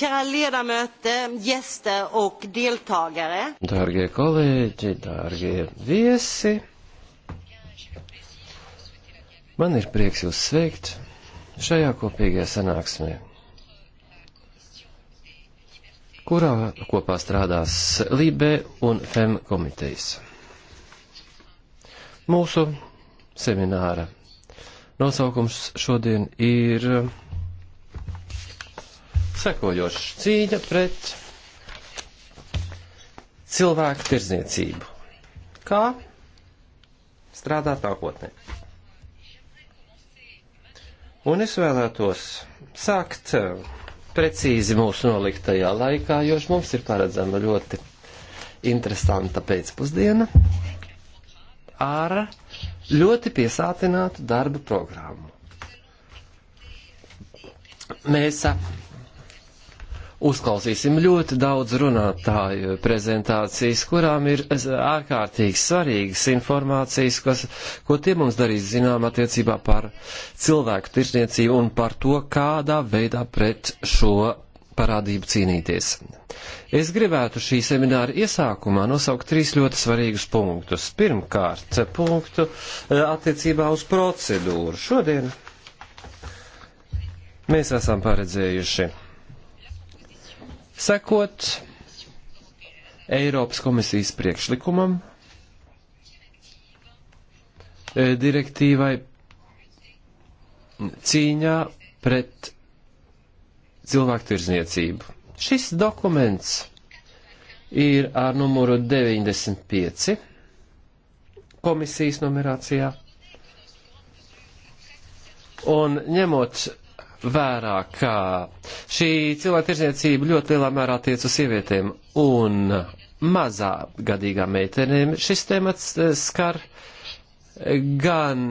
Kära ledamöter, gäster och deltagare. Dārgie kolēģi, dārgie viesi, man ir prieks jūs sveikt šajā kopīgajā sanāksmē, kurā kopā strādās Lībe un FEM komitejas. Mūsu semināra nosaukums šodien ir sekojošs cīņa pret cilvēku tirzniecību. Kā strādāt nākotnē? Un es vēlētos sākt eh, precīzi mūsu noliktajā laikā, jo mums ir paredzama ļoti interesanta pēcpusdiena ar ļoti piesātinātu darba programmu. Mēs uzklausīsim ļoti daudz runātāju prezentācijas, kurām ir ārkārtīgi svarīgas informācijas, kas, ko tie mums darīs zinām attiecībā par cilvēku tirsniecību un par to, kādā veidā pret šo parādību cīnīties. Es gribētu šī semināra iesākumā nosaukt trīs ļoti svarīgus punktus. Pirmkārt, punktu e, attiecībā uz procedūru. Šodien mēs esam paredzējuši sekot Eiropas komisijas priekšlikumam, e, direktīvai cīņā pret cilvēku tirzniecību. Šis dokuments ir ar numuru 95 komisijas numerācijā. Un ņemot vērā, ka šī cilvēktirdzniecība ļoti lielā mērā tiec uz sievietēm un mazā gadīgām meitenēm. Šis temats eh, skar gan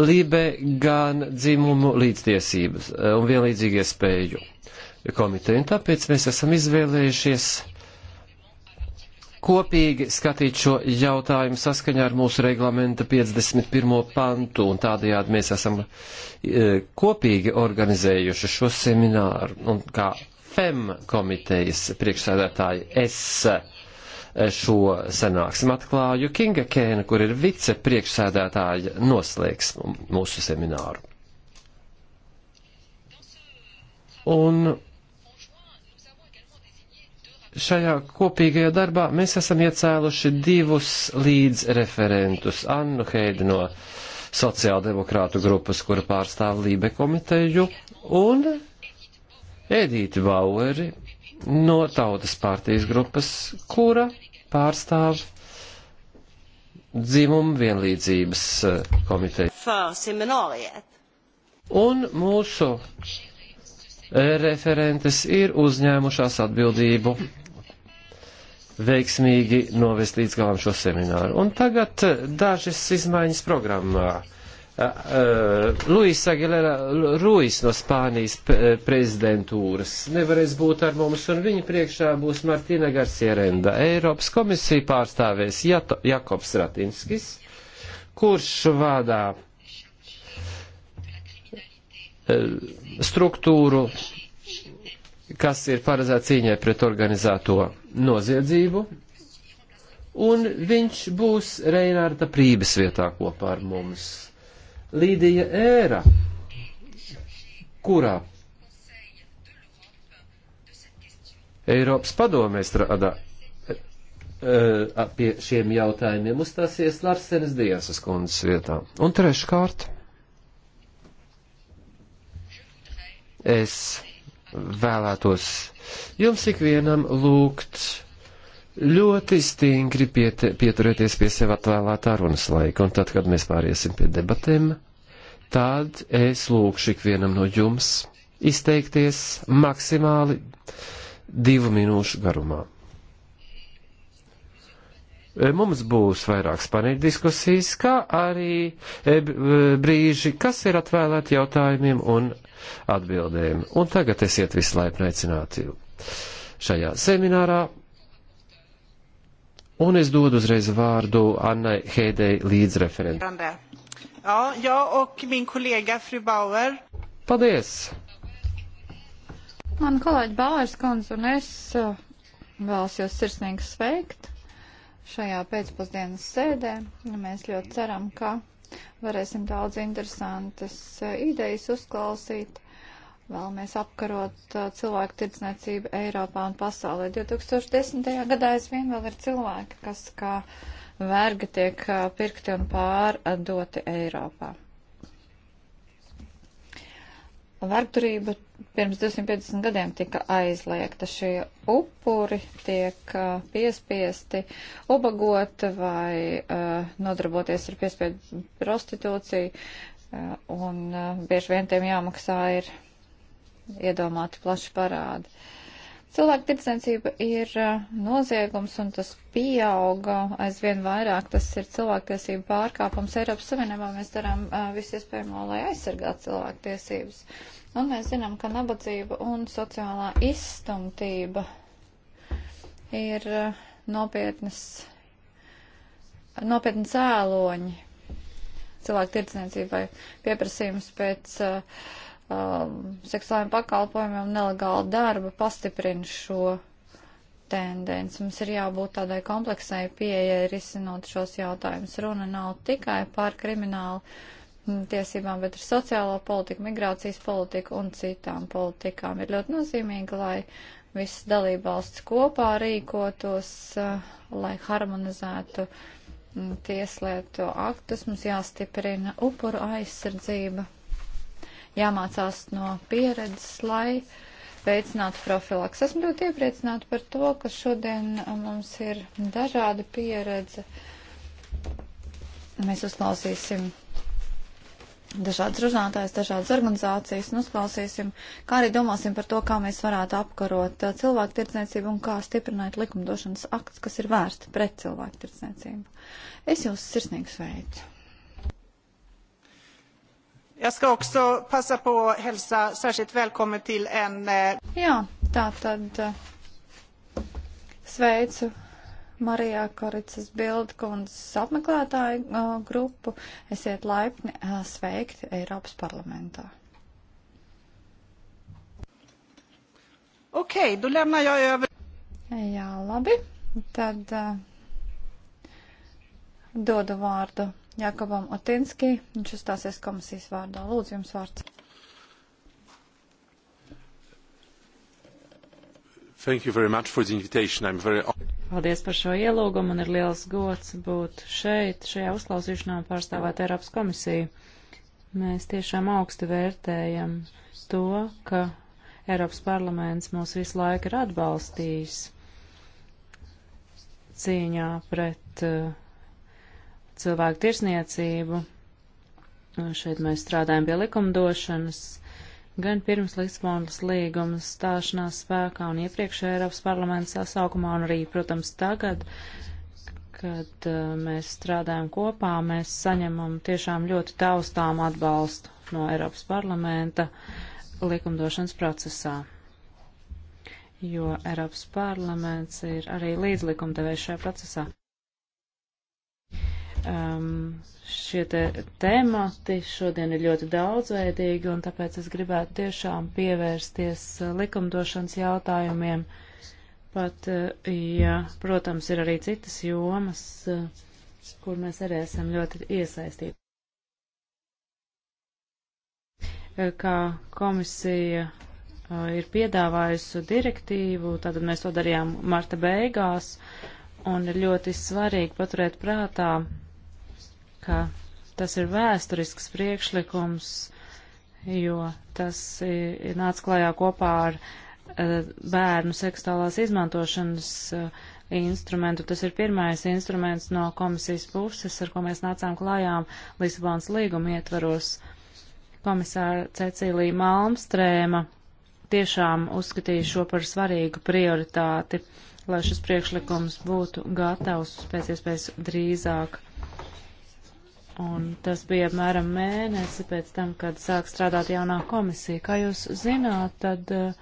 libe, gan dzimumu līdztiesības eh, un vienlīdzīgi iespēju komiteju. Un tāpēc mēs esam izvēlējušies kopīgi skatīt šo jautājumu saskaņā ar mūsu reglamenta 51. pantu, un tādējādi mēs esam e, kopīgi organizējuši šo semināru, un kā FEM komitejas priekšsēdētāji es e, šo sanāksmu atklāju Kinga Kēna, kur ir vicepriekšsēdētāja, noslēgs mūsu semināru. Un Šajā kopīgajā darbā mēs esam iecēluši divus līdzreferentus. Annu Heidu no sociāldemokrātu grupas, kura pārstāv Lībe komiteju, un Edīti Baueri no Tautas partijas grupas, kura pārstāv dzimumu vienlīdzības eh, komiteju. Un mūsu eh, referentes ir uzņēmušās atbildību veiksmīgi novest līdz galam šo semināru. Un tagad dažas izmaiņas programmā. Luis Aguilera Ruiz no Spānijas prezidentūras nevarēs būt ar mums, un viņa priekšā būs Martina Garcierenda. Eiropas komisija pārstāvēs Jato, Jakobs Ratinskis, kurš vādā e, struktūru, kas ir paredzēta cīņai pret organizēto noziedzību, un viņš būs Reinārda Prības vietā kopā ar mums. Līdija ēra, kurā Eiropas padomē strādā e, pie šiem jautājumiem, uzstāsies Larsenes Diasas kundzes vietā. Un treškārt, es vēlētos jums ikvienam lūgt ļoti stingri piet, pieturēties pie sev atvēlētā runas laika, un tad, kad mēs pāriesim pie debatēm, tad es lūkšu ikvienam no jums izteikties maksimāli divu minūšu garumā. E, mums būs vairākas paneļa diskusijas, kā arī e, e, brīži, kas ir atvēlēti jautājumiem un atbildēm. Un tagad esiet vislaipni aicināti šajā seminārā. Un es dodu uzreiz vārdu Annai Hēdei līdzreferentam. Jā, jā, ok, min kolēga Fru Bauer. Paldies! Man kolēģi Bauers kundze un es uh, vēlas jūs sirsnīgi sveikt šajā pēcpusdienas sēdē. Mēs ļoti ceram, ka Varēsim daudz interesantas eh, idejas uzklausīt. Vēlamies apkarot eh, cilvēku tirdzniecību Eiropā un pasaulē. 2010. gadā aizvien vēl ir cilvēki, kas kā verga tiek eh, pirkti un pārdoti Eiropā. Vergturība pirms 250 gadiem tika aizliegta. Šie upuri tiek uh, piespiesti ubagot vai uh, nodarboties ar piespiedu prostitūciju, uh, un uh, bieži vien tiem jāmaksā ir iedomāti plaši parādi. Uh, Cilvēku tirdzniecība ir noziegums un tas pieauga aizvien vairāk. Tas ir cilvēktiesību pārkāpums. Eiropas Savienībā mēs darām visu iespējamo, lai aizsargātu cilvēktiesības. Un mēs zinām, ka nabadzība un sociālā izstumtība ir nopietnas, nopietni cēloņi cilvēku tirdzniecībai pieprasījums pēc uh, um, seksuāliem pakalpojumiem un nelegāla darba pastiprina šo tendenci. Mums ir jābūt tādai kompleksai pieejai risinot šos jautājumus. Runa nav tikai par kriminālu mm, tiesībām, bet ir sociālo politiku, migrācijas politiku un citām politikām. Ir ļoti nozīmīgi, lai visas dalībvalsts kopā rīkotos, uh, lai harmonizētu mm, tieslietu aktus. Mums jāstiprina upuru aizsardzība jāmācās no pieredzes, lai veicinātu profilaks. Esmu ļoti iepriecināta par to, ka šodien uh, mums ir dažāda pieredze. Mēs uzklausīsim dažādas runātājas, dažādas organizācijas un uzklausīsim, kā arī domāsim par to, kā mēs varētu apkarot uh, cilvēku tirdzniecību un kā stiprināt likumdošanas akts, kas ir vērsti pret cilvēku tirdzniecību. Es jūs sirsnīgi sveicu! Jag ska också passa på att hälsa särskilt välkommen till en... Eh, Jā, tā tad eh, sveicu Marijā Koricas bildkundzes apmeklētāju eh, grupu. Esiet laipni sveikti Eiropas parlamentā. Okej, okay, då lämnar jag över. Jā, labi. Tad uh, dodu vārdu Jākobam Otinski. Viņš uzstāsies komisijas vārdā. Lūdzu, jums vārds. Thank you very much for the invitation. I'm very Paldies par šo ielūgumu. Man ir liels gods būt šeit, šajā uzklausīšanā un pārstāvēt Eiropas komisiju. Mēs tiešām augstu vērtējam to, ka Eiropas parlaments mūs visu laiku ir atbalstījis cīņā pret uh, cilvēku tirsniecību. Šeit mēs strādājam pie likumdošanas. Gan pirms Lisbonas līguma stāšanās spēkā un iepriekšējā Eiropas parlamenta sasaukumā, un arī, protams, tagad, kad uh, mēs strādājam kopā, mēs saņemam tiešām ļoti taustām atbalstu no Eiropas parlamenta likumdošanas procesā jo Eiropas parlaments ir arī līdzlikumdevējs šajā procesā um, šie te temati šodien ir ļoti daudzveidīgi, un tāpēc es gribētu tiešām pievērsties uh, likumdošanas jautājumiem, pat, uh, ja, protams, ir arī citas jomas, uh, kur mēs arī esam ļoti iesaistīti. Kā komisija ir piedāvājusi direktīvu, tātad mēs to darījām marta beigās, un ir ļoti svarīgi paturēt prātā, ka tas ir vēsturisks priekšlikums, jo tas nāca klajā kopā ar e, bērnu seksuālās izmantošanas e, instrumentu. Tas ir pirmais instruments no komisijas puses, ar ko mēs nācām klājām Lisabonas līguma ietvaros. Komisāra Cecīlija Malmstrēma tiešām uzskatīja šo par svarīgu prioritāti, lai šis priekšlikums būtu gatavs pēc iespējas drīzāk. Un tas bija apmēram mēnesi pēc tam, kad sāk strādāt jaunā komisija. Kā jūs zināt, tad eh,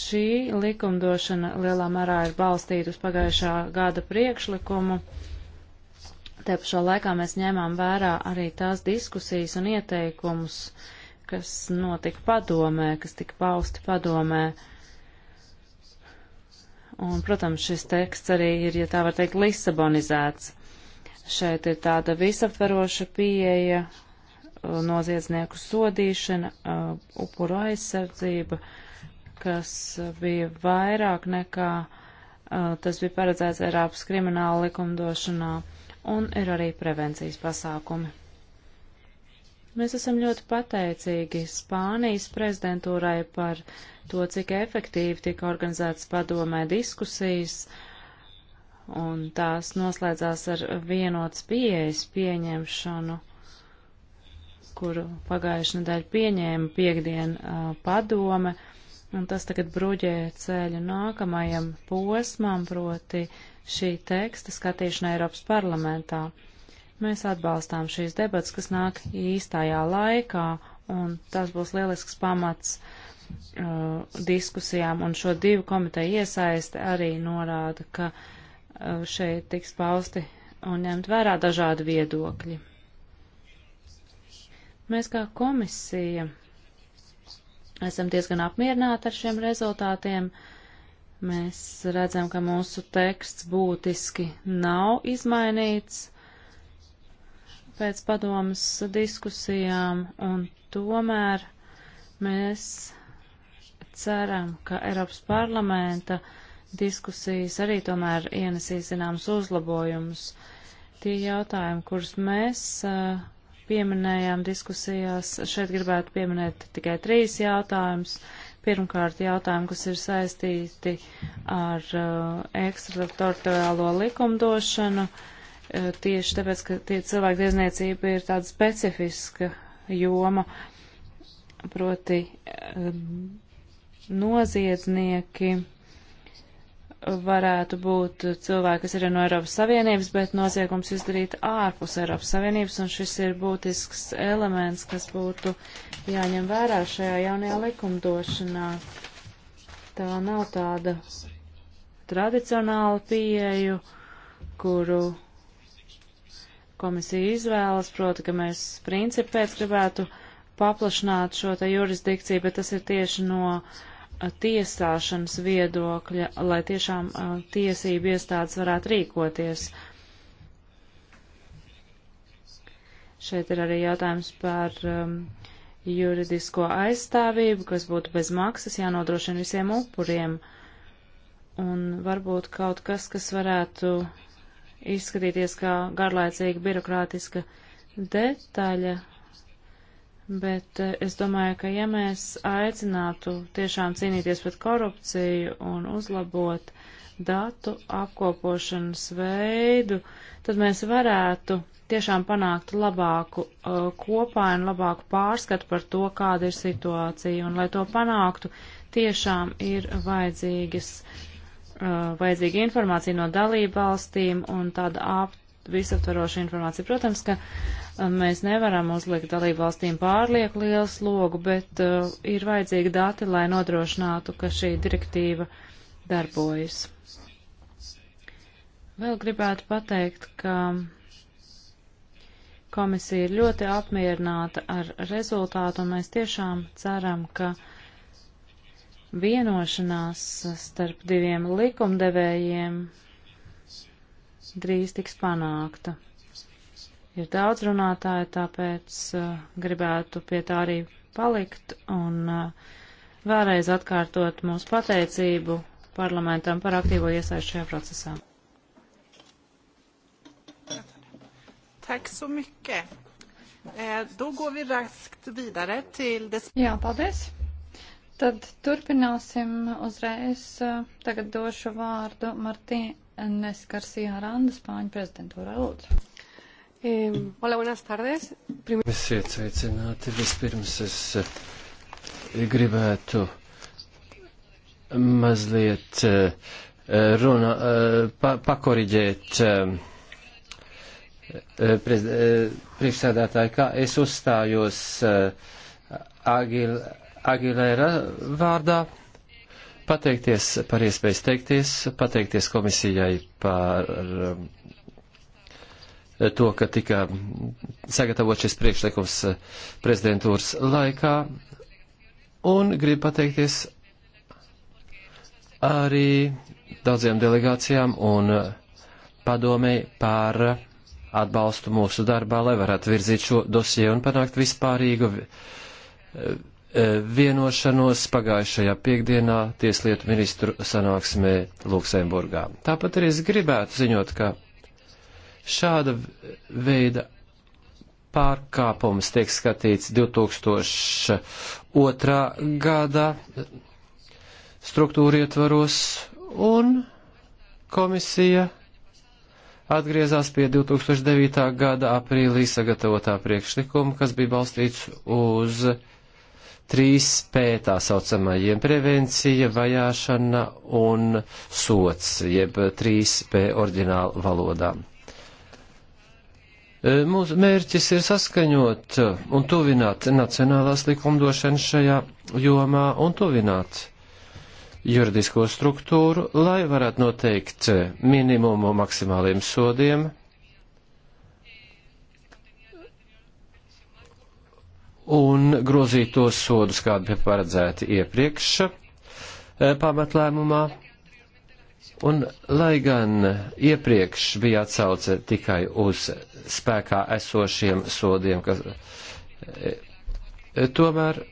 šī likumdošana lielā mērā ir balstīta uz pagājušā gada priekšlikumu. Te pašā laikā mēs ņēmām vērā arī tās diskusijas un ieteikumus, kas notika padomē, kas tika pausti padomē. Un, protams, šis teksts arī ir, ja tā var teikt, lisabonizēts. Šeit ir tāda visaptveroša pieeja, uh, noziedznieku sodīšana, uh, upuru aizsardzība, kas bija vairāk nekā uh, tas bija paredzēts Eiropas krimināla likumdošanā, un ir arī prevencijas pasākumi. Mēs esam ļoti pateicīgi Spānijas prezidentūrai par to, cik efektīvi tika organizētas padomē diskusijas un tās noslēdzās ar vienotas pieejas pieņemšanu, kuru pagājušajā nedēļā pieņēma piekdien uh, padome, un tas tagad bruģē ceļu nākamajam posmam, proti šī teksta skatīšana Eiropas parlamentā. Mēs atbalstām šīs debats, kas nāk īstajā laikā, un tas būs lielisks pamats uh, diskusijām, un šo divu komiteju iesaiste arī norāda, ka uh, Eh, šeit tiks pausti un ņemt vērā dažādi viedokļi. Mēs kā komisija esam diezgan apmierināti ar šiem rezultātiem. Mēs redzam, ka mūsu teksts būtiski nav izmainīts pēc padomas diskusijām, un tomēr mēs ceram, ka Eiropas parlamenta uh, diskusijas arī tomēr ienesīs zināms uzlabojumus. Tie jautājumi, kurus mēs pieminējām diskusijās, šeit gribētu pieminēt tikai trīs jautājumus. Pirmkārt, jautājumi, kas ir saistīti ar uh, ekstraterritoriālo likumdošanu, uh, tieši tāpēc, ka tie cilvēku tiesniecība ir tāda specifiska joma, proti uh, noziedznieki varētu būt cilvēki, kas ir no Eiropas Savienības, bet noziegums izdarīt ārpus Eiropas Savienības, un šis ir būtisks elements, kas būtu jāņem vērā šajā jaunajā likumdošanā. Tā nav tāda tradicionāla pieeju, kuru komisija izvēlas, proti, ka mēs principēc gribētu paplašināt šo te jurisdikciju, bet tas ir tieši no uh, tiesāšanas viedokļa, lai tiešām tiesību iestādes varētu rīkoties. Šeit ir arī jautājums par um, juridisko aizstāvību, kas būtu bez maksas jānodrošina visiem upuriem. Un varbūt kaut kas, kas varētu izskatīties kā garlaicīga birokrātiska detaļa, Bet eh, es domāju, ka ja mēs aicinātu tiešām cīnīties pret korupciju un uzlabot datu apkopošanas veidu, tad mēs varētu tiešām panākt labāku uh, kopainu, labāku pārskatu par to, kāda ir situācija. Un, lai to panāktu, tiešām ir vajadzīgas, uh, vajadzīga informācija no dalību valstīm un tāda apt visaptvarošu informāciju. Protams, ka um, mēs nevaram uzlikt dalību valstīm pārlieku lielu slogu, bet uh, ir vajadzīgi dati, lai nodrošinātu, ka šī direktīva darbojas. Vēl gribētu pateikt, ka komisija ir ļoti apmierināta ar rezultātu, un mēs tiešām ceram, ka vienošanās starp diviem likumdevējiem drīz tiks panākta. Ir daudz runātāju, tāpēc uh, gribētu pie tā arī palikt un uh, vēlreiz atkārtot mūsu pateicību parlamentam par aktīvo iesaistu šajā procesā. Tack så mycket. Eh, då går vi raskt vidare till det... Jā, paldies. Tad turpināsim uzreiz. Eh, tagad došu vārdu Martīnu. Nes Garcia Randa, Spāņu prezidentūra, lūdzu. Um, hola, buenas tardes. Prim... Esiet sveicināti. Vispirms es eh, gribētu mazliet eh, runa, eh, pa, pakoriģēt priekšsēdētāju, kā es uzstājos Agil, Agilēra vārdā pateikties par iespēju steigties, pateikties komisijai par um, to, ka tika sagatavot šis priekšlikums prezidentūras laikā, un gribu pateikties arī daudziem delegācijām un padomēji par atbalstu mūsu darbā, lai varētu virzīt šo dosiju un panākt vispārīgu E, vienošanos pagājušajā piekdienā tieslietu ministru sanāksmē Luksemburgā. Tāpat arī es gribētu ziņot, ka šāda veida pārkāpums tiek skatīts 2002. gadā struktūra ietvaros un komisija atgriezās pie 2009. gada aprīlī sagatavotā priekšlikuma, kas bija balstīts uz 3P tā saucamajiem prevencija, vajāšana un sots, jeb 3P oriģināla valodā. E, mūsu mērķis ir saskaņot un tuvināt nacionālās likumdošanas šajā jomā un tuvināt juridisko struktūru, lai varētu noteikt minimumu maksimāliem sodiem un grozīt tos sodus, kādi bija paredzēti iepriekš eh, pamatlēmumā. Un, lai gan iepriekš bija atsauce tikai uz spēkā esošiem sodiem, kas, eh, eh, tomēr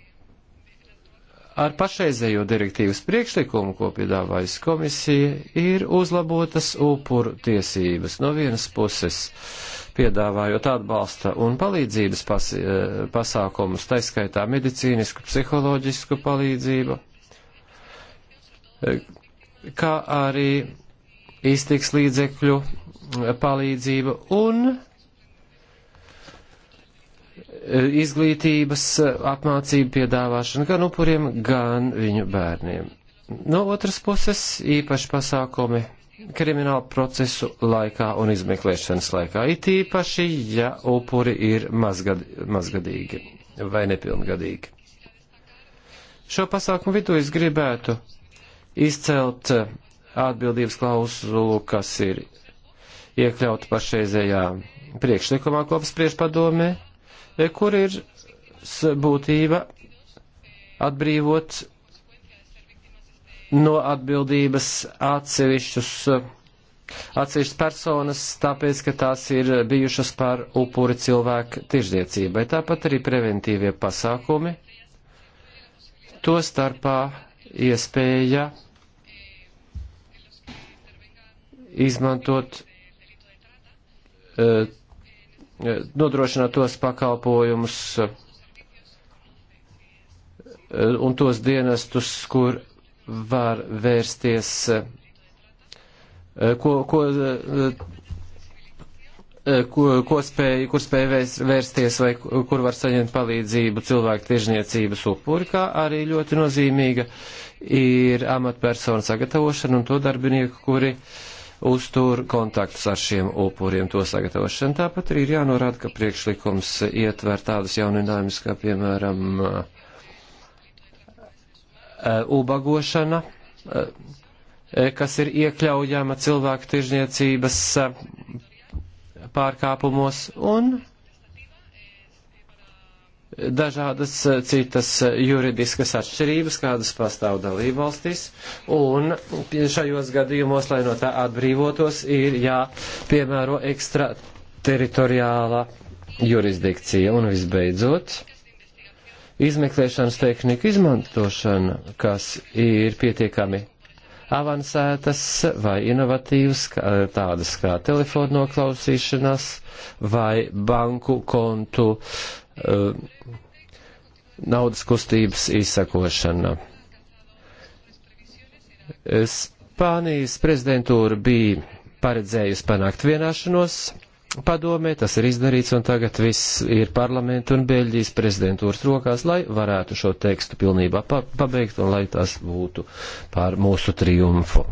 ar pašreizējo direktīvas priekšlikumu, ko piedāvājas komisija, ir uzlabotas upuru tiesības. No vienas puses piedāvājot atbalsta un palīdzības pas, e, pasākumus, taiskaitā medicīnisku, psiholoģisku palīdzību, e, kā arī iztiks līdzekļu e, palīdzību un izglītības apmācību piedāvāšanu gan upuriem, gan viņu bērniem. No otras puses, īpaši pasākumi kriminālu procesu laikā un izmeklēšanas laikā, it īpaši, ja upuri ir mazgad, mazgadīgi vai nepilngadīgi. Šo pasākumu vidū es gribētu izcelt atbildības klauzulu, kas ir iekļauta pašreizējā priekšlikumā kopspriež padomē, kur ir būtība atbrīvot no atbildības atsevišķus, atsevišķas personas, tāpēc, ka tās ir bijušas par upuri cilvēku tirzniecībai. Tāpat arī preventīvie pasākumi, to starpā iespēja izmantot, eh, nodrošināt tos pakalpojumus eh, un tos dienestus, kur var vērsties, eh, ko, ko, eh, ko, ko spēj, kur spēj vērsties vai kur var saņemt palīdzību cilvēku tiežniecības upuri, kā arī ļoti nozīmīga ir amatpersonu sagatavošana un to darbinieku, kuri uztur kontaktus ar šiem upuriem, to sagatavošanu. Tāpat arī ir jānorāda, ka priekšlikums ietver tādas jauninājumus, kā piemēram, uh, Uh, ubagošana, uh, uh, kas ir iekļaujama cilvēku tirzniecības pārkāpumos un dažādas citas juridiskas atšķirības, kādas pastāv dalībvalstīs, un šajos gadījumos, lai no tā atbrīvotos, ir jāpiemēro ekstra teritoriāla jurisdikcija. Un visbeidzot, izmeklēšanas tehniku izmantošana, kas ir pietiekami avansētas vai inovatīvas, tādas kā telefonu noklausīšanās vai banku kontu eh, naudas kustības izsakošana. Spānijas prezidentūra bija paredzējusi panākt vienāšanos padomē, tas ir izdarīts, un tagad viss ir parlamentu un Beļģijas prezidentūras rokās, lai varētu šo tekstu pilnībā pa pabeigt un lai tas būtu pār mūsu triumfu.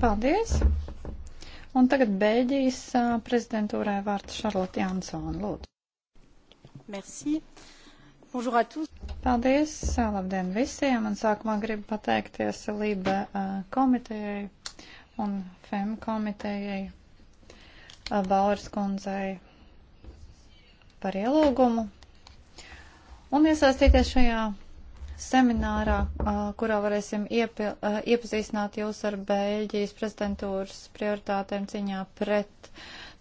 Paldies! Un tagad Beļģijas prezidentūrai vārds Šarlota Jansona. Lūdzu. Merci. Bonjour à tous. Paldies. Labdien visiem. Un sākumā gribu pateikties Lība komitejai un FEM komitejai Bauras kundzei par ielūgumu un iesaistīties šajā seminārā, kurā varēsim iepi, iepazīstināt jūs ar Bēļģijas prezidentūras prioritātēm ciņā pret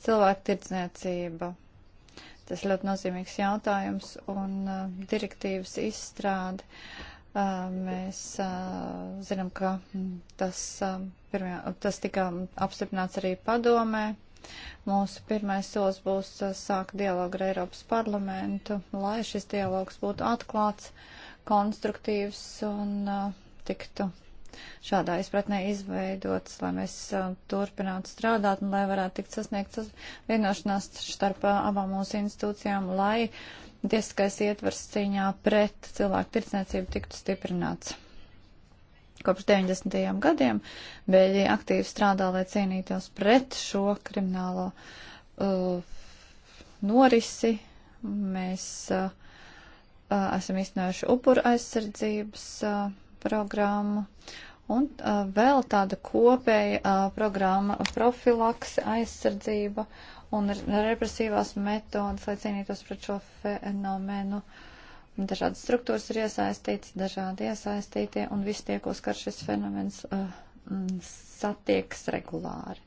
cilvēku tirdzniecību. Tas ļoti nozīmīgs jautājums un uh, direktīvas izstrāde. Uh, mēs uh, zinām, ka tas uh, Pirmajā, tas tika apstiprināts arī padomē. Mūsu pirmais solis būs uh, sākt dialogu ar Eiropas parlamentu, lai šis dialogs būtu atklāts, konstruktīvs un uh, tiktu šādā izpratnē izveidots, lai mēs uh, turpinātu strādāt un lai varētu tikt sasniegts vienošanās starp uh, abām mūsu institūcijām, lai tiesiskais ietvers cīņā pret cilvēku tirdzniecību tiktu stiprināts. Kopš 90. gadiem Beļģija aktīvi strādā, lai cīnītos pret šo kriminālo uh, norisi. Mēs uh, uh, esam iznojuši upuru aizsardzības uh, programmu. Un uh, vēl tāda kopēja uh, programma profilakse, aizsardzība un represīvās metodas, lai cīnītos pret šo fenomenu. Uh, Dažādas struktūras ir iesaistītas, dažādi iesaistītie, un visi tie, ko skar šis fenomens, uh, mm, satiekas regulāri.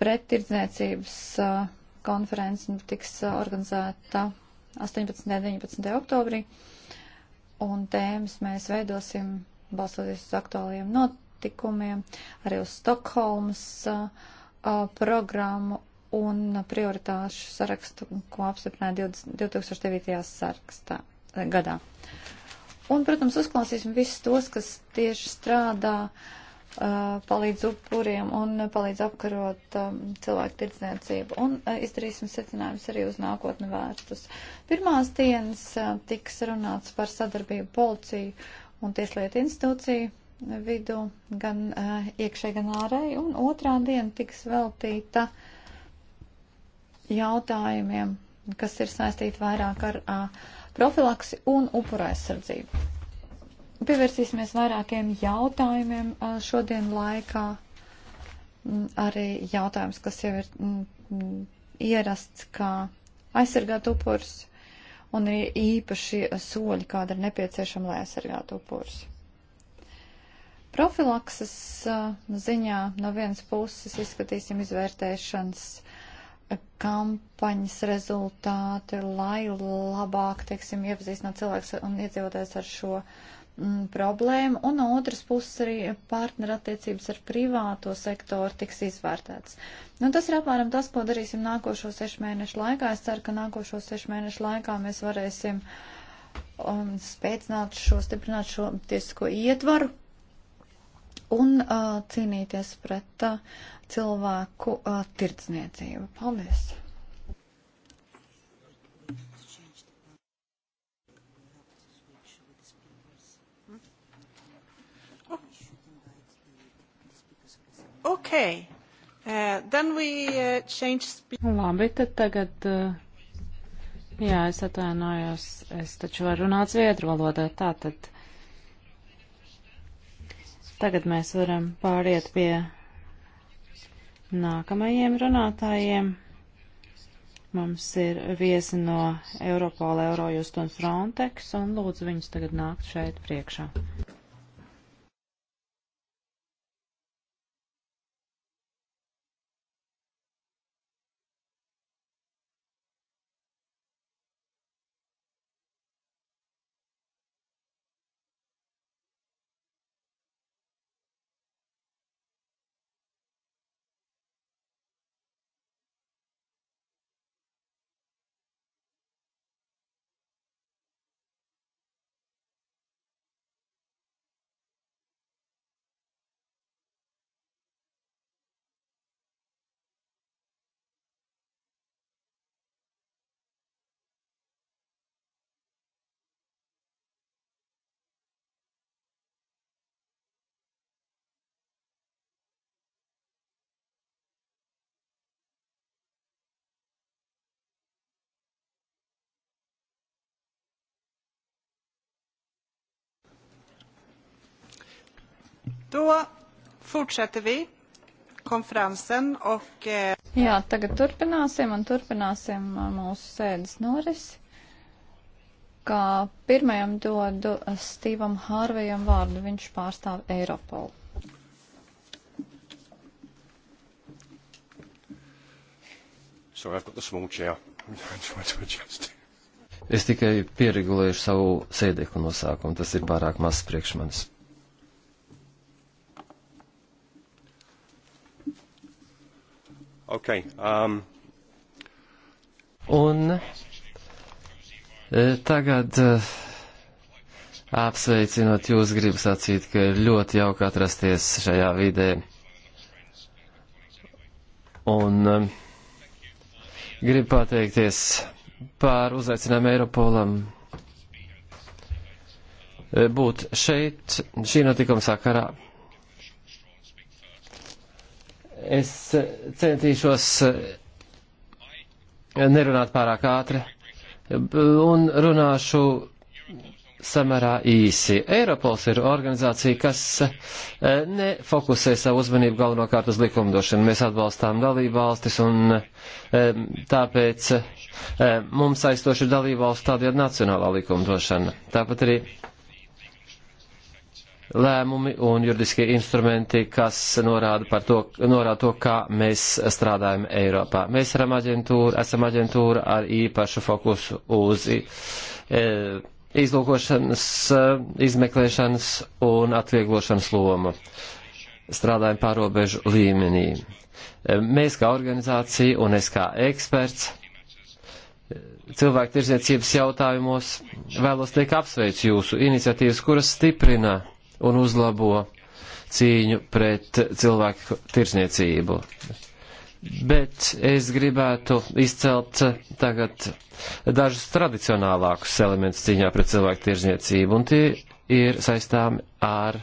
Prettirdzniecības uh, konference nu, tiks uh, organizēta 18. un 19. oktobrī, un tēmas mēs veidosim balstoties uz aktuāliem notikumiem, arī uz Stokholmas uh, programmu un prioritāšu sarakstu, ko apstiprināja 2009. sarakstā, eh, gadā. Un, protams, uzklausīsim visus tos, kas tieši strādā, eh, palīdz upuriem un palīdz apkarot eh, cilvēku tirdzniecību. Un izdarīsim secinājumus arī uz nākotni vērstus. Pirmās dienas tiks runāts par sadarbību policiju un tieslietu institūciju vidu, gan iekšē, gan ārēji. Un otrā diena tiks veltīta uh, jautājumiem, kas ir saistīti vairāk ar uh, profilaksi un upura aizsardzību. Pievērsīsimies vairākiem jautājumiem uh, šodien laikā. Mm, arī jautājums, kas jau ir mm, mm, ierasts, kā aizsargāt upurus, un arī īpaši soļi, kāda ir nepieciešama, lai aizsargātu upurus. Profilakses ziņā no vienas puses izskatīsim izvērtēšanas uh, kampaņas rezultāti, lai labāk, teiksim, iepazīstināt cilvēks un iedzīvotājs ar šo m, mm, problēmu, un no otras puses arī partnerattiecības ar privāto sektoru tiks izvērtēts. Nu, tas ir apmēram tas, ko darīsim nākošo sešu mēnešu laikā. Es ceru, ka nākošo sešu mēnešu laikā mēs varēsim um, spēcināt šo, stiprināt šo tiesisko ietvaru, un uh, cīnīties pret uh, cilvēku uh, tirdzniecību. Paldies! Okay. Uh, then we uh, change speed. Labi, tad tagad, uh, jā, es atvainojos, es taču varu runāt zviedru valodā, tātad Tagad mēs varam pāriet pie nākamajiem runātājiem. Mums ir viesi no Europola, Eurojust un Frontex, un lūdzu viņus tagad nākt šeit priekšā. Då fortsätter vi konferensen och... Eh... Jā, tagad turpināsim un turpināsim eh, mūsu sēdes norisi. Kā pirmajam dodu eh, Stīvam Hārvejam vārdu, viņš pārstāv Eiropolu. Sorry, I've got the small chair. I'm trying to adjust it. Es tikai pieregulēju savu sēdeklu nosaukumu, tas ir pārāk mazs priekš manis. Okay, um... Un eh, tagad eh, apsveicinot jūs, gribu sacīt, ka ir ļoti jauki atrasties šajā vidē. Un eh, gribu pateikties par uzaicinājumu Eiropolam būt šeit šī notikuma sakarā. Es centīšos eh, nerunāt pārāk ātri un runāšu samērā īsi. Eiropols ir organizācija, kas eh, nefokusē savu uzmanību galvenokārt uz likumdošanu. Mēs atbalstām dalībvalstis un eh, tāpēc mums aizstoši dalībvalsts tāda ir nacionālā likumdošana. Tāpat arī lēmumi un juridiskie instrumenti, kas norāda, par to, norāda to, kā mēs strādājam Eiropā. Mēs esam aģentūra, esam aģentūra ar īpašu fokusu uz e, izlūkošanas, e, izmeklēšanas un atvieglošanas lomu. Strādājam pārobežu līmenī. E, mēs kā organizācija un es kā eksperts e, cilvēku tirzniecības jautājumos vēlos teikt apsveicu jūsu iniciatīvas, kuras stiprina un uzlabo cīņu pret cilvēku tirsniecību. Bet es gribētu izcelt tagad dažus tradicionālākus elementus cīņā pret cilvēku tirsniecību, un tie ir saistāmi ar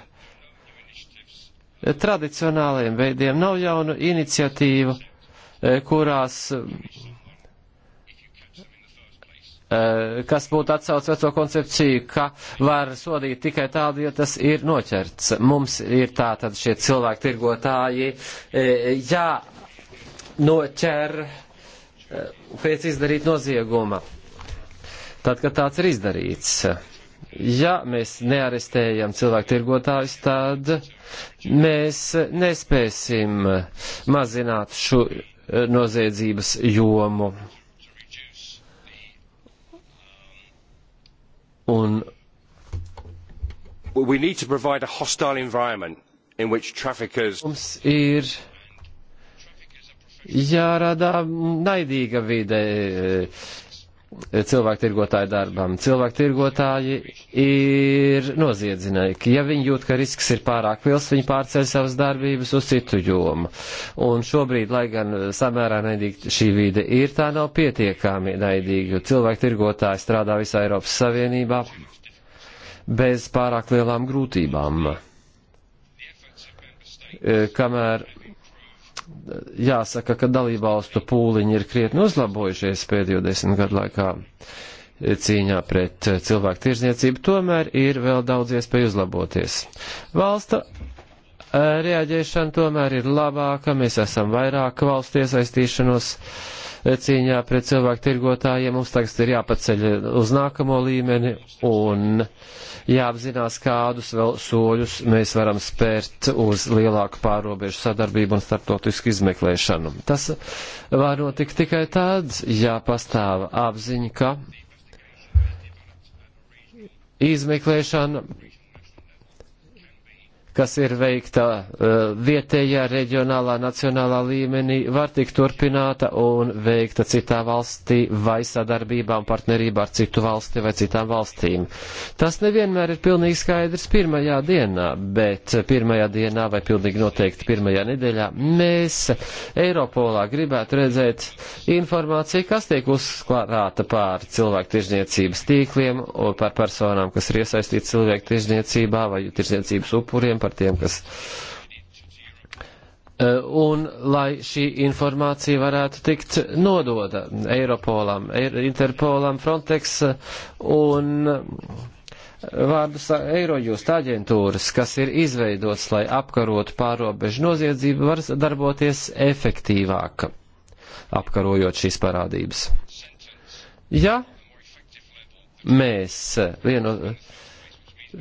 tradicionāliem veidiem. Nav jaunu iniciatīvu, kurās Eh, kas būtu atsauc veco koncepciju, ka var sodīt tikai tādu, ja tas ir noķerts. Mums ir tātad šie cilvēki tirgotāji, eh, jā, noķer eh, pēc izdarīt nozieguma. Tad, kad tāds ir izdarīts, ja mēs nearestējam cilvēku tirgotājus, tad mēs nespēsim mazināt šo noziedzības jomu. Un We need to provide a hostile environment in which traffickers. Mums ir jārada naidīga vide cilvēktirgotāju darbam. Cilvēktirgotāji ir noziedznieki. Ja viņi jūt, ka risks ir pārāk liels, viņi pārceļ savas darbības uz citu jomu. Un šobrīd, lai gan samērā naidīga šī vide ir, tā nav pietiekami naidīga, jo cilvēktirgotāji strādā visā Eiropas Savienībā bez pārāk lielām grūtībām. Eh, kamēr jāsaka, ka dalībvalstu pūliņi ir krietni uzlabojušies pēdējo desmit gadu laikā cīņā pret cilvēku tirzniecību, tomēr ir vēl daudz iespēju uzlaboties. Valsta eh, reaģēšana tomēr ir labāka, mēs esam vairāk valstu iesaistīšanos eh, cīņā pret cilvēku tirgotājiem, mums tagad ir jāpaceļ uz nākamo līmeni un uh, jāapzinās, kādus vēl soļus mēs varam spērt uz lielāku pārobežu sadarbību un starptautisku izmeklēšanu. Tas var notikt tikai tad, ja pastāv apziņa, ka izmeklēšana kas ir veikta eh, vietējā, reģionālā, nacionālā līmenī, var tikt turpināta un veikta citā valstī vai sadarbībā un partnerībā ar citu valsti vai citām valstīm. Tas nevienmēr ir pilnīgi skaidrs pirmajā dienā, bet pirmajā dienā vai pilnīgi noteikti pirmajā nedēļā mēs Eiropolā gribētu redzēt informāciju, kas tiek uzklāta pār cilvēku tirzniecības tīkliem un par personām, kas ir iesaistīti cilvēku tirzniecībā vai tirzniecības upuriem par tiem, kas. Eh, un lai šī informācija varētu tikt nododa Eiropolam, Interpolam, Frontex eh, un vārdus Eirojust aģentūras, kas ir izveidots, lai apkarotu pārobežu noziedzību, var darboties efektīvāk, apkarojot šīs parādības. Ja mēs vienu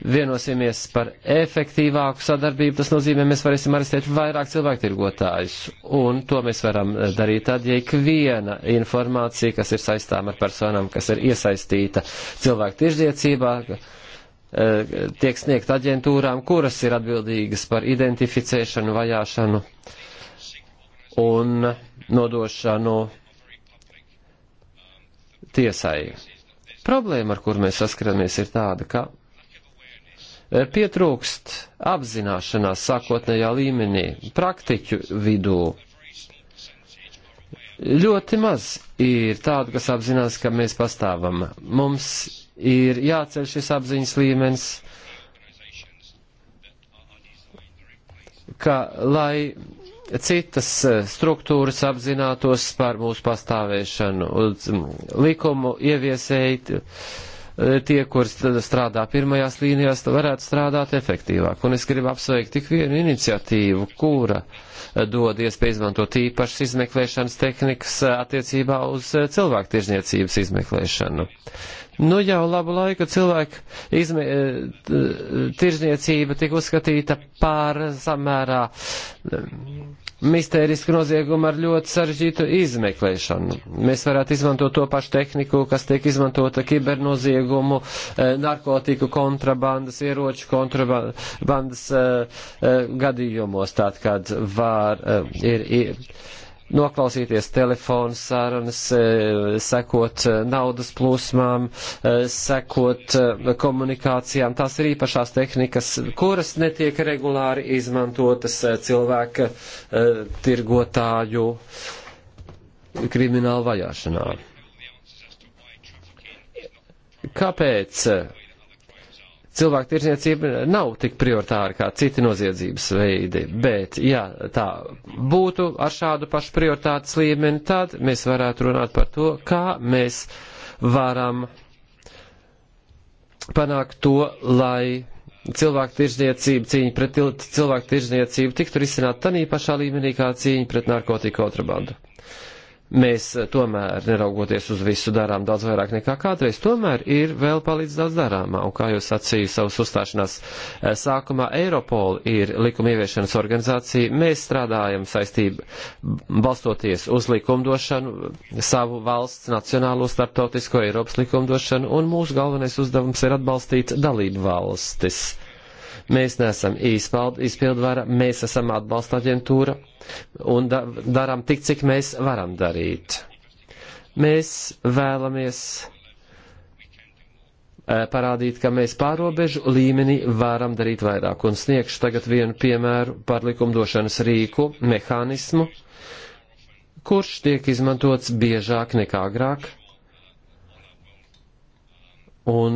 vienosimies par efektīvāku sadarbību, tas nozīmē, mēs varēsim arestēt vairāk cilvēktirgotājus. Un to mēs varam eh, darīt tad, ja ikviena informācija, kas ir saistām ar personām, kas ir iesaistīta cilvēktirdzniecībā, eh, tiek sniegt aģentūrām, kuras ir atbildīgas par identificēšanu, vajāšanu un nodošanu tiesai. Problēma, ar kur mēs saskaramies, ir tāda, ka Eh, pietrūkst apzināšanās sākotnējā līmenī, praktiķu vidū. Ļoti maz ir tādu, kas apzinās, ka mēs pastāvam. Mums ir jāceļ šis apziņas līmenis, ka lai citas eh, struktūras apzinātos par mūsu pastāvēšanu, mm, likumu ieviesēji E, tie, kur strādā pirmajās līnijās, varētu strādāt efektīvāk. Un es gribu apsveikt tik vienu iniciatīvu, kura e, dod iespēju izmantot īpašas izmeklēšanas tehnikas e, attiecībā uz cilvēku tirzniecības izmeklēšanu. Nu jau labu laiku cilvēku izmē, e, tirzniecība tika uzskatīta par samērā e, mistērisku noziegumu ar ļoti sarežģītu izmeklēšanu. Mēs varētu izmantot to pašu tehniku, kas tiek izmantota kibernoziegumu, e, narkotiku kontrabandas, ieroču kontrabandas gadījumos, tātad, kad var, ir, ir noklausīties telefonu sarunas, e, sekot e, naudas plūsmām, e, sekot komunikācijām. Tās ir īpašās tehnikas, kuras netiek regulāri izmantotas cilvēka tirgotāju kriminālu vajāšanā. Kāpēc cilvēku tirzniecība nav tik prioritāra kā citi noziedzības veidi, bet, ja tā būtu ar šādu pašu prioritātes līmeni, tad mēs varētu runāt par to, kā mēs varam panākt to, lai cilvēku tirzniecība, cīņa pret cilvēku tirzniecību tiktu risināta tanī pašā līmenī kā cīņa pret narkotiku kontrabandu mēs eh, tomēr, neraugoties uz visu, darām daudz vairāk nekā kādreiz, tomēr ir vēl palīdz daudz darāmā. Un kā jūs sacīju savus uzstāšanās eh, sākumā, Eiropola ir likuma ieviešanas organizācija. Mēs strādājam saistību balstoties uz likumdošanu, savu valsts nacionālo starptautisko Eiropas likumdošanu, un mūsu galvenais uzdevums ir atbalstīt dalību valstis. Mēs neesam īspildu vara, mēs esam atbalsta aģentūra, un da darām tik, cik mēs varam darīt. Mēs vēlamies eh, parādīt, ka mēs pārobežu līmenī varam darīt vairāk. Un sniegšu tagad vienu piemēru par likumdošanas rīku, mehānismu, kurš tiek izmantots biežāk nekā agrāk. Un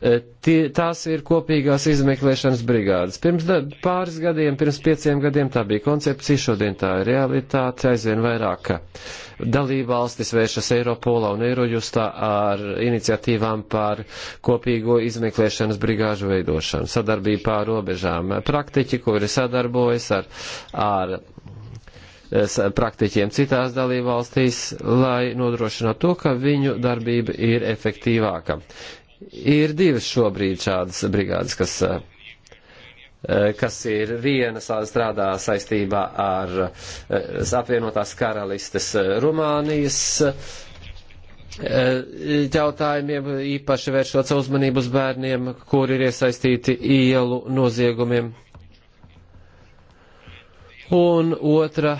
Eh, tie, tās ir kopīgās izmeklēšanas brigādes. Pirms da, pāris gadiem, pirms pieciem gadiem tā bija koncepcija, šodien tā ir realitāte, aizvien vairāk dalībvalstis vēršas Eiropolā un Eirojustā ar iniciatīvām par kopīgo izmeklēšanas brigāžu veidošanu, sadarbību pār robežām. Praktiķi, kuri sadarbojas ar, ar praktiķiem citās dalībvalstīs, lai nodrošinātu to, ka viņu darbība ir efektīvāka. Ir divas šobrīd šādas brigādes, kas, eh, eh, kas ir viena strādā saistībā ar eh, apvienotās karalistes Rumānijas jautājumiem, īpaši vēršot savu uzmanību uz bērniem, kur ir iesaistīti ielu noziegumiem. Un otra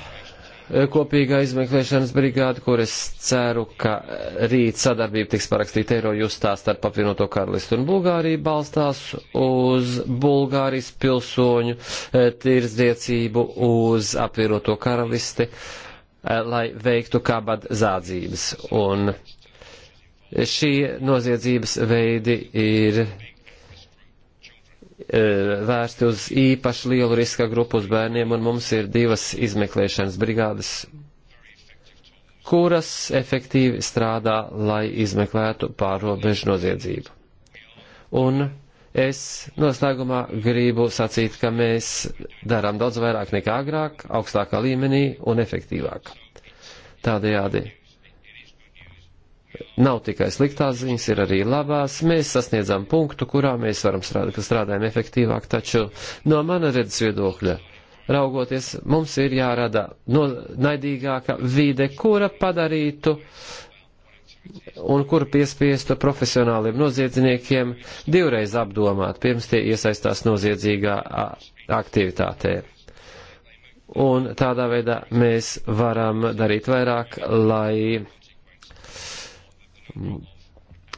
Eh, kopīgā izmeklēšanas brigāde, kur es ceru, ka eh, rīt sadarbība tiks parakstīta Eirojustā starp apvienoto karalistu un Bulgāriju balstās uz Bulgārijas pilsoņu eh, tirzniecību uz apvienoto karalisti, lai veiktu kabad zādzības. Un šie noziedzības veidi ir vērsti uz īpaši lielu riska grupu uz bērniem, un mums ir divas izmeklēšanas brigādes, kuras efektīvi strādā, lai izmeklētu pārobežu noziedzību. Un es noslēgumā gribu sacīt, ka mēs darām daudz vairāk nekā agrāk, augstākā līmenī un efektīvāk. Tādējādi Nav tikai sliktās ziņas, ir arī labās. Mēs sasniedzām punktu, kurā mēs varam strādāt, ka strādājam efektīvāk, taču no mana redzes viedokļa raugoties, mums ir jārada no, naidīgāka vide, kura padarītu un kura piespiestu profesionāliem noziedzniekiem divreiz apdomāt, pirms tie iesaistās noziedzīgā aktivitātē. Un tādā veidā mēs varam darīt vairāk, lai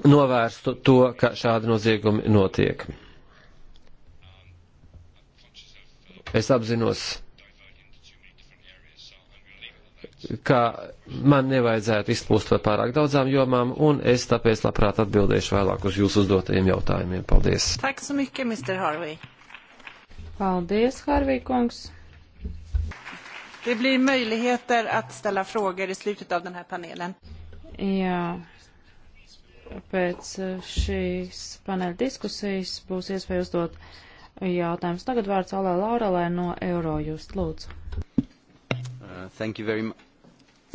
novērstu to, ka šādi noziegumi notiek. Es apzinos, ka man nevajadzētu izplūst par pārāk daudzām jomām, un es tāpēc labprāt atbildēšu vēlāk uz jūsu uzdotajiem jautājumiem. Paldies! Paldies, Harvī kungs! Det blir möjligheter att ställa frågor i slutet av den här panelen. Ja pēc e, šīs paneļa diskusijas būs iespēja uzdot jautājumus. Tagad vārds Alē Laurelē no Eurojust. Lūdzu. Uh, thank you very,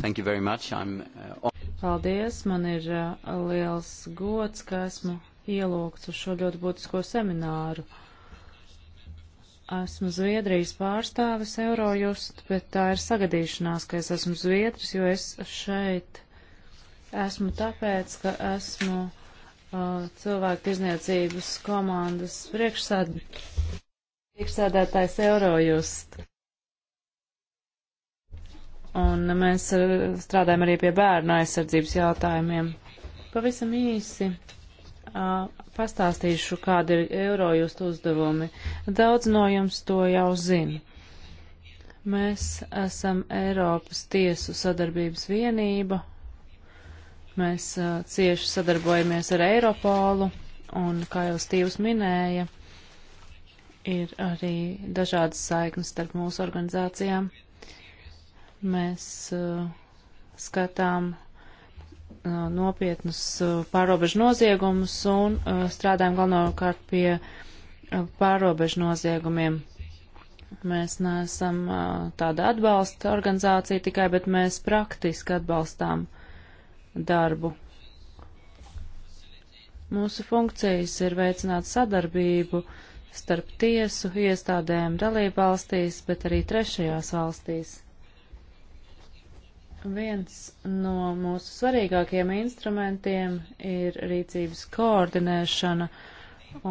thank you very much. I'm, uh, Paldies, man ir uh, liels gods, ka esmu ielūgts uz šo ļoti būtisko semināru. Esmu Zviedrijas pārstāvis Eurojust, bet tā ir sagadīšanās, ka es esmu Zviedris, jo es šeit Esmu tāpēc, ka esmu uh, cilvēku tirzniecības komandas priekšsād... priekšsādātājs Eurojust. Un mēs uh, strādājam arī pie bērnu aizsardzības jautājumiem. Pavisam īsi uh, pastāstīšu, kādi ir Eurojust uzdevumi. Daudz no jums to jau zina. Mēs esam Eiropas tiesu sadarbības vienība Mēs uh, cieši sadarbojamies ar Eiropolu, un, kā jau Stīvs minēja, ir arī dažādas saiknes starp mūsu organizācijām. Mēs uh, skatām uh, nopietnus uh, pārobežu noziegumus un uh, strādājam galvenokārt pie uh, pārobežu noziegumiem. Mēs neesam uh, tāda atbalsta organizācija tikai, bet mēs praktiski atbalstām darbu. Mūsu funkcijas ir veicināt sadarbību starp tiesu iestādēm dalībvalstīs, bet arī trešajās valstīs. Viens no mūsu svarīgākajiem instrumentiem ir rīcības koordinēšana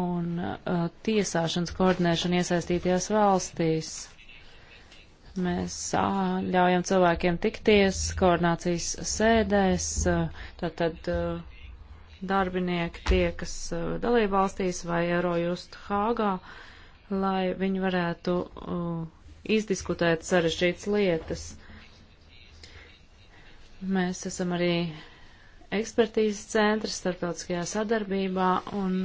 un uh, tiesāšanas koordinēšana iesaistītajās valstīs. Mēs ā, ļaujam cilvēkiem tikties koordinācijas sēdēs, tātad darbinieki tie, kas dalība valstīs vai Eurojust Hāgā, lai viņi varētu izdiskutēt sarežģītas lietas. Mēs esam arī ekspertīzes centrs starptautiskajā sadarbībā un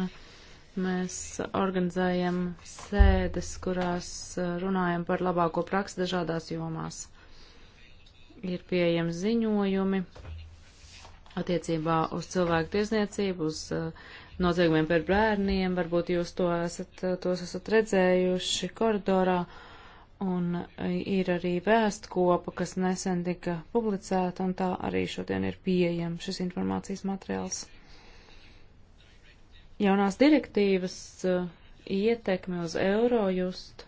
Mēs organizējam sēdes, kurās eh, runājam par labāko praksi dažādās jomās. Ir pieejami ziņojumi attiecībā uz cilvēku tiesniecību, uz eh, noziegumiem par bērniem. Varbūt jūs to esat, eh, tos esat redzējuši koridorā. Un ir arī vēstkopa, kas nesen tika publicēta, un tā arī šodien ir pieejama šis informācijas materiāls. Jaunās direktīvas eh, ietekme uz Eurojust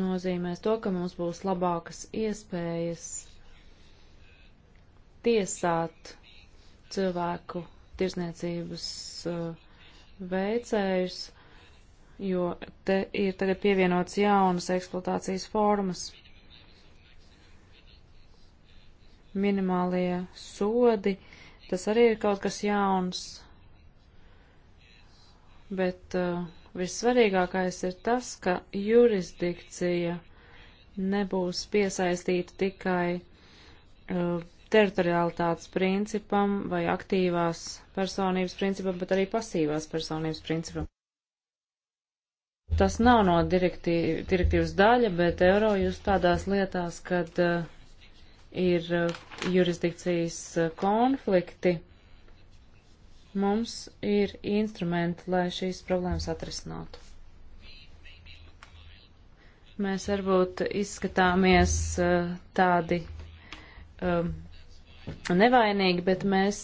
nozīmēs to, ka mums būs labākas iespējas tiesāt cilvēku tirzniecības eh, veicējus, jo te ir tagad pievienots jaunas eksploatācijas formas. Minimālie sodi uh, Tas arī ir kaut kas jauns. Bet uh, vissvarīgākais ir tas, ka jurisdikcija nebūs piesaistīta tikai uh, teritorialitātes principam vai aktīvās personības principam, bet arī pasīvās personības principam. Tas nav no direktīvas daļa, bet eiro jūs tādās lietās, kad uh, ir uh, jurisdikcijas uh, konflikti, mums ir instrumenti, lai šīs problēmas atrisinātu. Mēs varbūt izskatāmies uh, tādi um, nevainīgi, bet mēs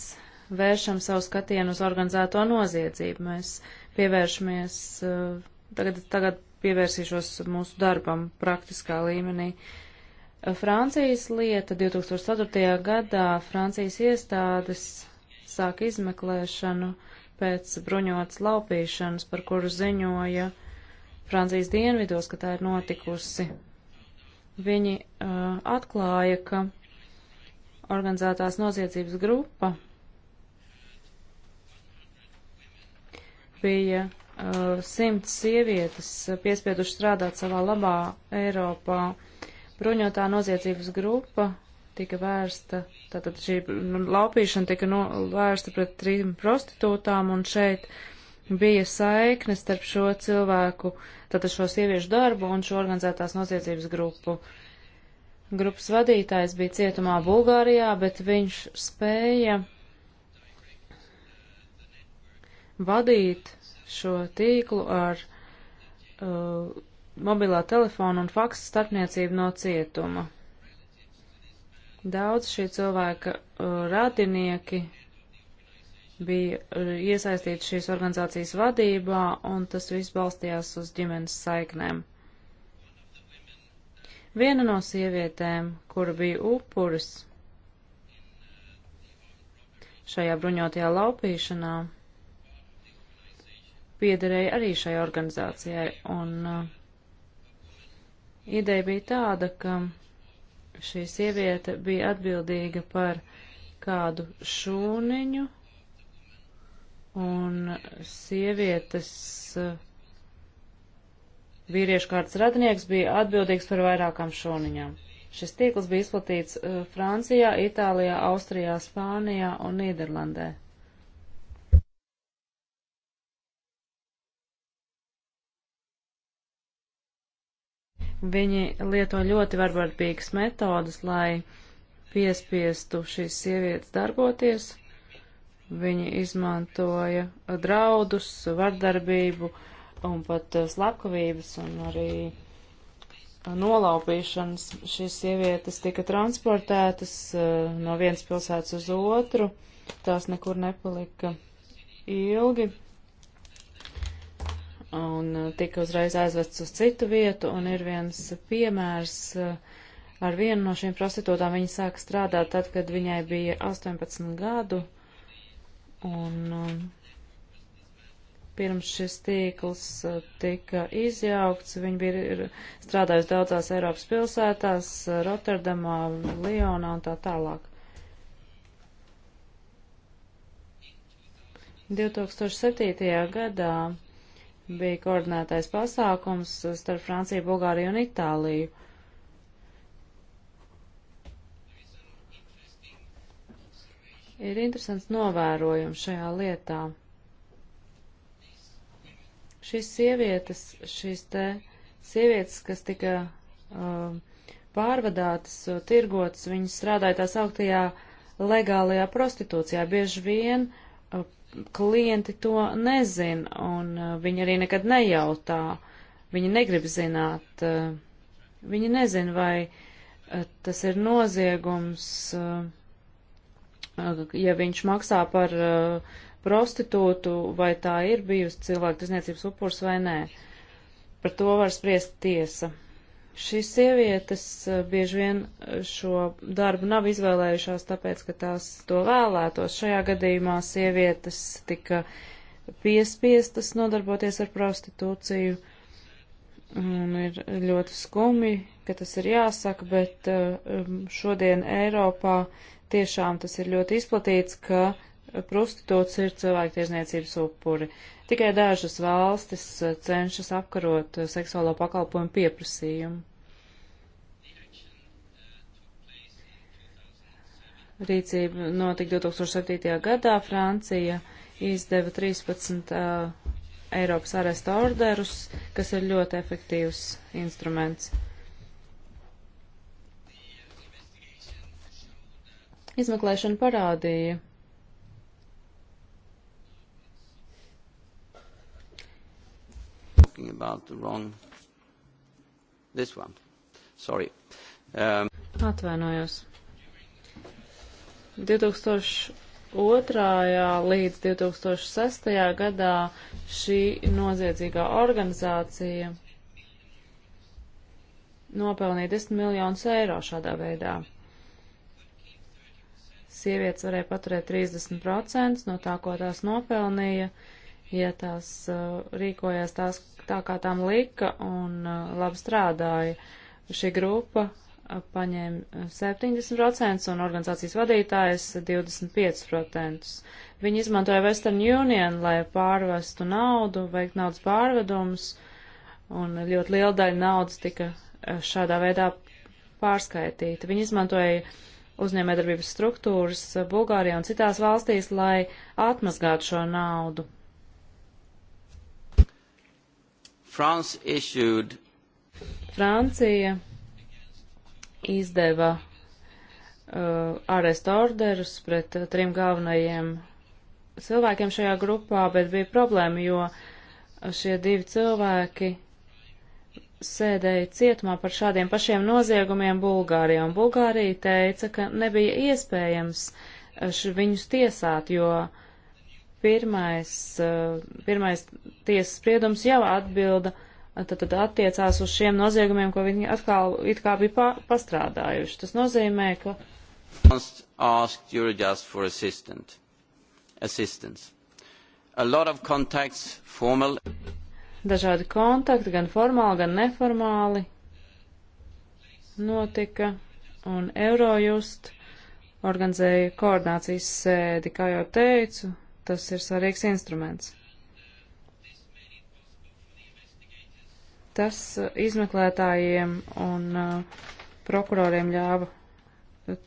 vēršam savu skatienu uz organizēto noziedzību. Mēs pievēršamies, uh, tagad, tagad pievērsīšos mūsu darbam praktiskā līmenī. Uh, Francijas lieta 2004. gadā Francijas iestādes sāk izmeklēšanu pēc bruņotas laupīšanas, par kuru ziņoja Francijas dienvidos, ka tā ir notikusi. Viņi uh, atklāja, ka organizētās noziedzības grupa bija uh, simts sievietes piespieduši strādāt savā labā Eiropā. Uh, Bruņotā noziedzības grupa tika vērsta, tātad šī nu, laupīšana tika no, vērsta pret trim prostitūtām, un šeit bija saikne starp šo cilvēku, tātad šo sieviešu darbu un šo organizētās noziedzības grupu. Grupas vadītājs bija cietumā Bulgārijā, bet viņš spēja vadīt šo tīklu ar uh, mobilā telefona un faksa starpniecību no cietuma. Daudz šie cilvēka uh, radinieki bija uh, iesaistīti šīs organizācijas vadībā, un tas viss balstījās uz ģimenes saiknēm. Viena no sievietēm, kura bija upuris šajā bruņotajā laupīšanā, piederēja arī šai organizācijai, un uh, Ideja bija tāda, ka šī sieviete bija atbildīga par kādu šūniņu, un sievietes eh, vīriešu kārtas radinieks bija atbildīgs par vairākām šūniņām. Šis tīkls bija izplatīts eh, Francijā, Itālijā, Austrijā, Spānijā un Nīderlandē. Viņi lieto ļoti varbarbīgas metodas, lai piespiestu šīs sievietes darboties. Viņi izmantoja draudus, vardarbību un pat eh, slepkavības un arī eh, nolaupīšanas. Šīs sievietes tika transportētas eh, no vienas pilsētas uz otru, tās nekur nepalika ilgi un uh, tika uzreiz aizvests uz citu vietu, un ir viens piemērs uh, ar vienu no šīm prostitūtām. Viņa sāka strādāt tad, kad viņai bija 18 gadu, un um, pirms šis tīkls uh, tika izjaukts, viņa bija strādājusi daudzās Eiropas pilsētās, Rotterdamā, Lionā un tā tālāk. 2007. gadā bija koordinētais pasākums starp Franciju, Bulgāriju un Itāliju. Ir interesants novērojums šajā lietā. Šīs sievietes, šīs te sievietes, kas tika uh, pārvadātas, uh, tirgotas, viņas strādāja tā sauktajā legālajā prostitūcijā. Bieži vien uh, klienti to nezina, un uh, viņi arī nekad nejautā. Viņi negrib zināt, uh, viņi nezina, vai uh, tas ir noziegums, ja viņš maksā par prostitūtu, vai tā ir bijusi cilvēku tiesniecības upurs vai nē. Par to var spriest tiesa. Šīs sievietes eh, bieži vien eh, šo darbu nav izvēlējušās tāpēc, ka tās to vēlētos. Šajā gadījumā sievietes tika piespiestas nodarboties ar prostitūciju. Un ir ļoti skumi, ka tas ir jāsaka, bet eh, um, šodien Eiropā tiešām tas ir ļoti izplatīts, ka prostitūts ir cilvēktiesniecības upuri. Tikai dažas valstis cenšas apkarot seksuālo pakalpojumu pieprasījumu. rīcība notika 2007. gadā. Francija izdeva 13 uh, Eiropas arestu orderus, kas ir ļoti efektīvs instruments. Izmeklēšana parādīja, talking about the wrong this one sorry um, atvainojos 2002. līdz 2006. gadā šī noziedzīgā organizācija nopelnīja 10 miljonus eiro šādā veidā. Sievietes varēja paturēt 30% no tā, ko tās nopelnīja, ja tās uh, rīkojās tās, tā, kā tām lika un uh, labi strādāja. Šī grupa paņēma 70% eh, un organizācijas vadītājs 25%. Viņi izmantoja Western Union, lai pārvestu naudu, veikt naudas pārvedumus, un ļoti liela daļa naudas tika eh, šādā veidā pārskaitīta. Viņi izmantoja uzņēmējdarbības struktūras eh, Bulgārijā un citās valstīs, lai atmazgātu šo naudu. France issued. Francija izdeva uh, arestu orderus pret uh, trim galvenajiem cilvēkiem šajā grupā, bet bija problēma, jo uh, šie divi cilvēki sēdēja cietumā par šādiem pašiem noziegumiem Bulgārijā, un Bulgārija teica, ka nebija iespējams uh, viņus tiesāt, jo pirmais, uh, pirmais tiesas spriedums jau atbilda uh, tad, tad attiecās uz šiem noziegumiem, ko viņi atkal it kā bija pa, pastrādājuši. Tas nozīmē, ka. Assistant. Assistance. A lot of contacts, formal. Dažādi kontakti, gan formāli, gan neformāli, notika, un Eurojust organizēja koordinācijas sēdi, kā jau teicu, tas ir svarīgs instruments. Tas uh, izmeklētājiem un uh, prokuroriem ļāva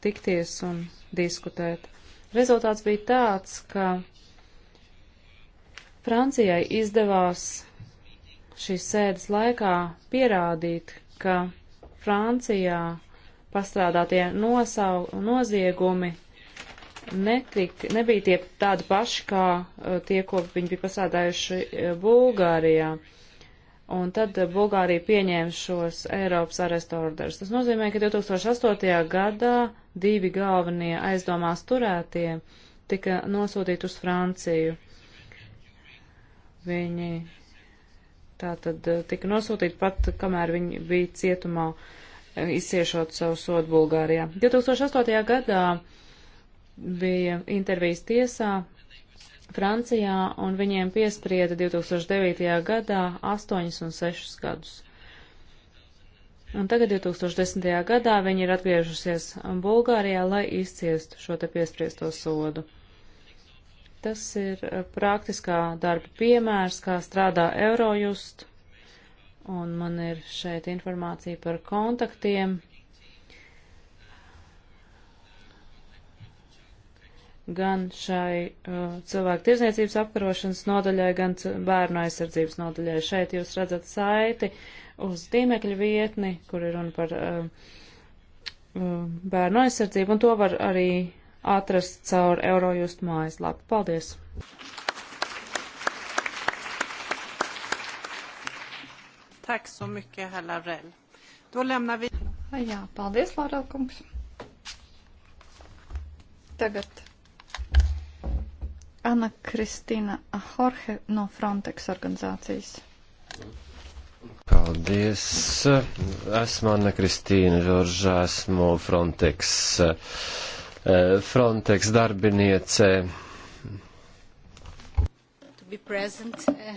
tikties un diskutēt. Rezultāts bija tāds, ka Francijai izdevās šīs sēdes laikā pierādīt, ka Francijā pastrādātie nosau, noziegumi netik, nebija tie tādi paši, kā uh, tie, ko viņi bija pastrādājuši uh, Bulgārijā. Uh, un tad eh, Bulgārija pieņēma šos Eiropas arestu orders. Tas nozīmē, ka 2008. gadā divi galvenie aizdomās turētie tika nosūtīti uz Franciju. Viņi tā tad eh, tika nosūtīti pat, kamēr viņi bija cietumā eh, izciešot savu sodu Bulgārijā. 2008. gadā bija intervijas tiesā Francijā un viņiem piesprieda 2009. gadā 8 un 6 gadus. Un tagad 2010. gadā viņi ir atgriežusies Bulgārijā, lai izciestu šo te piespriesto sodu. Tas ir eh, praktiskā darba piemērs, kā strādā Eurojust, un man ir šeit informācija par kontaktiem gan šai uh, cilvēku tirzniecības apkarošanas nodaļai, gan bērnu aizsardzības nodaļai. Šeit jūs redzat saiti uz tīmekļa vietni, kur ir runa par uh, uh, bērnu aizsardzību, un to var arī atrast caur Eurojust mājaslapu. Paldies! Tack så mycket, herr Lavrell. Då lämnar vi... Jā, paldies, Lārelkungs. Tagad Anna Kristina Ahorhe no Frontex organizācijas. Paldies. Esmu Anna Kristīna Žoržā, esmu Frontex, eh, Frontex darbiniece. Eh,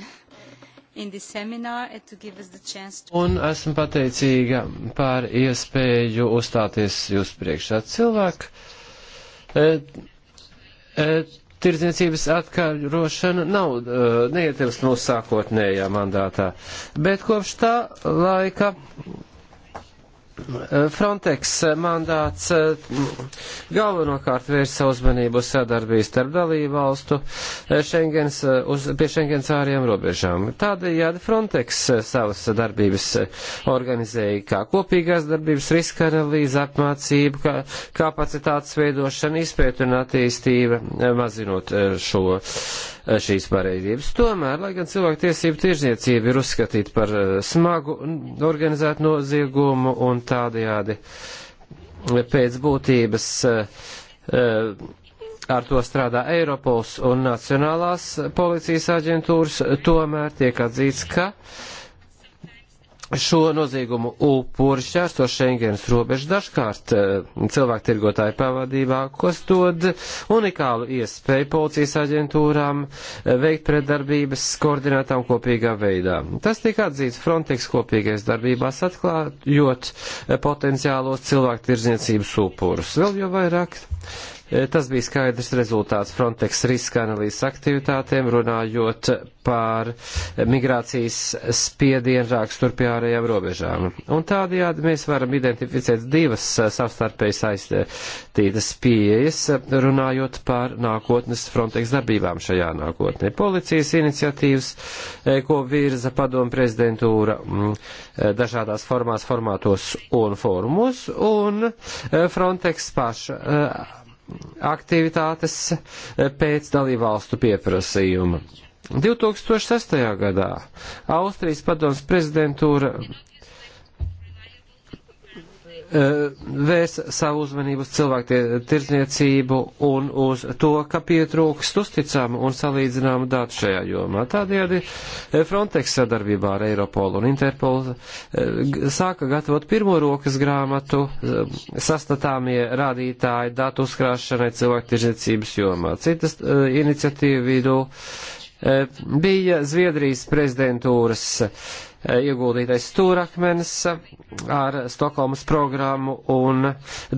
Un esmu pateicīga par iespēju uzstāties jūs priekšā cilvēku. Et, eh, et, tirdzniecības atkaļrošana nav, eh, neietilst mūsu sākotnējā mandātā. Bet kopš tā laika Frontex mandāts eh, galvenokārt vērsa uzmanību sadarbību starp dalību valstu eh, Schengens, eh, uz, pie Schengens āriem robežām. Tādējādi Frontex savas darbības organizēja kā kopīgās darbības riska analīze, apmācība, kā, kapacitātes veidošana, izpēt un attīstība, mazinot šo šīs pareizības. Tomēr, lai gan cilvēktiesību tirzniecība ir uzskatīta par eh, smagu organizētu noziegumu un tādajādi pēc būtības eh, eh, ar to strādā Eiropols un Nacionālās policijas aģentūras, tomēr tiek atzīts, ka šo noziegumu upuri šķērso Schengens robežu dažkārt eh, cilvēktirgotāju pavadībā, kas dod unikālu iespēju policijas aģentūrām eh, veikt pretdarbības koordinētām kopīgā veidā. Tas tika atzīts Frontex kopīgais darbībās atklājot eh, potenciālos cilvēktirdzniecības upurus. Vēl jau vairāk Eh, tas bija skaidrs rezultāts Frontex riska analīzes aktivitātēm, runājot par migrācijas spiedienu rakstur pie ārējām robežām. Un tādējādi mēs varam identificēt divas eh, savstarpēji saistītas pieejas, eh, runājot par nākotnes Frontex darbībām šajā nākotnē. Policijas iniciatīvas, ko virza padomu prezidentūra mm, dažādās formās, formātos un formos, un Frontex paša aktivitātes pēc dalībvalstu pieprasījuma. 2006. gadā Austrijas padomas prezidentūra E, vērs savu uzmanību uz cilvēku tirdzniecību un uz to, ka pietrūkst uzticamu un salīdzināmu datu šajā jomā. Tādējādi e, Frontex sadarbībā ar Eiropolu un Interpolu e, sāka gatavot pirmo rokas grāmatu sastatāmie rādītāji datu uzkrāšanai cilvēku tirdzniecības jomā. Citas iniciatīva vidū E, bija Zviedrijas prezidentūras e, ieguldītais stūrakmenis ar Stokholmas programmu un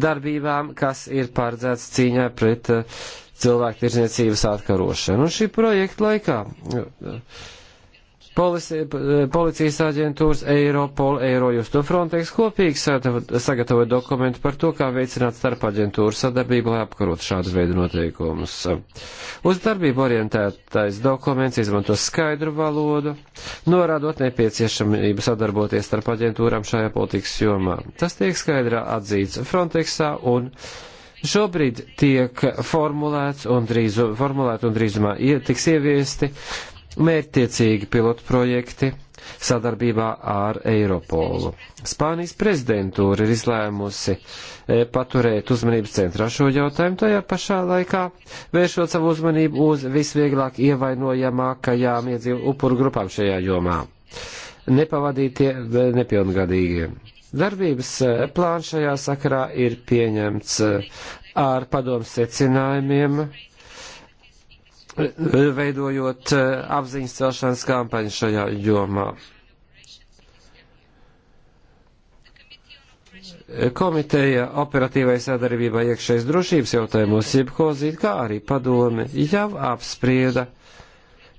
darbībām, kas ir paredzēts cīņā pret e, cilvēku tirzniecības atkarošanu. Un šī projekta laikā Polisi, policijas aģentūras Eiropol, Eirojust un Frontex kopīgi sagatavoja dokumentu par to, kā veicināt starp aģentūru sadarbību, lai apkarot šādu veidu noteikumus. Uz darbību orientētais dokuments izmanto skaidru valodu, norādot nepieciešamību sadarboties starp aģentūrām šajā politikas jomā. Tas tiek skaidrā atzīts Frontexā un šobrīd tiek formulēts un, drīzu, formulēt un drīzumā tiks ieviesti mērķtiecīgi pilotprojekti sadarbībā ar Eiropolu. Spānijas prezidentūra ir izlēmusi e, paturēt uzmanības centrā šo jautājumu, tajā pašā laikā vēršot savu uzmanību uz visvieglāk ievainojamākajām iedzīvu upuru grupām šajā jomā - nepavadītie e, nepilngadīgie. Darbības e, plāns šajā sakarā ir pieņemts ar padomu secinājumiem veidojot eh, apziņas celšanas kampaņu šajā jomā. Komiteja operatīvai sadarbībai iekšējas drošības jautājumos jeb hozīt, kā arī padome jau apsprieda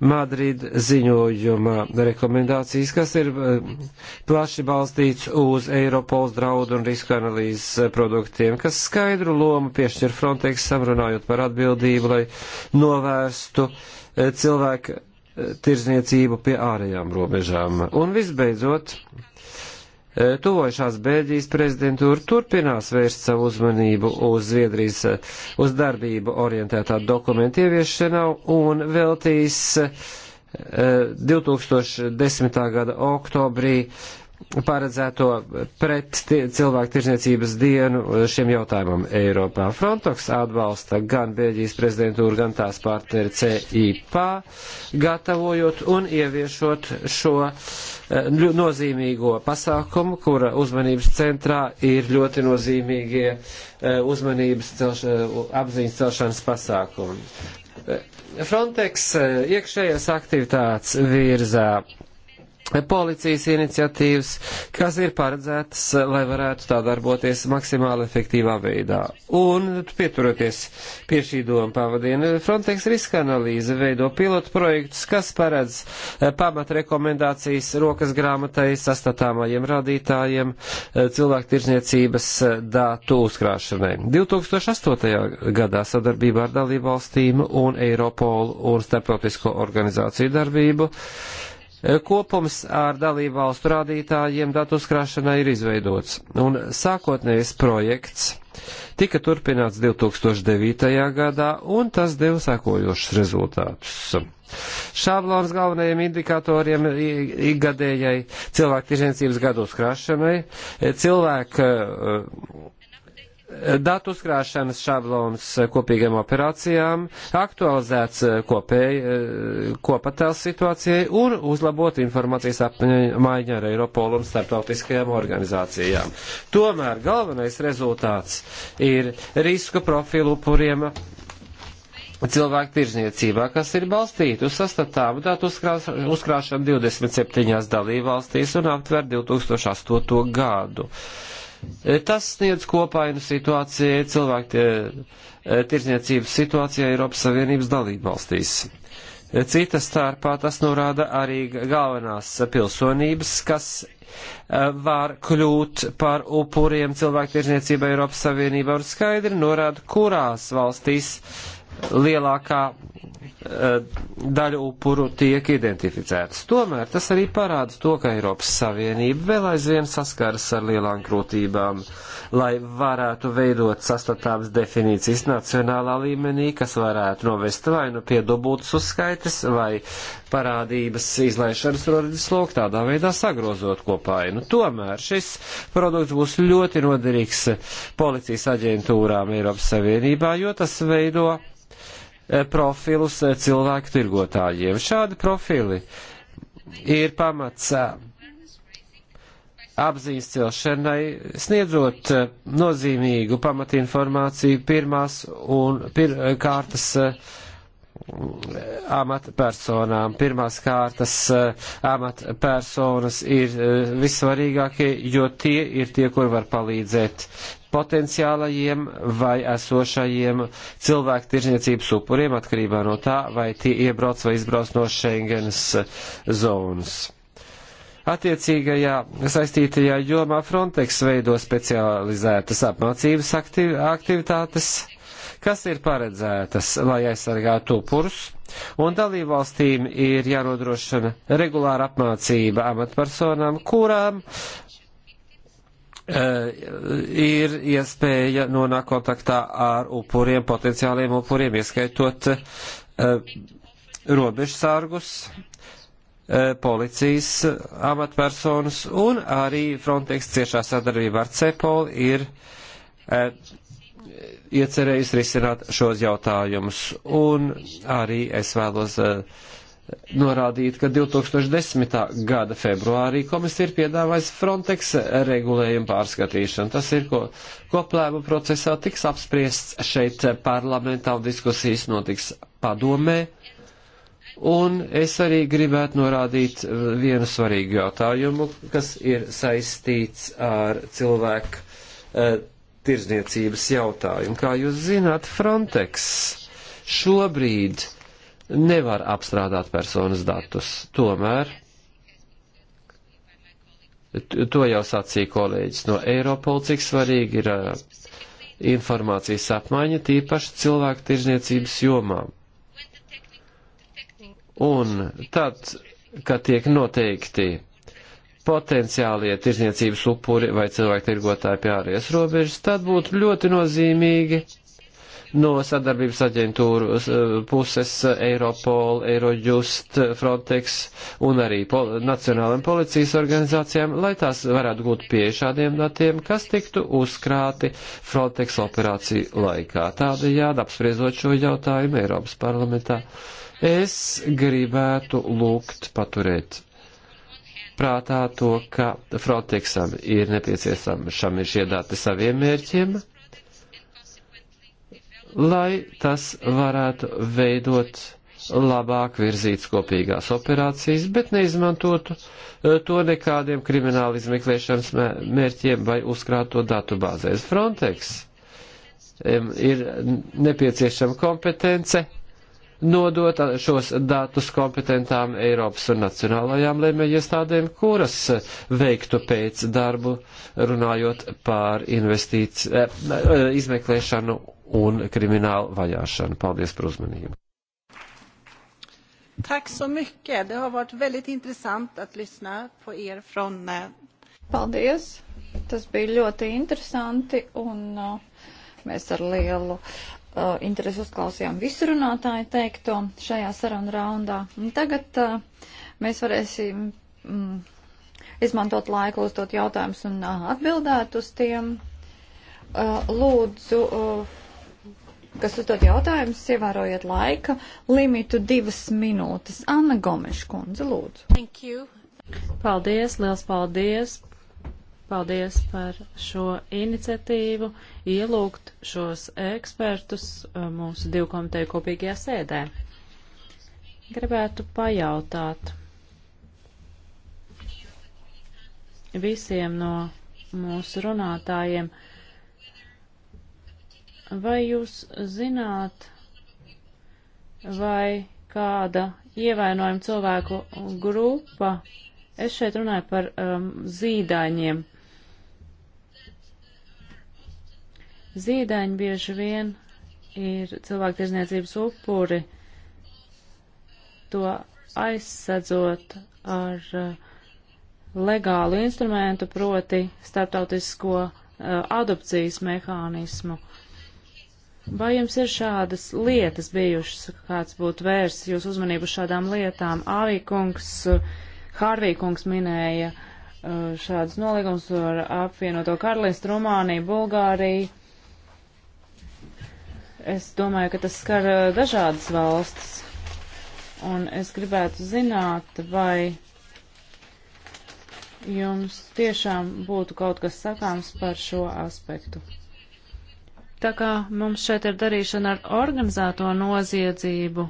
Madrid ziņojuma rekomendācijas, kas ir eh, plaši balstīts uz Eiropols draudu un risku analīzes eh, produktiem, kas skaidru lomu piešķir Frontex samrunājot par atbildību, lai novērstu eh, cilvēku tirzniecību pie ārējām robežām. Un visbeidzot, E, tuvojušās Bēļģijas prezidentūra turpinās vērst savu uzmanību uz Zviedrijas e, uz darbību orientētā dokumentu ieviešanā un veltīs 2010. E, gada oktobrī paredzēto pret cilvēku tirzniecības dienu šiem jautājumam Eiropā. Frontox atbalsta gan Bēļģijas prezidentūru, gan tās partneri CIP, gatavojot un ieviešot šo uh, nozīmīgo pasākumu, kura uzmanības centrā ir ļoti nozīmīgie eh, uzmanības celš, eh, apziņas celšanas pasākumi. Eh, Frontex iekšējās aktivitātes virzā policijas iniciatīvas, kas ir paredzētas, lai varētu tā darboties maksimāli efektīvā veidā. Un pieturoties pie šī doma pavadiena, Frontex riska analīze veido pilotu projektus, kas paredz eh, pamat rekomendācijas rokas grāmatai sastatāmajiem rādītājiem eh, cilvēku tirzniecības eh, dātu uzkrāšanai. 2008. gadā sadarbībā ar dalībvalstīm un Eiropolu un starptautisko organizāciju darbību Eh, kopums ar dalību valstu rādītājiem datu uzkrāšanai ir izveidots, un sākotnējais projekts tika turpināts 2009. gadā, un tas deva sekojošus rezultātus. Šablons galvenajiem indikatoriem ikgadējai cilvēku tirzniecības gadu uzkrāšanai, eh, cilvēku eh, datu uzkrāšanas šablons kopīgiem operācijām, aktualizēts kopēji, kopatēls situācijai un uzlabot informācijas apmaiņa ar Eiropolu un starptautiskajām organizācijām. Tomēr galvenais rezultāts ir risku profilu upuriem cilvēku tirzniecībā, kas ir balstīta uz sastatāmu datu uzkrāšanu 27 dalībvalstīs un aptver 2008. gadu. Tas sniedz kopainu situācijai, cilvēku e, tirzniecības situācijai Eiropas Savienības dalībvalstīs. E, Cita starpā tas norāda arī galvenās pilsonības, kas e, var kļūt par upuriem cilvēku tirzniecība Eiropas Savienībā un skaidri norāda, kurās valstīs uh, lielākā eh, daļa upuru tiek identificētas. Tomēr tas arī parāda to, ka Eiropas Savienība vēl aizvien saskaras ar lielām grūtībām, lai varētu veidot sastatāmas definīcijas nacionālā līmenī, kas varētu novest vai nu pie dubultas uzskaites vai parādības izlaišanas rodas lok, tādā veidā sagrozot kopā. Nu, tomēr šis produkts būs ļoti noderīgs policijas aģentūrām Eiropas Savienībā, jo tas veido Eh, profilus eh, cilvēku tirgotājiem. Šādi profili ir pamats eh, apziņas celšanai, sniedzot nozīmīgu pamatinformāciju pirmās un pir kārtas amatpersonām. Pirmās kārtas amatpersonas ir vissvarīgākie, jo tie ir tie, kur var palīdzēt potenciālajiem vai esošajiem cilvēku tirzniecības upuriem atkarībā no tā, vai tie iebrauc vai izbrauc no Schengenas zonas. Attiecīgajā saistītajā jomā Frontex veido specializētas apmācības aktiv aktivitātes, kas ir paredzētas, lai aizsargātu upurus, un dalībvalstīm ir jānodrošina regulāra apmācība amatpersonām, kurām Eh, ir iespēja nonākt kontaktā ar upuriem, potenciāliem upuriem, ieskaitot eh, robežsārgus, eh, policijas amatpersonas un arī Frontex ciešā sadarbība ar CEPOL ir iecerējusi risināt šos jautājumus. Un arī es vēlos uh, norādīt, ka 2010. gada februārī komisija ir piedāvājusi Frontex regulējumu pārskatīšanu. Tas ir, ko koplēmu procesā tiks apspriests šeit parlamentā un diskusijas notiks padomē. Un es arī gribētu norādīt uh, vienu svarīgu jautājumu, kas ir saistīts ar cilvēku uh, tirzniecības jautājumu. Kā jūs zināt, Frontex šobrīd uh, nevar apstrādāt personas datus. Tomēr, to jau sacīja kolēģis no Eiropola, cik svarīgi ir informācijas apmaiņa tīpaši cilvēku tirzniecības jomā. Un tad, kad tiek noteikti potenciālie tirzniecības upuri vai cilvēku tirgotāji pie ārējas robežas, tad būtu ļoti nozīmīgi no sadarbības aģentūru eh, puses eh, Eiropol, Eirojust, eh, Frontex un arī pol nacionālajiem policijas organizācijām, lai tās varētu būt pie šādiem datiem, kas tiktu uzkrāti Frontex operāciju laikā. Tādējādi apspriezot šo jautājumu Eiropas parlamentā. Es gribētu lūgt paturēt prātā to, ka Frontexam ir nepieciešami šie dati saviem mērķiem, lai tas varētu veidot labāk virzītas kopīgās operācijas, bet neizmantotu eh, to nekādiem krimināla izmeklēšanas mērķiem vai uzkrāto datu bāzēs. Frontex ir nepieciešama kompetence nodot šos datus kompetentām Eiropas un nacionālajām lēmējiestādēm, kuras eh, veiktu pēc darbu runājot pār investīciju, eh, izmeklēšanu un kriminālu vajāšanu. Paldies par uzmanību. Tack så mycket. Det har varit väldigt intressant att lyssna på er från... Eh, Paldies. Tas bija ļoti interesanti un uh, mēs ar lielu uh, interesi uzklausījām visu runātāju teikto šajā sarunu raundā. Un tagad uh, mēs varēsim mm, izmantot laiku uzdot jautājumus un uh, atbildēt uz tiem. Uh, lūdzu. Uh, kas uzdod jautājumus, ievērojiet laika limitu divas minūtes. Anna Gomeša kundze, lūdzu. Thank you. Paldies, liels paldies. Paldies par šo iniciatīvu ielūgt šos ekspertus uh, mūsu divu komiteju kopīgajā sēdē. Gribētu pajautāt visiem no mūsu runātājiem, uh, Vai jūs zināt, vai kāda ievainojuma cilvēku grupa, es šeit runāju par um, zīdaiņiem. Zīdaiņi bieži vien ir cilvēku tirzniecības upuri, to aizsadzot ar uh, legālu instrumentu, proti starptautisko uh, adopcijas mehānismu. Uh, Vai jums ir šādas lietas bijušas, kāds būtu vērsts jūs uzmanību šādām lietām? Āvī kungs, Hārvī kungs minēja uh, šādas nolīgums ar apvienoto karalistu, Rumāniju, Bulgāriju. Es domāju, ka tas skar uh, dažādas valstis. Un es gribētu zināt, vai jums tiešām būtu kaut kas sakāms par šo aspektu. Tā kā mums šeit ir darīšana ar organizēto noziedzību,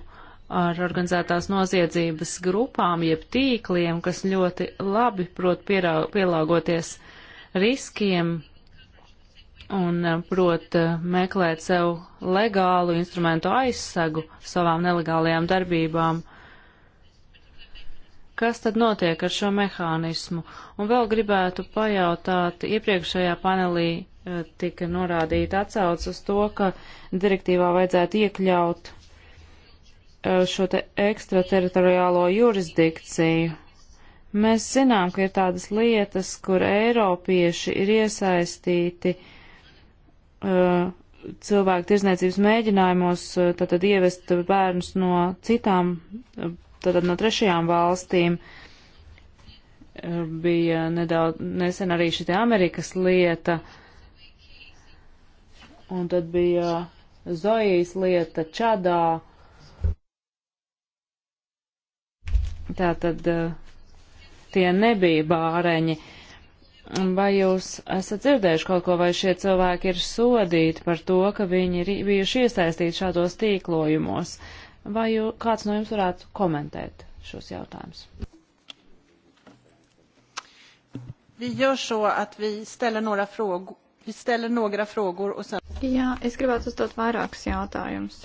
ar organizētās noziedzības grupām, jeb tīkliem, kas ļoti labi prot pielāgoties riskiem un eh, prot eh, meklēt sev legālu instrumentu aizsegu savām nelegālajām darbībām. Kas tad notiek ar šo mehānismu? Un vēl gribētu pajautāt, iepriekšējā panelī eh, tika norādīta atsauca uz to, ka direktīvā vajadzētu iekļaut eh, šo te ekstrateritoriālo jurisdikciju. Mēs zinām, ka ir tādas lietas, kur Eiropieši ir iesaistīti uh, cilvēku tirzniecības mēģinājumos uh, tātad ievest bērnus no citām uh, tātad no trešajām valstīm eh, bija nedaudz nesen arī šī Amerikas lieta, un tad bija Zojas lieta Čadā. Tātad eh, tie nebija bāreņi. Vai jūs esat dzirdējuši kaut ko, vai šie cilvēki ir sodīti par to, ka viņi ir bijuši iesaistīti šādos tīklojumos? Vai jū, kāds no jums varētu komentēt šos jautājumus? Jā, es gribētu uzdot vairākus jautājumus.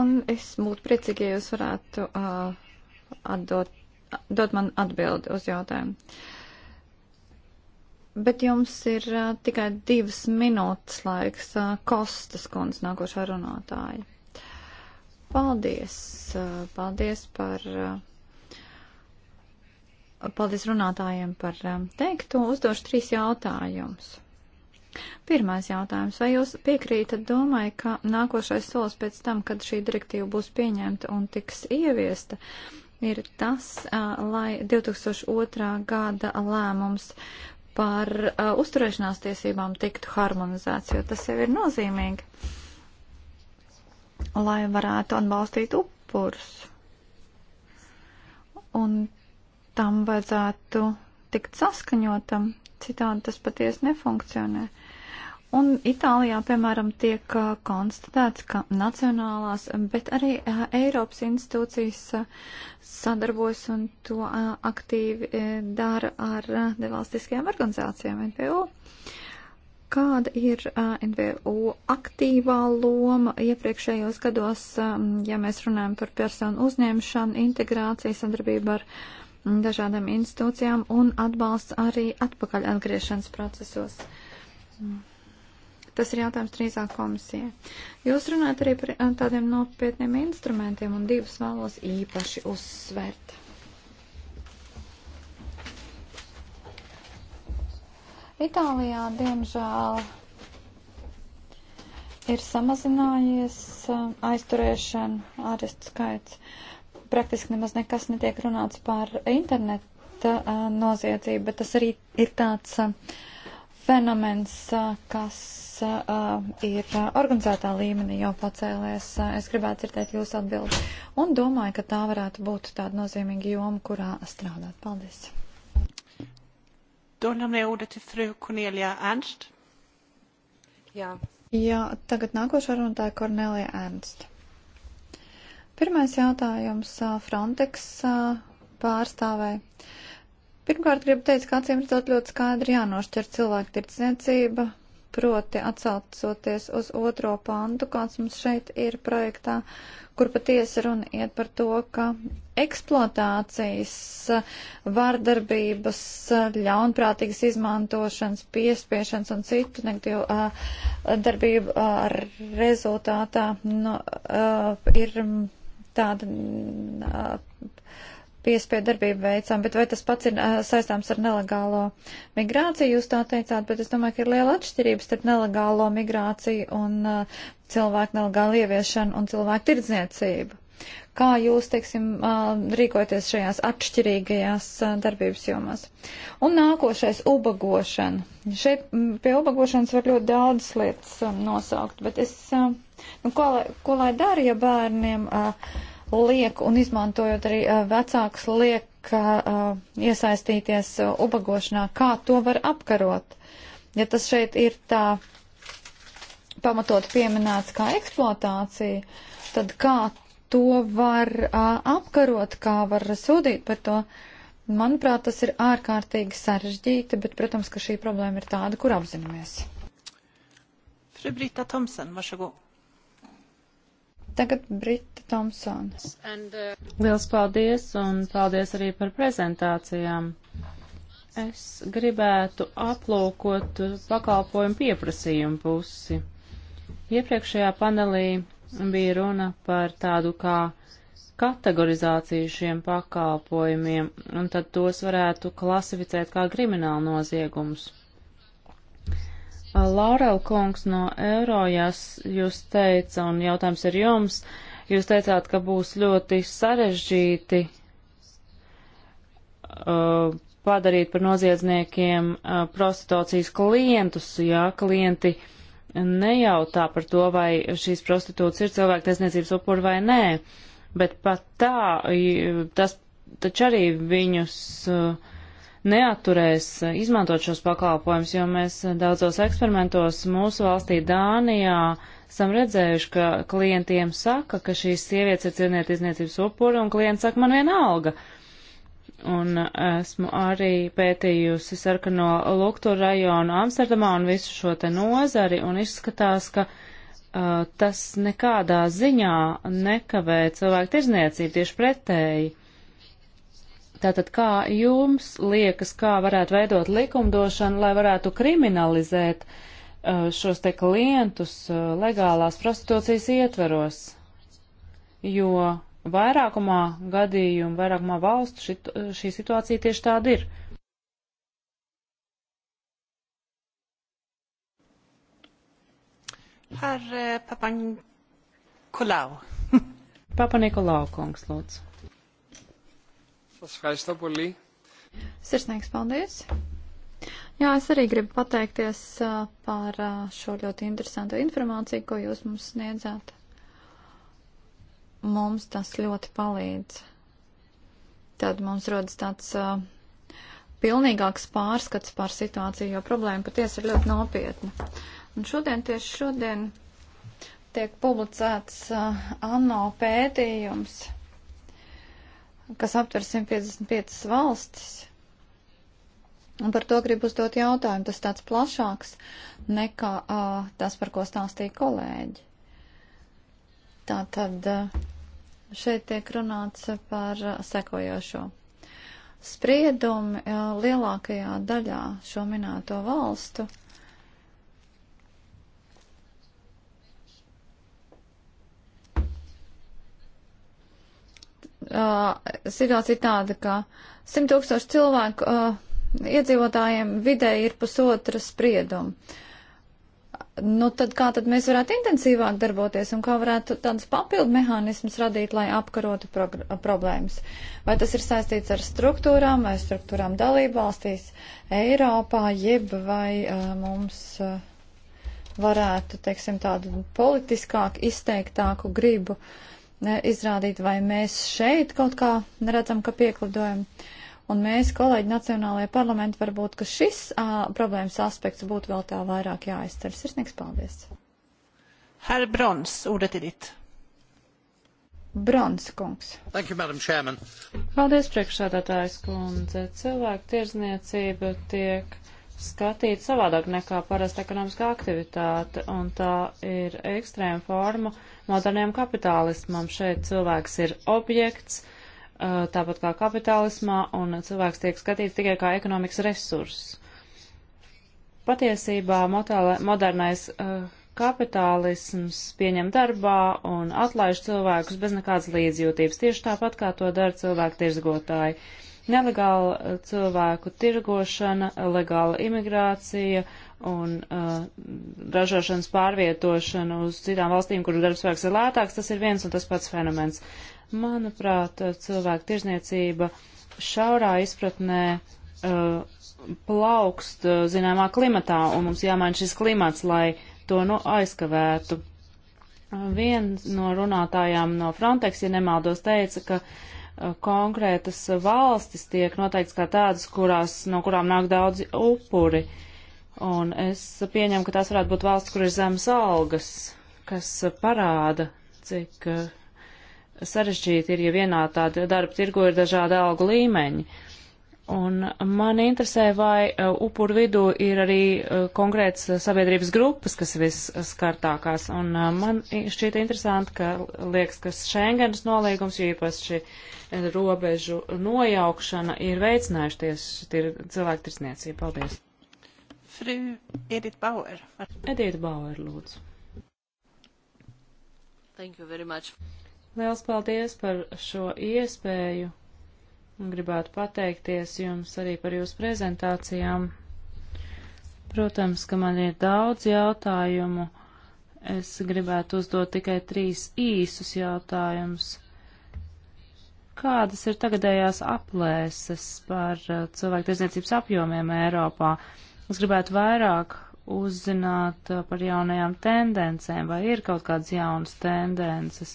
Un es būtu priecīgi, ja jūs varētu uh, atdot, dot man atbildi uz jautājumu. Bet jums ir uh, tikai divas minūtes laiks uh, Kostas kundz nākošā runātāja. Paldies! Eh, paldies par. Eh, paldies runātājiem par eh, teikto. Uzdošu trīs jautājumus. Pirmais jautājums. Vai jūs piekrītat domai, ka nākošais solis pēc tam, kad šī direktīva būs pieņemta un tiks ieviesta, ir tas, lai 2002. gada lēmums par uzturēšanās tiesībām tiktu harmonizēts, jo tas jau ir nozīmīgi lai varētu atbalstīt upurus. Un tam vajadzētu tikt saskaņotam, citādi tas patiesi nefunkcionē. Un Itālijā, piemēram, tiek uh, konstatēts, ka nacionālās, bet arī uh, Eiropas institūcijas uh, sadarbojas un to aktīvi dara ar nevalstiskajām organizācijām NPO. Kāda ir uh, NVO aktīvā loma iepriekšējos gados, um, ja mēs runājam par personu uzņemšanu, integrāciju, sadarbību ar dažādām institūcijām un atbalsts arī atpakaļ atgriešanas procesos? Tas ir jautājums drīzāk komisijai. Jūs runājat arī par tādiem nopietniem instrumentiem un divus vēlos īpaši uzsvērt. Itālijā, diemžēl, ir samazinājies um, aizturēšana, arestu skaits. Praktiski nemaz nekas netiek runāts par interneta uh, noziedzību, bet tas arī ir tāds uh, fenomens, uh, kas ir organizētā līmenī jau pacēlēs. Es gribētu dzirdēt jūsu atbildi un domāju, ka tā varētu būt tāda nozīmīga joma, kurā strādāt. Paldies! Då lämnar jag ordet till fru Cornelia Ernst. Jā. Jā, tagad nākošā runātāja Kornelija Ernst. Pirmais jautājums Frontex pārstāvē. Pirmkārt, gribu teikt, ka acīm redzot ļoti skaidri jānošķir cilvēku tirdzniecība proti atsaucoties uz otro pantu, kāds mums šeit ir projektā, kur patiesi runa iet par to, ka eksploatācijas, vardarbības, ļaunprātīgas izmantošanas, piespiešanas un citu negatīvu uh, darbību uh, rezultātā nu, uh, ir tāda. Uh, piespiedu darbību veicam, bet vai tas pats ir uh, saistāms ar nelegālo migrāciju, jūs tā teicāt, bet es domāju, ka ir liela atšķirība starp nelegālo migrāciju un uh, cilvēku nelegālu ieviešanu un cilvēku tirdzniecību. Kā jūs, teiksim, uh, eh, rīkoties šajās atšķirīgajās uh, darbības jomās? Un nākošais - ubagošana. Šeit mm, pie ubagošanas var ļoti daudz lietas um, nosaukt, bet es, uh, nu, ko lai, ko lai dara, ja bērniem uh, liek un izmantojot arī eh, vecākus liek eh, iesaistīties eh, ubagošanā. Kā to var apkarot? Ja tas šeit ir tā pamatot pieminēts kā eksploatācija, tad kā to var apkarot, kā var sūdīt par to? Manuprāt, tas ir ārkārtīgi sarežģīti, bet, protams, ka šī problēma ir tāda, kur apzināmies. Fru Brita Thomsen, varsågod. Tagad Brita Tomsons. Uh, Liels paldies un paldies arī par prezentācijām. Es gribētu aplūkot pakalpojumu pieprasījumu pusi. Iepriekšējā panelī bija runa par tādu kā kategorizāciju šiem pakalpojumiem, un tad tos varētu klasificēt kā kriminālu noziegumus. Uh, Laurel kungs no Eurojās jūs teica, un jautājums ir jums, jūs teicāt, ka būs ļoti sarežģīti uh, padarīt par noziedzniekiem uh, prostitūcijas klientus, ja klienti nejautā par to, vai šīs prostitūts ir cilvēktiesniecības upuri vai nē, bet pat tā, tas taču arī viņus uh, neatturēs eh, izmantot šos pakalpojumus, jo mēs eh, daudzos eksperimentos mūsu valstī Dānijā esam redzējuši, ka klientiem saka, ka šīs sievietes ir cilvēku izniecības upuri, un klients saka, man viena alga. Un eh, esmu arī pētījusi sarkano luktu rajonu Amsterdamā un visu šo te nozari, un izskatās, ka uh, tas nekādā ziņā nekavē cilvēku tirzniecību tieši pretēji. Uh, Tātad, kā jums liekas, kā varētu veidot likumdošanu, lai varētu kriminalizēt uh, šos te klientus uh, legālās prostitūcijas ietveros? Jo vairākumā gadījumu, vairākumā valstu šit, šī situācija tieši tāda ir. Par uh, eh, Papaniku Lau. Papaniku Lau kungs, lūdzu. Sirsnīgs paldies! Jā, es arī gribu pateikties par šo ļoti interesantu informāciju, ko jūs mums sniedzāt. Mums tas ļoti palīdz. Tad mums rodas tāds pilnīgāks pārskats par situāciju, jo problēma patiesi ir ļoti nopietna. Un šodien tieši šodien tiek publicēts ANO pētījums kas aptver 155 valstis. Un par to gribu uzdot jautājumu. Tas tāds plašāks nekā uh, tas, par ko stāstīja kolēģi. Tā tad uh, šeit tiek runāts par uh, sekojošo. Spriedumi uh, lielākajā daļā šo minēto valstu uh, situācija tāda, ka 100 tūkstoši cilvēku uh, iedzīvotājiem vidēji ir pusotra sprieduma. Nu, tad kā tad mēs varētu intensīvāk darboties un kā varētu tādus papildu mehānismus radīt, lai apkarotu problēmas? Vai tas ir saistīts ar struktūrām vai struktūrām dalībvalstīs Eiropā, jeb vai uh, mums. Uh, varētu, teiksim, tādu politiskāku, izteiktāku gribu uh, izrādīt, vai mēs šeit kaut kā redzam, ka pieklidojam. Un mēs, kolēģi Nacionālajā parlamentā, varbūt, ka šis uh, problēmas aspekts būtu vēl tā vairāk jāizcer. Sirsnīgs paldies! Herr Brons, ordet ir ditt. Brons kungs. Thank you, Madam Chairman. Paldies, priekšsādātājs kundze. Cilvēku tirzniecība tiek skatīt savādāk nekā parasta ekonomiskā aktivitāte, un tā ir ekstrēma forma, uh, moderniem kapitālismam. Šeit cilvēks ir objekts, uh, tāpat kā kapitālismā, un cilvēks tiek skatīts tikai kā ekonomikas resurss. Patiesībā modernais uh, kapitālisms pieņem darbā un atlaiž cilvēkus bez nekādas līdzjūtības, tieši tāpat kā to dara cilvēku tirzgotāji. Nelegāla uh, cilvēku tirgošana, legāla imigrācija, uh, un uh, ražošanas pārvietošanu uz citām valstīm, kuru darbspēks ir lētāks, tas ir viens un tas pats fenomens. Manuprāt, uh, cilvēku tirzniecība šaurā izpratnē uh, plaukst uh, zināmā klimatā, un mums jāmaina šis klimats, lai to nu aizkavētu. Viena no runātājām no Frontex, ja nemaldos, teica, ka uh, konkrētas valstis tiek noteikts kā tādas, kurās, no kurām nāk daudzi upuri. Uh, Un es pieņemu, ka tās varētu būt valsts, kur ir zemes algas, kas parāda, cik uh, sarežģīti ir, ja vienā tāda darba tirgu ir dažādi algu līmeņi. Un man interesē, vai uh, upuru vidū ir arī uh, konkrēts sabiedrības grupas, kas ir visskartākās. Un man šķiet interesanti, ka liekas, ka Schengenas nolīgums, jo īpaši robežu nojaukšana ir veicinājušies cilvēku tirsniecību. Paldies! Fru Edith Bauer. Edith Bauer, lūdzu. Thank you very much. Liels paldies par šo iespēju. Gribētu pateikties jums arī par jūsu prezentācijām. Protams, ka man ir daudz jautājumu. Es gribētu uzdot tikai trīs īsus jautājumus. Kādas ir tagadējās aplēses par uh, cilvēku tiesniecības apjomiem Eiropā? Uh, Es gribētu vairāk uzzināt uh, par jaunajām tendencēm, vai ir kaut kādas jaunas tendences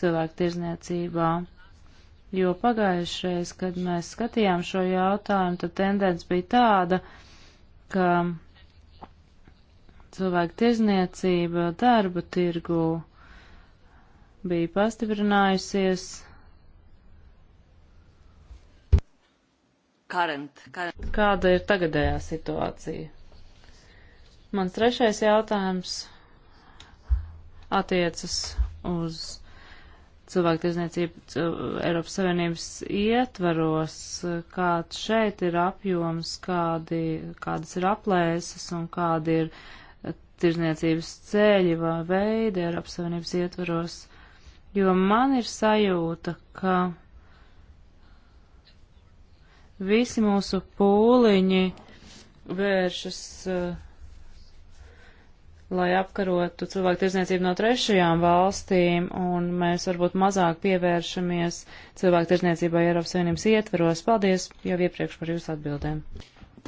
cilvēku tirzniecībā. Jo pagājušreiz, kad mēs skatījām šo jautājumu, tad tendence bija tāda, ka cilvēku tirzniecība darba tirgu bija pastiprinājusies current, current. Kāda ir tagadējā situācija? Mans trešais jautājums attiecas uz cilvēktiesniecību Eiropas Savienības ietvaros, kāds šeit ir apjoms, kādi, kādas ir aplēses un kādi ir tirzniecības ceļi vai veidi Eiropas Savienības ietvaros, jo man ir sajūta, ka Visi mūsu pūliņi vēršas, eh, lai apkarotu cilvēku tirzniecību no trešajām valstīm, un mēs varbūt mazāk pievēršamies cilvēku tirzniecībai Eiropas Savienības ietveros. Paldies jau iepriekš par jūsu atbildēm.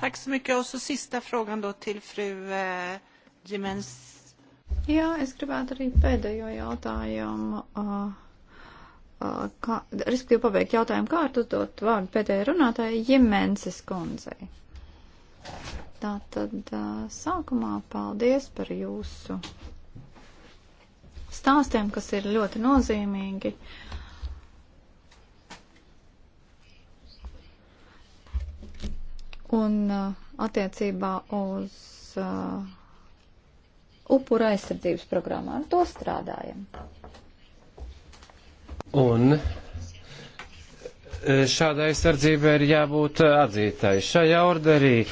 Tack så mycket. Och så sista frågan då till fru eh, Jimens. Jā, es gribētu arī pēdējo jautājumu uh, Uh, kā, respektīvi pabeigt jautājumu kārtu, dot vārdu pēdējai runātājai Jimenses kundzei. Tā tad uh, sākumā paldies par jūsu stāstiem, kas ir ļoti nozīmīgi. Un uh, attiecībā uz uh, upura aizsardzības programmu ar to strādājam. Un e, šādai aizsardzībai ir jābūt atzītai. Šajā orderī e,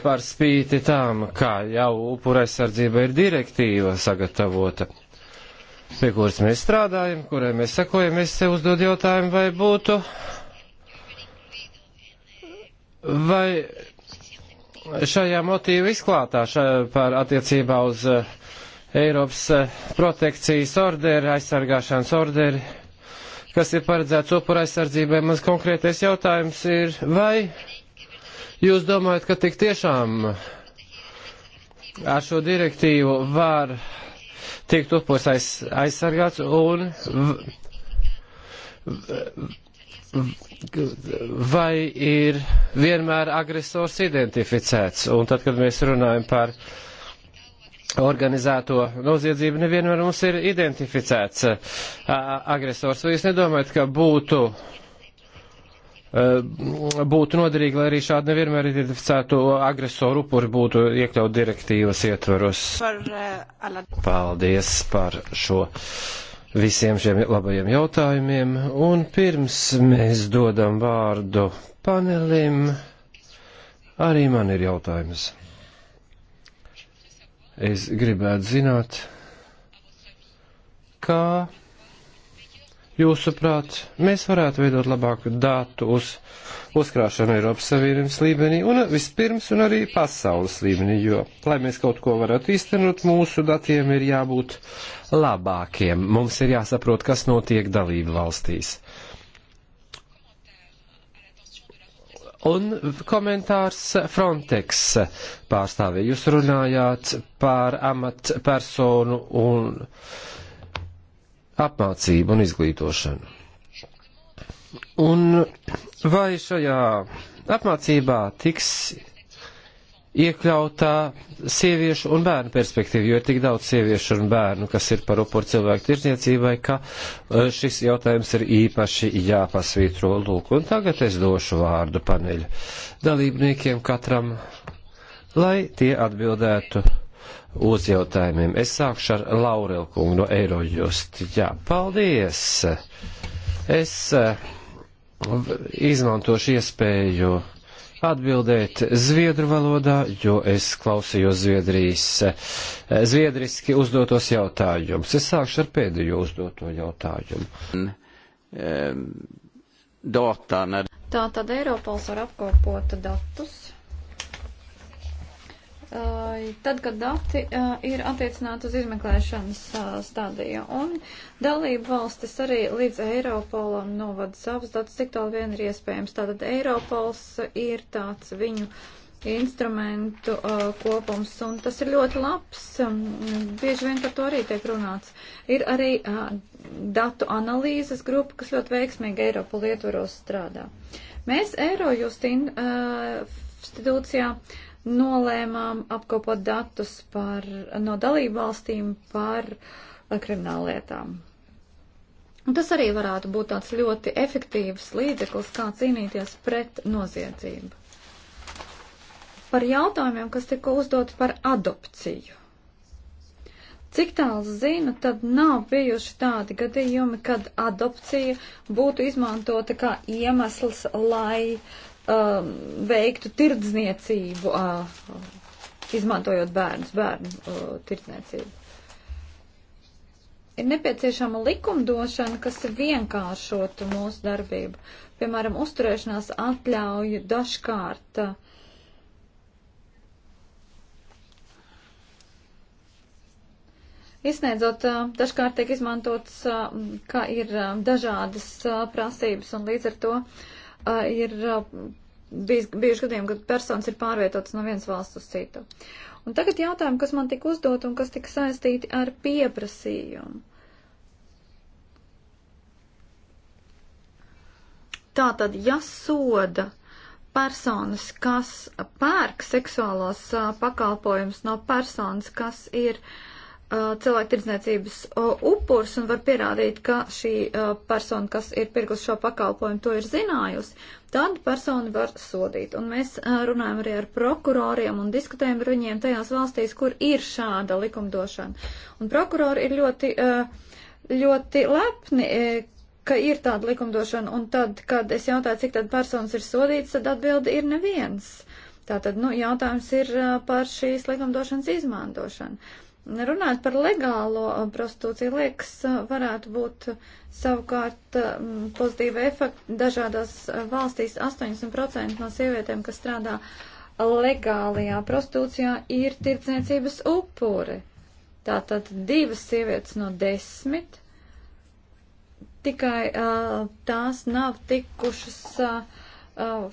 par spīti tām, kā jau upura aizsardzība ir direktīva sagatavota, pie kuras mēs strādājam, kurai mēs sakojam, es sev uzdod jautājumu, vai būtu, vai šajā motīva izklātā šā, par attiecībā uz e, Eiropas protekcijas orderi, aizsargāšanas orderi kas ir paredzēts upura aizsardzībai. Mans konkrētais jautājums ir, vai jūs domājat, ka tik tiešām ar šo direktīvu var tikt upurs aiz, aizsargāts un vai ir vienmēr agresors identificēts? Un tad, kad mēs runājam par organizēto noziedzību nevienmēr mums ir identificēts agresors. Vai jūs nedomājat, ka būtu, e, būtu noderīgi, lai arī šādi nevienmēr identificēto agresoru upuri būtu iekļaut direktīvas ietvaros? E, Paldies par šo visiem šiem labajiem jautājumiem. Un pirms mēs dodam vārdu panelim, arī man ir jautājums. Es gribētu zināt, kā jūsuprāt, mēs varētu veidot labāku datu uz uzkrāšanu Eiropas Savienības līmenī un vispirms un arī pasaules līmenī, jo, lai mēs kaut ko varētu īstenot, mūsu datiem ir jābūt labākiem. Mums ir jāsaprot, kas notiek dalību valstīs. Un komentārs Frontex pārstāvē. Jūs runājāt par amatpersonu un apmācību un izglītošanu. Un vai šajā apmācībā tiks iekļautā sieviešu un bērnu perspektīva, jo ir tik daudz sieviešu un bērnu, kas ir par upuru cilvēku tirzniecībai, ka eh, šis jautājums ir īpaši jāpasvītro lūk. Un tagad es došu vārdu paneļu dalībniekiem katram, lai tie atbildētu uz jautājumiem. Es sākšu ar Laurel kungu no Eirojust. Jā, paldies! Es eh, izmantošu iespēju atbildēt zviedru valodā, jo es klausījos Zviedrijas, eh, zviedriski uzdotos jautājumus. Es sākšu ar pēdējo uzdoto jautājumu. Dotā, ne... Tā tad Eiropols var apkopot datus tad, kad dati ir attiecināti uz izmeklēšanas stadiju. Un dalību valstis arī līdz Eiropolam novada savus datus, cik tālu vien ir iespējams. Tātad Eiropols ir tāds viņu instrumentu uh, kopums, un tas ir ļoti labs. Bieži vien par to arī tiek runāts. Ir arī uh, datu analīzes grupa, kas ļoti veiksmīgi Eiropa lietvaros strādā. Mēs Eirojust institūcijā uh, nolēmām apkopot datus par, no dalību valstīm par eh, krimināllietām. Un tas arī varētu būt tāds ļoti efektīvs līdzeklis, kā cīnīties pret noziedzību. Par jautājumiem, kas tika uzdoti par adopciju. Cik tālu zinu, tad nav bijuši tādi gadījumi, kad adopcija būtu izmantota kā iemesls, lai uh, um, veiktu tirdzniecību, uh, izmantojot bērnus, bērnu uh, tirdzniecību. Ir nepieciešama likumdošana, kas vienkāršotu mūsu darbību. Piemēram, uzturēšanās atļauju dažkārt uh, Izsniedzot, uh, dažkārt tiek izmantots, uh, ka ir uh, dažādas prasības un līdz ar to ir bijuši gadījumi, kad personas ir pārvietotas no vienas valsts uz citu. Un tagad jautājumi, kas man tika uzdot un kas tika saistīti ar pieprasījumu. Tātad, ja soda personas, kas pērk seksuālos pakalpojumus no personas, kas ir uh, cilvēktirdzniecības upurs un var pierādīt, ka šī persona, kas ir pirkus šo pakalpojumu, to ir zinājusi, tad persona var sodīt. Un mēs runājam arī ar prokuroriem un diskutējam ar viņiem tajās valstīs, kur ir šāda likumdošana. Un prokurori ir ļoti, ļoti lepni, ka ir tāda likumdošana, un tad, kad es jautāju, cik tad personas ir sodītas, tad atbildi ir neviens. Tātad, nu, jautājums ir par šīs likumdošanas izmantošanu. Runājot par legālo uh, prostitūciju, liekas, uh, varētu būt uh, savukārt pozitīva efekta. Dažādās valstīs 80% no sievietēm, kas strādā legālajā prostitūcijā, ir tirdzniecības upuri. Tātad divas sievietes no desmit tikai uh, tās nav tikušas. Uh, Uh,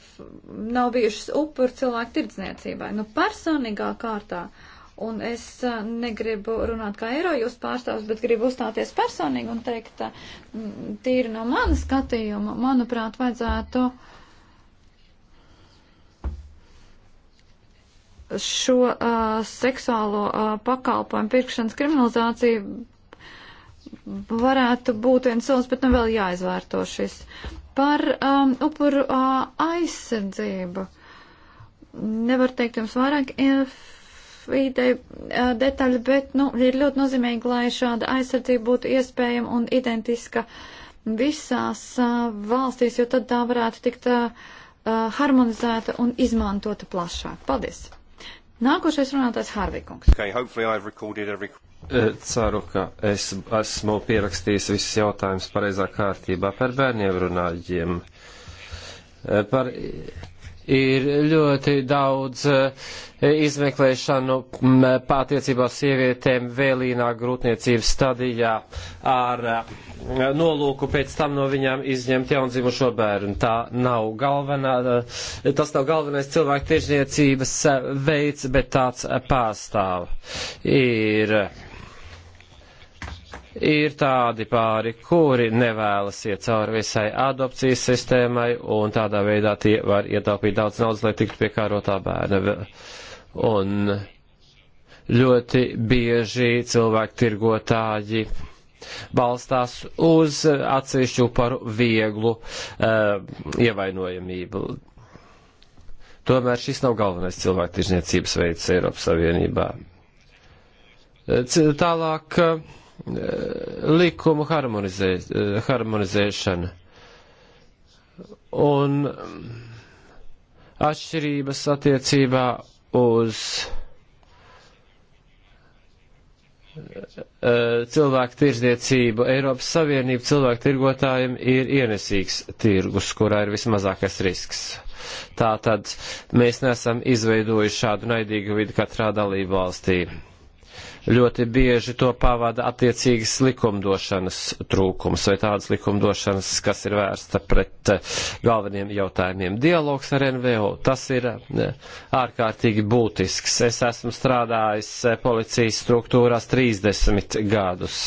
nav bijušas upuri cilvēku tirdzniecībai. Nu, personīgā kārtā uh, Un es eh, negribu runāt kā eiro jūs pārstāvs, bet gribu uzstāties personīgi un teikt, eh, tīri no mana skatījuma, manuprāt, vajadzētu šo uh, seksuālo uh, pakalpojumu pirkšanas kriminalizāciju varētu būt viens solis, bet nu vēl jāizvērto šis. Par um, upuru uh, aizsardzību. Nevar teikt jums vairāk. If videi uh, detaļa, bet nu, ir ļoti nozīmīgi, lai šāda aizsardzība būtu iespējama un identiska visās uh, valstīs, jo tad tā varētu tikt uh, harmonizēta un izmantota plašāk. Paldies! Nākošais runātājs Harvikungs. Okay, every... Ceru, ka es esmu pierakstījis visus jautājumus pareizā kārtībā par bērniem runāģiem. Par ir ļoti daudz eh, izmeklēšanu pārtiecībā sievietēm vēlīnā grūtniecības stadijā ar eh, nolūku pēc tam no viņām izņemt jaundzimušo bērnu. Tā nav galvenā, eh, tas nav galvenais cilvēku tiešniecības veids, bet tāds pārstāv. Ir ir tādi pāri, kuri nevēlas iet cauri visai adopcijas sistēmai, un tādā veidā tie var ietaupīt daudz naudas, lai tiktu piekārotā bērna. Un ļoti bieži cilvēku tirgotāji balstās uz atsevišķu par vieglu uh, ievainojamību. Tomēr šis nav galvenais cilvēku tirzniecības veids Eiropas Savienībā. Eh, c tālāk. Uh, likumu harmonizē, harmonizēšana un atšķirības attiecībā uz eh, cilvēku tirzniecību. Eiropas Savienība cilvēku tirgotājiem ir ienesīgs tirgus, kurā ir vismazākais risks. Tātad mēs nesam izveidojuši šādu naidīgu vidi katrā dalību valstī ļoti bieži to pavada attiecīgas likumdošanas trūkums vai tādas likumdošanas, kas ir vērsta pret eh, galveniem jautājumiem. Dialogs ar NVO, tas ir eh, ārkārtīgi būtisks. Es esmu strādājis eh, policijas struktūrās 30 gadus.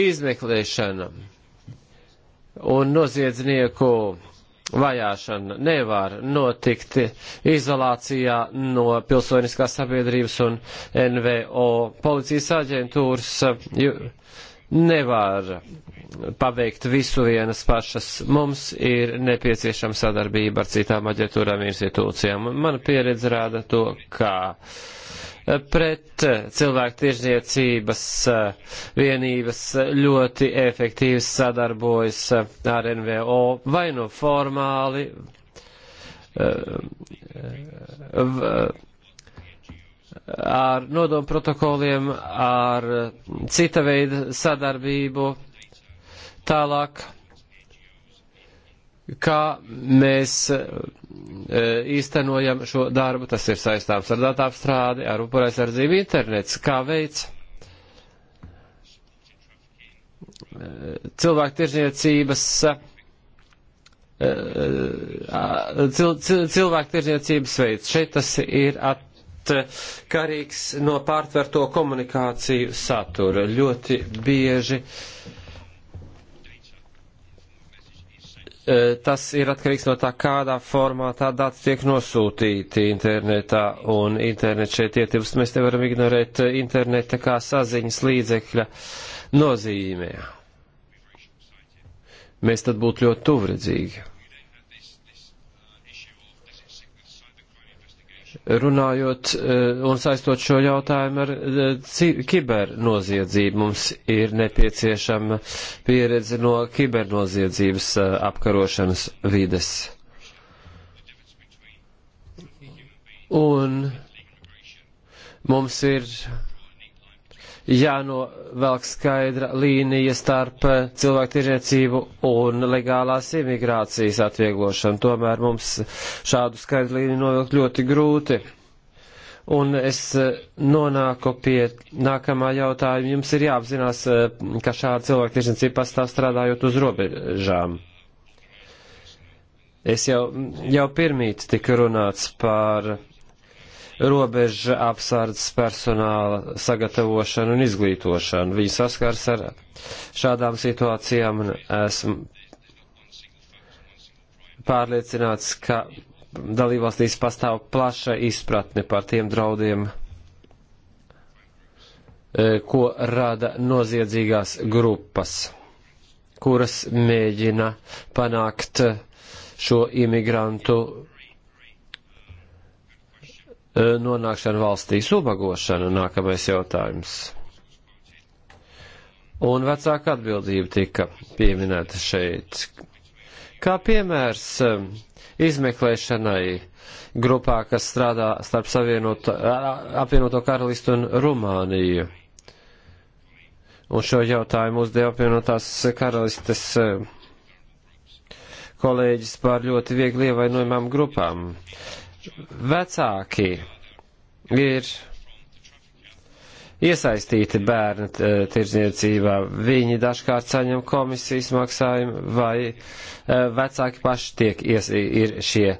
Izmeklēšana un noziedznieku vajāšana nevar notikt izolācijā no pilsoniskās sabiedrības un NVO policijas aģentūras nevar paveikt visu vienas pašas. Mums ir nepieciešama sadarbība ar citām aģentūrām institūcijām. Mana pieredze rāda to, ka pret cilvēku tirzniecības eh, vienības ļoti efektīvi sadarbojas ar NVO vai nu formāli eh, eh, ar nodomu protokoliem, ar cita veida sadarbību tālāk kā mēs e, īstenojam šo darbu, tas ir saistāms ar datapstrādi, ar upuraizsardzību internets, kā veids e, cilvēku tirzniecības e, cil, cil, cilvēku tirzniecības veids. Šeit tas ir atkarīgs no pārtverto komunikāciju satura. Ļoti bieži uh, E, tas ir atkarīgs no tā, kādā formātā dati tiek nosūtīti internetā, un internets šeit ietilpst. Mēs nevaram ignorēt interneta kā saziņas līdzekļa nozīmē. Mēs tad būtu ļoti tuvredzīgi. runājot eh, un saistot šo jautājumu ar eh, kibernoziedzību. Mums ir nepieciešama pieredze no kibernoziedzības eh, apkarošanas vides. Un mums ir jānovelk skaidra līnija starp eh, cilvēktirniecību un legālās imigrācijas atvieglošanu. Tomēr mums šādu skaidru līniju novilkt ļoti grūti. Un es eh, nonāku pie nākamā jautājuma. Jums ir jāapzinās, eh, ka šāda cilvēktirniecība pastāv strādājot uz robežām. Es jau, jau pirmīt tika runāts par robeža apsardzes personāla sagatavošanu un izglītošanu. Viņi saskars ar šādām situācijām un esmu pārliecināts, ka dalībvalstīs pastāv plaša izpratne par tiem draudiem, e, ko rada noziedzīgās grupas, kuras mēģina panākt šo imigrantu Eh, nonākšana valstīs, ubagošana nākamais jautājums. Un vecāka atbildība tika pieminēta šeit. Kā piemērs eh, izmeklēšanai grupā, kas strādā starp eh, apvienoto karalistu un Rumāniju. Un šo jautājumu uzdeva apvienotās karalistes kolēģis par ļoti viegli ievainojumām grupām vecāki ir iesaistīti bērnu eh, tirdzniecībā, viņi dažkārt saņem komisijas maksājumu vai eh, vecāki paši tiek ies, ir šie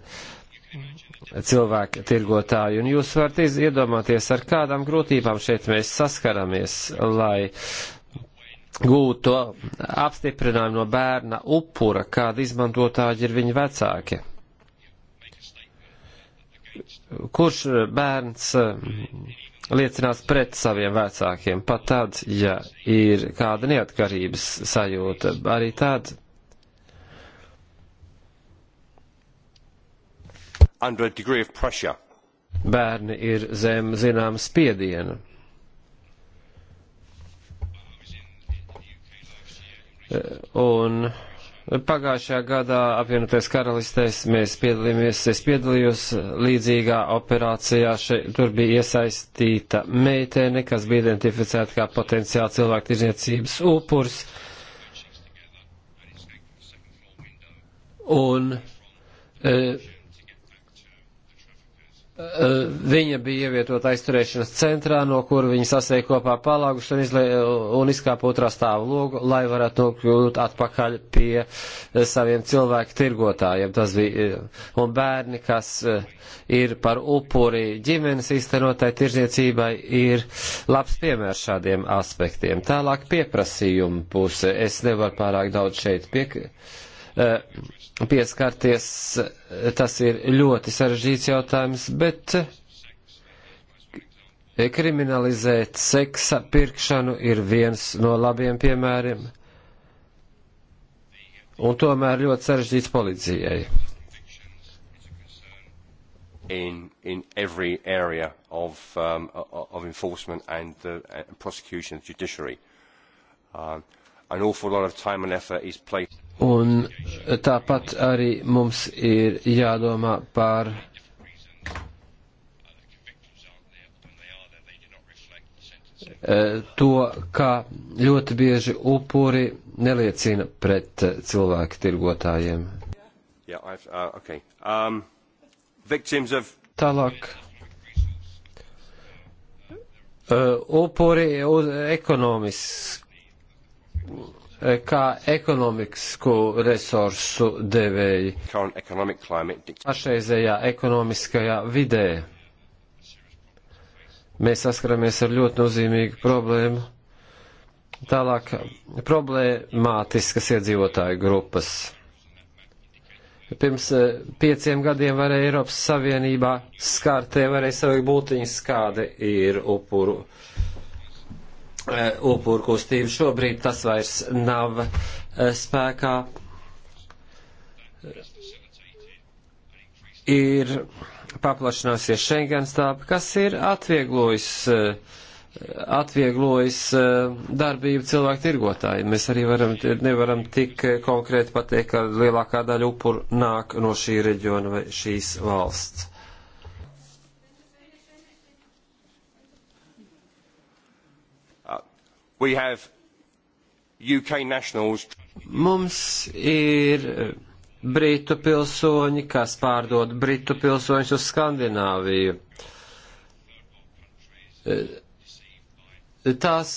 cilvēki tirgotāji. Un jūs varat iedomāties, ar kādām grūtībām šeit mēs saskaramies, lai gūtu to apstiprinājumu no bērna upura, kāda izmantotāji ir viņa vecāki kurš bērns eh, liecinās pret saviem vecākiem, pat tad, ja ir kāda neatkarības sajūta, arī tad. Bērni ir zem zināma spiediena. Eh, un Pagājušajā gadā apvienoties karalistēs mēs piedalījāmies, es piedalījos līdzīgā operācijā, šeit, tur bija iesaistīta meitene, kas bija identificēta kā potenciāli cilvēku tirzniecības upurs. Un e, Eh, viņa bija ievietota aizturēšanas centrā, no kur viņa sasēja kopā palāguši un, izlē, un izkāpa otrā stāvu logu, lai varētu nokļūt atpakaļ pie eh, saviem cilvēku tirgotājiem. Tas bija eh, un bērni, kas ir par upuri ģimenes īstenotai tirdzniecībai, ir labs piemērs šādiem aspektiem. Tālāk pieprasījuma puse. Es nevaru pārāk daudz šeit piekrist Eh, pieskarties. Eh, tas ir ļoti sarežģīts jautājums, bet eh, kriminalizēt seksa pirkšanu ir viens no labiem piemēriem, un tomēr ļoti sarežģīts policijai. In, in every area of, um, of enforcement and, uh, and prosecution, judiciary. Um, an awful lot of time and effort is placed. Un tāpat arī mums ir jādomā par eh, to, ka ļoti bieži upuri neliecina pret eh, cilvēku tirgotājiem. Yeah, uh, okay. um, of... Tālāk. Uh, upuri uz ekonomisku Eh, kā ekonomisku resursu devēji pašreizējā ekonomiskajā vidē. Mēs saskaramies ar ļoti nozīmīgu problēmu. Tālāk problēmātiskas iedzīvotāju grupas. Pirms eh, pieciem gadiem varēja Eiropas Savienībā skārtē, varēja savu būtiņas, kāda ir upuru uh, Eh, upuru kustību. Šobrīd tas vairs nav eh, spēkā. Ir paplašināsies Schengens tāpa, kas ir atvieglojis, eh, atvieglojis darbību cilvēku tirgotājiem. Mēs arī varam, nevaram tik konkrēti pateikt, ka lielākā daļa upuru nāk no šī reģiona vai šīs valsts. we have UK nationals. Mums ir Britu pilsoņi, kas pārdod Britu pilsoņus uz Skandināviju. Tās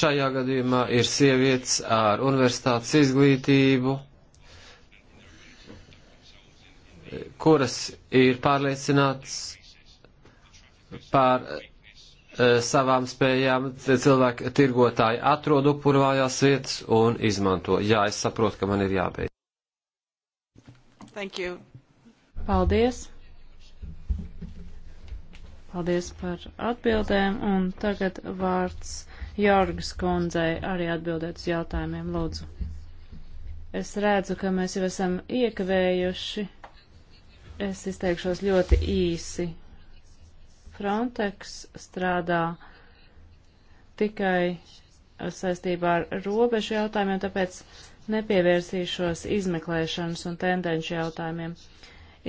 šajā gadījumā ir sievietes ar universitātes izglītību, kuras ir pārliecināts par Eh, savām spējām cilvēki tirgotāji atrod upuru vājās vietas un izmanto. Jā, es saprotu, ka man ir jābeidz. Thank you. Paldies. Paldies par atbildēm. Un tagad vārds Jorgas kundzei arī atbildēt uz jautājumiem, lūdzu. Es redzu, ka mēs jau esam iekavējuši. Es izteikšos ļoti īsi Frontex strādā tikai saistībā ar robežu jautājumiem, tāpēc nepievērsīšos izmeklēšanas un tendenci jautājumiem.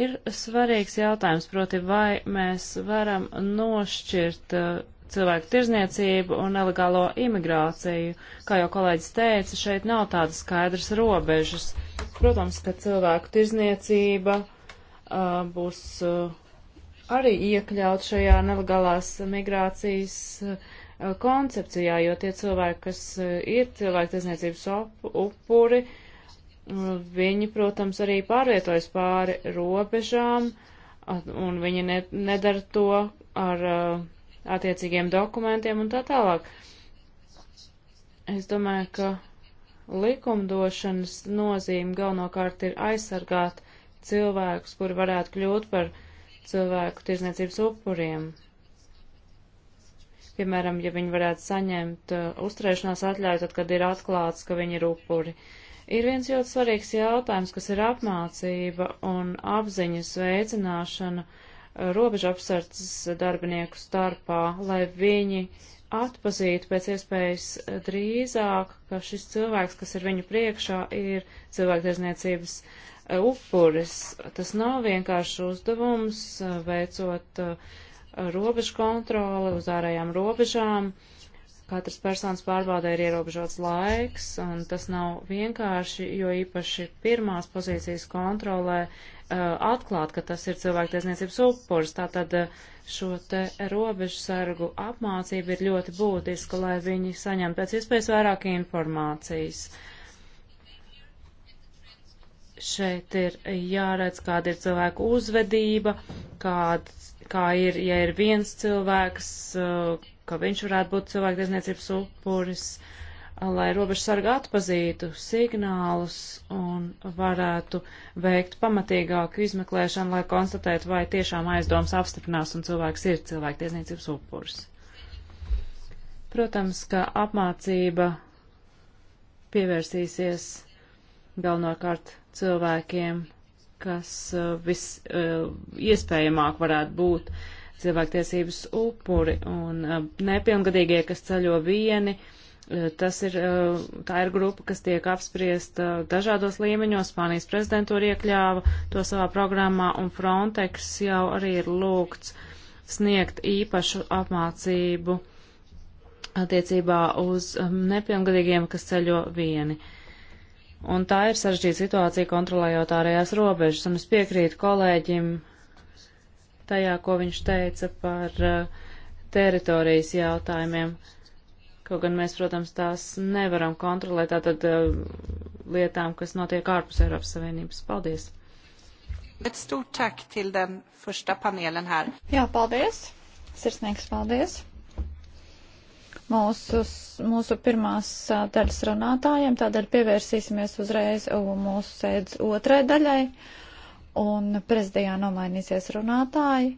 Ir svarīgs jautājums, proti, vai mēs varam nošķirt uh, cilvēku tirzniecību un nelegālo imigrāciju. Kā jau kolēģis teica, šeit nav tādas skaidras robežas. Protams, ka cilvēku tirzniecība uh, būs uh, arī iekļaut šajā nelegālās migrācijas eh, koncepcijā, jo tie cilvēki, kas eh, ir cilvēktiesniecības upuri, eh, viņi, protams, arī pārvietojas pāri robežām, un viņi ne, nedara to ar attiecīgiem dokumentiem un tā tālāk. Es domāju, ka likumdošanas nozīme galvenokārt ir aizsargāt cilvēkus, kuri varētu kļūt par uh, cilvēku tirzniecības upuriem. Piemēram, ja viņi varētu saņemt uh, uzturēšanās atļauju, tad, kad ir atklāts, ka viņi ir upuri. Ir viens ļoti svarīgs jautājums, kas ir apmācība un apziņas veicināšana uh, robežu apsardzes darbinieku starpā, lai viņi atpazītu pēc iespējas uh, drīzāk, ka šis cilvēks, kas ir viņu priekšā, ir cilvēktiesniecības uh, upuris. Tas nav vienkārši uzdevums, eh, veicot eh, robežu kontroli uz ārējām robežām. Katras personas pārbaudē ir ierobežots laiks, un tas nav vienkārši, jo īpaši pirmās pozīcijas kontrolē eh, atklāt, ka tas ir cilvēktiesniecības upurs. Tātad šo te robežu sargu apmācība ir ļoti būtiska, lai viņi saņemtu pēc iespējas vairāk informācijas. Uh, Šeit ir jāredz, kāda ir cilvēku uzvedība, kāda, kā ir, ja ir viens cilvēks, uh, ka viņš varētu būt cilvēktiesniecības upuris, uh, lai robežsarga atpazītu signālus un varētu veikt pamatīgāku izmeklēšanu, lai konstatētu, vai tiešām aizdoms apstiprinās un cilvēks ir cilvēktiesniecības upuris. Protams, ka apmācība pievērsīsies galvenokārt cilvēkiem, kas uh, visiespējamāk uh, varētu būt cilvēktiesības upuri un uh, nepilngadīgie, kas ceļo vieni. Tas ir, tā ir grupa, kas tiek apspriesta dažādos līmeņos. Spānijas prezidentūra iekļāva to savā programmā, un Frontex jau arī ir lūgts sniegt īpašu apmācību attiecībā uz um, nepilngadīgiem, kas ceļo vieni. Uh, Un tā ir sarežģīta situācija kontrolējot ārējās robežas, un es piekrītu kolēģim tajā, ko viņš teica par uh, teritorijas jautājumiem. Kaut gan mēs, protams, tās nevaram kontrolēt tātad uh, lietām, kas notiek ārpus Eiropas Savienības. Paldies! Jā, paldies! Sirsnīgs paldies! mūsu, mūsu pirmās daļas runātājiem, tādēļ pievērsīsimies uzreiz mūsu sēdz otrai daļai, un prezidijā nomainīsies runātāji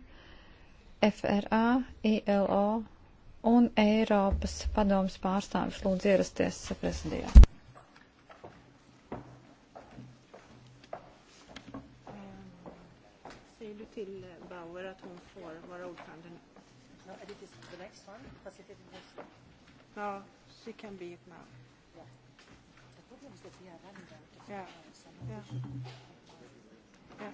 FRA, ILO un Eiropas padomas pārstāvis lūdzu ierasties prezidijā. till eh, Bauer att hon får vara ordförande. Nu? No, it is the next one, because it is the next one. No, she can be it now. Yeah. The problem is that we are running out of yeah. time. Yeah. Yeah.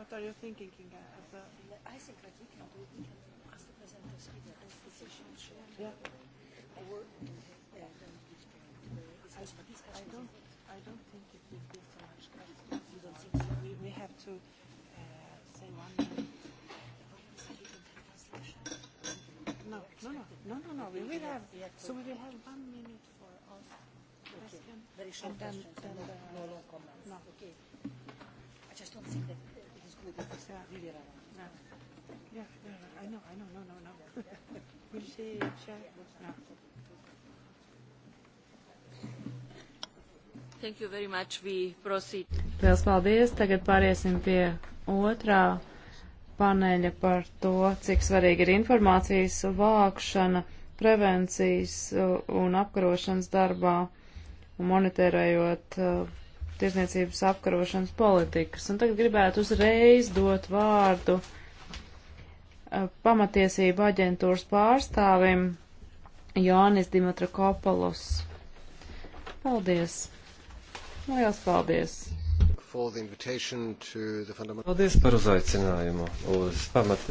What are you thinking, Kinga? As a I think what we can do, we can ask the presenters either as decision shown yeah. or uh, then give to the discussion. I, I don't, I don't think have to uh, say one. No, no, no, no, no, no. We will have. So we will have one minute for all questions. Okay. Very short and then, questions. Then no, the, no long comments. No. Okay. I just don't think that it is good if it's yeah. really relevant. No. Yeah, yeah, I know, I know, no, no, no. will she check? Yeah. No. Thank you very much. We proceed. Liels paldies. Tagad pāriesim pie otrā paneļa par to, cik svarīgi ir informācijas vākšana prevencijas uh, un apkarošanas darbā un monitorējot uh, tirzniecības apkarošanas politikas. Un tagad gribētu uzreiz dot vārdu uh, pamatiesību aģentūras pārstāvim Jānis Dimitra Kopolus. Paldies! Nu, Lielas paldies! Paldies par uzaicinājumu uz pamat,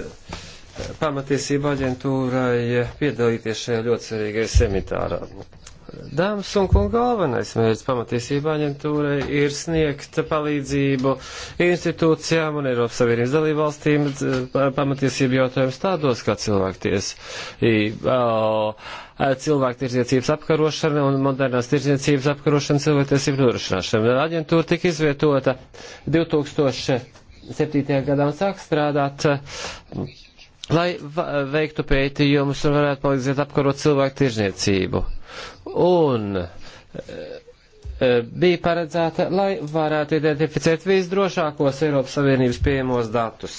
pamatiesību aģentūrai piedalīties šajā ļoti svarīgajā seminārā. Dāmas un kungi, galvenais mērķis pamatiesība aģentūrai ir sniegt palīdzību institūcijām un Eiropas Savienības dalībvalstīm pamatiesību jautājumus tādos kā cilvēkties. Cilvēktirdzniecības apkarošana un modernās tirdzniecības apkarošana cilvēktiesību nodrošināšana. Aģentūra tika izvietota 2007. gadā un sāk strādāt lai veiktu pētījumus un varētu palīdzēt apkarot cilvēku tirzniecību. Un e, e, bija paredzēta, lai varētu identificēt visdrošākos Eiropas Savienības pieejamos datus.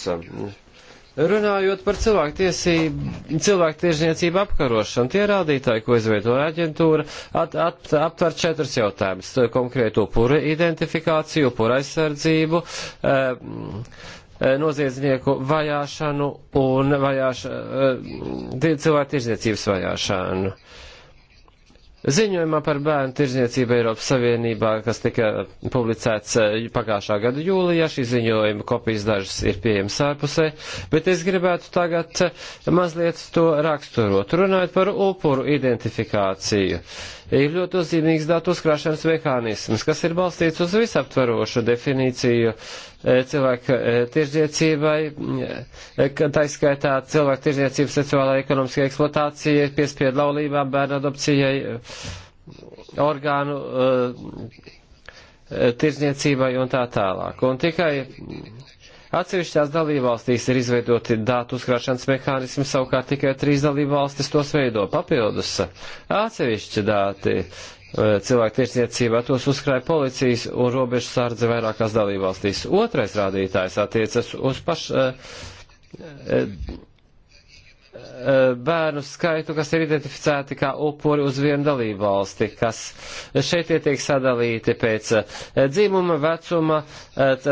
Runājot par cilvēku tirzniecību apkarošanu, tie rādītāji, ko izveidoja aģentūra, at, at, aptver četrus jautājumus - konkrētu upuru identifikāciju, upuru aizsardzību, eh, Eh, noziedznieku vajāšanu un vajāša, eh, cilvēku tirzniecības vajāšanu. Ziņojumā par bērnu tirzniecību Eiropas Savienībā, kas tika publicēts eh, pagājušā gada jūlijā, šī ziņojuma kopijas dažas ir pieejamas ārpusē, bet es gribētu tagad mazliet to raksturot, runājot par upuru identifikāciju. Uh, ir ļoti nozīmīgs datu uzkrāšanas mehānisms, kas ir balstīts uz visaptvarošu definīciju e, cilvēka e, tirzniecībai, e, tā izskaitā cilvēka tirzniecības seksuālajai ekonomiskajai eksploatācijai, piespiedu laulībām, bērnu adopcijai, orgānu tirzniecībai un tā tālāk. Un tikai Atsevišķās dalībvalstīs ir izveidoti datu uzkrāšanas mehānismi, savukārt tikai trīs dalībvalstis tos veido papildus. Atsevišķi dati e, cilvēku tirsniecībā tos uzkrāja policijas un robežu sārdze vairākās dalībvalstīs. Otrais rādītājs attiecas uz paš. Uh, uh, Eh, bērnu skaitu, kas ir identificēti kā upuri uz vienu dalību valsti, kas šeit tiek sadalīti pēc eh, dzimuma, vecuma, eh,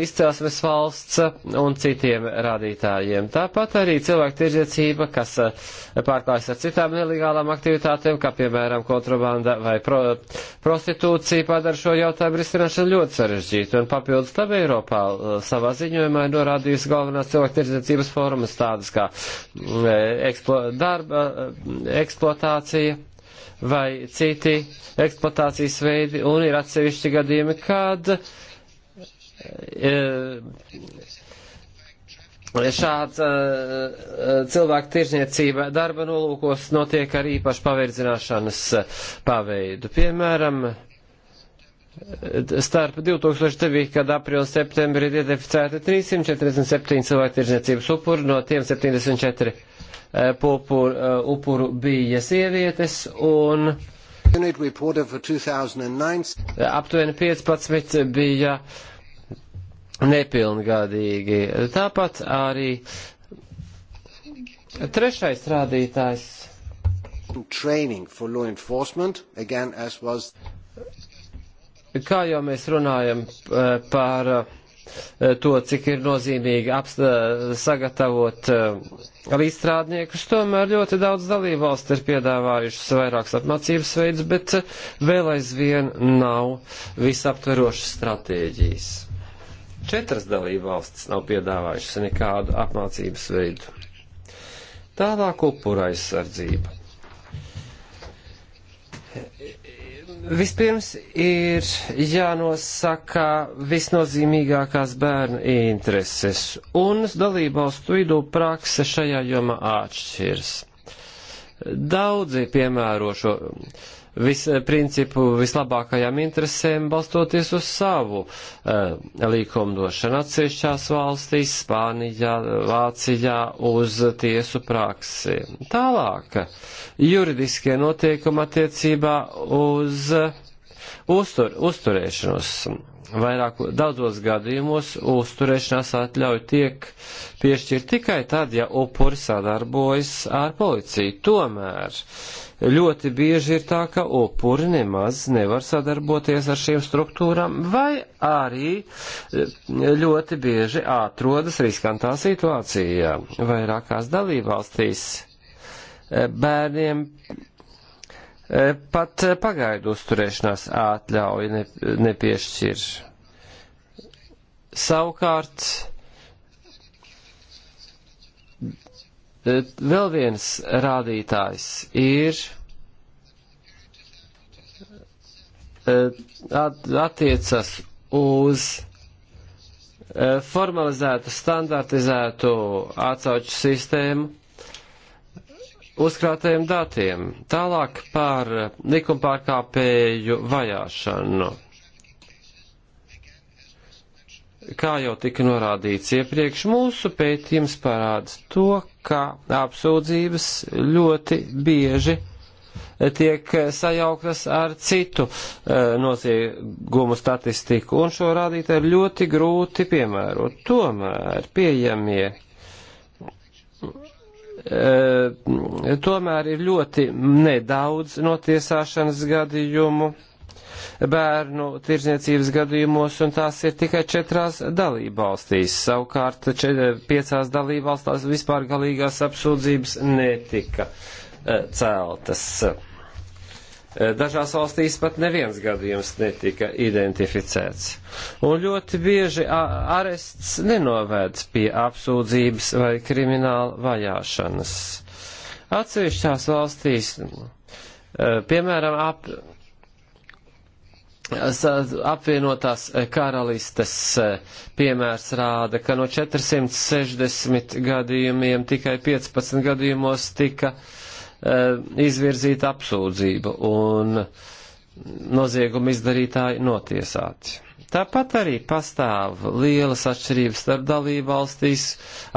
izcelsmes valsts un citiem rādītājiem. Tāpat arī cilvēku tirdzniecība, kas pārklājas ar citām nelegālām aktivitātēm, kā piemēram kontrabanda vai pro, prostitūcija, padara šo jautājumu risināšanu ļoti sarežģītu. Un papildus tam Eiropā savā ziņojumā ir norādījusi galvenās cilvēku tirdzniecības formas tādas kā mm, eksplo, darba eksploatācija vai citi eksploatācijas veidi, un ir atsevišķi gadījumi, kad e, šāds e, e, cilvēku tirzniecība darba nolūkos notiek ar īpašu paverdzināšanas paveidu. Piemēram, Starp 2009. gada aprīli septembri ir identificēti 347 cilvēktirdzniecības upuri, no tiem 74 eh, popur, eh, upuru bija sievietes un aptuveni 15 bija nepilngadīgi. Tāpat arī trešais rādītājs training for law enforcement, again, as was kā jau mēs runājam eh, par eh, to, cik ir nozīmīgi apstā, eh, sagatavot līdzstrādniekus, tomēr ļoti daudz dalībvalsts ir piedāvājušas vairākas apmācības veids, bet vēl aizvien nav visaptverošas stratēģijas. Četras dalībvalstis nav piedāvājušas nekādu apmācības veidu. Tālāk upura aizsardzība. Vispirms ir jānosaka visnozīmīgākās bērnu intereses, un dalībvalstu vidū prakse šajā jomā atšķirs. Daudzi piemēro šo uh, vis, principu vislabākajām interesēm balstoties uz savu uh, eh, līkumdošanu. Atsevišķās valstīs, Spānijā, Vācijā uz tiesu praksi. Tālāk, juridiskie noteikumi attiecībā uz uh, uztur, uzturēšanos vairāk daudzos gadījumos uzturēšanās atļauja tiek piešķirt tikai tad, ja upuri sadarbojas ar policiju. Tomēr ļoti bieži ir tā, ka upuri nemaz nevar sadarboties ar šīm struktūrām vai arī ļoti bieži atrodas riskantā situācijā vairākās dalībvalstīs. Bērniem Eh, pat eh, pagaidu uzturēšanās atļauju ne, nepiešķir. Savukārt, eh, vēl viens rādītājs ir attiecas uz formalizētu, standartizētu atsauču sistēmu, uzkrātajiem datiem. Tālāk par likumpārkāpēju vajāšanu. Kā jau tika norādīts iepriekš, mūsu pētījums parāda to, ka apsūdzības ļoti bieži tiek sajauktas ar citu e, noziegumu statistiku, un šo rādītāju ir ļoti grūti piemērot. Tomēr pieejamie Eh, tomēr ir ļoti nedaudz notiesāšanas gadījumu bērnu tirzniecības gadījumos, un tās ir tikai četrās dalībvalstīs. Savukārt čet, piecās dalībvalstās vispār galīgās apsūdzības netika eh, celtas. Uh, Eh, dažās valstīs pat neviens gadījums netika identificēts. Un ļoti bieži arests nenovēd pie apsūdzības vai krimināla vajāšanas. Atsevišķās valstīs, eh, piemēram, ap, apvienotās karalistes eh, piemērs rāda, ka no 460 gadījumiem tikai 15 gadījumos tika uh, Eh, izvirzīt apsūdzību un nozieguma izdarītāji notiesāti. Tāpat arī pastāv lielas atšķirības starp dalībvalstīs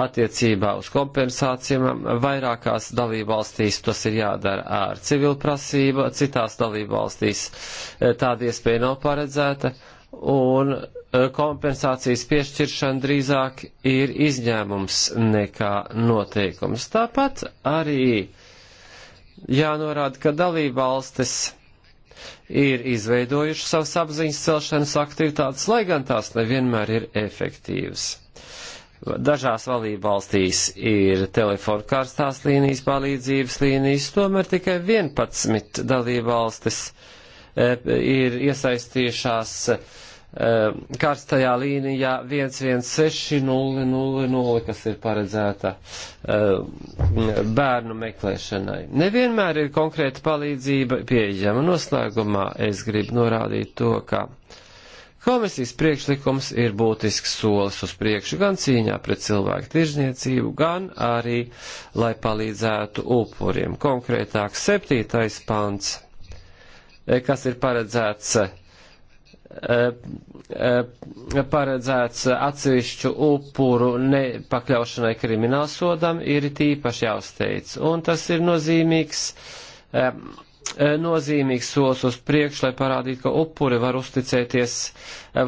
attiecībā uz kompensācijām. Vairākās dalībvalstīs tas ir jādara ar civilu prasību, citās dalībvalstīs eh, tāda iespēja nav paredzēta, un eh, kompensācijas piešķiršana drīzāk ir izņēmums nekā noteikums. Tāpat arī jānorāda, ka dalībvalstis ir izveidojuši savas apziņas celšanas aktivitātes, lai gan tās nevienmēr ir efektīvas. Dažās valībvalstīs ir telefonu karstās līnijas, palīdzības līnijas, tomēr tikai 11 dalībvalstis eh, ir iesaistījušās eh, Eh, karstajā līnijā 116000, kas ir paredzēta eh, bērnu meklēšanai. Nevienmēr ir konkrēta palīdzība pieejama. Noslēgumā es gribu norādīt to, ka komisijas priekšlikums ir būtisks solis uz priekšu gan cīņā pret cilvēku tirzniecību, gan arī, lai palīdzētu upuriem. Konkrētāk, septītais pants, eh, kas ir paredzēts Eh, eh, paredzēts atsevišķu upuru nepakļaušanai kriminālsodam, ir tīpaši jāuzteic. Un tas ir nozīmīgs, eh, nozīmīgs solis uz priekšu, lai parādītu, ka upuri var uzticēties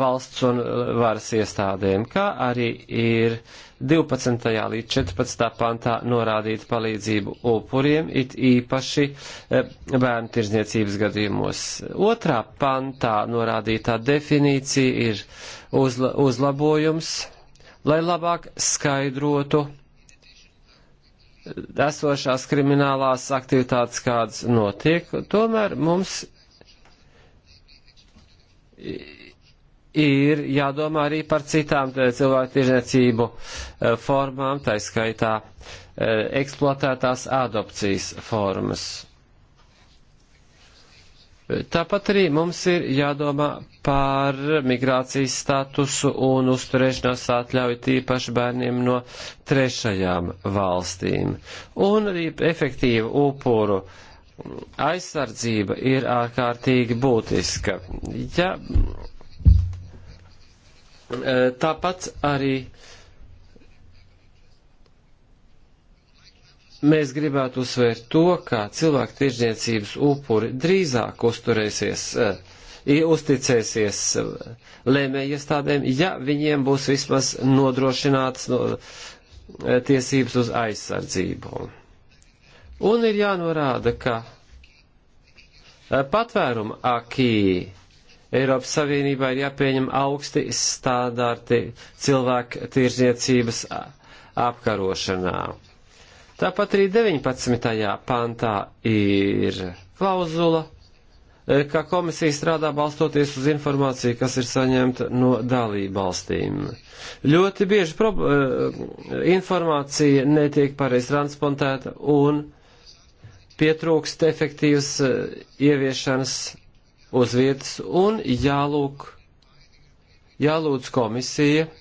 valsts un varas iestādēm, kā arī ir uh, 12. līdz 14. pantā norādīt palīdzību upuriem, it īpaši eh, bērnu tirzniecības gadījumos. Otrā pantā norādītā definīcija ir uzla uzlabojums, lai labāk skaidrotu eh, esošās kriminālās aktivitātes, kādas notiek. Tomēr mums ir jādomā arī par citām eh, cilvēku tirzniecību eh, formām, tā skaitā eh, eksploatētās adopcijas formas. Tāpat arī mums ir jādomā par migrācijas statusu un uzturēšanās atļauju tīpaši bērniem no trešajām valstīm. Un arī efektīva upuru aizsardzība ir ārkārtīgi būtiska. Ja E, tāpat arī mēs gribētu uzsvērt to, ka cilvēku tirzniecības upuri drīzāk uzturēsies, e, uzticēsies lēmējiestādēm, ja viņiem būs vismaz nodrošināts no, e, tiesības uz aizsardzību. Un ir jānorāda, ka patvērumu akī Eiropas Savienībā ir jāpieņem augsti standarti cilvēku tirzniecības apkarošanā. Tāpat arī 19. pantā ir klauzula, e, ka komisija strādā balstoties uz informāciju, kas ir saņemta no dalību valstīm. Ļoti bieži prob... E, informācija netiek pareiz transportēta un pietrūkst efektīvas e, ieviešanas uz vietas un jālūk, jālūdz komisija eh,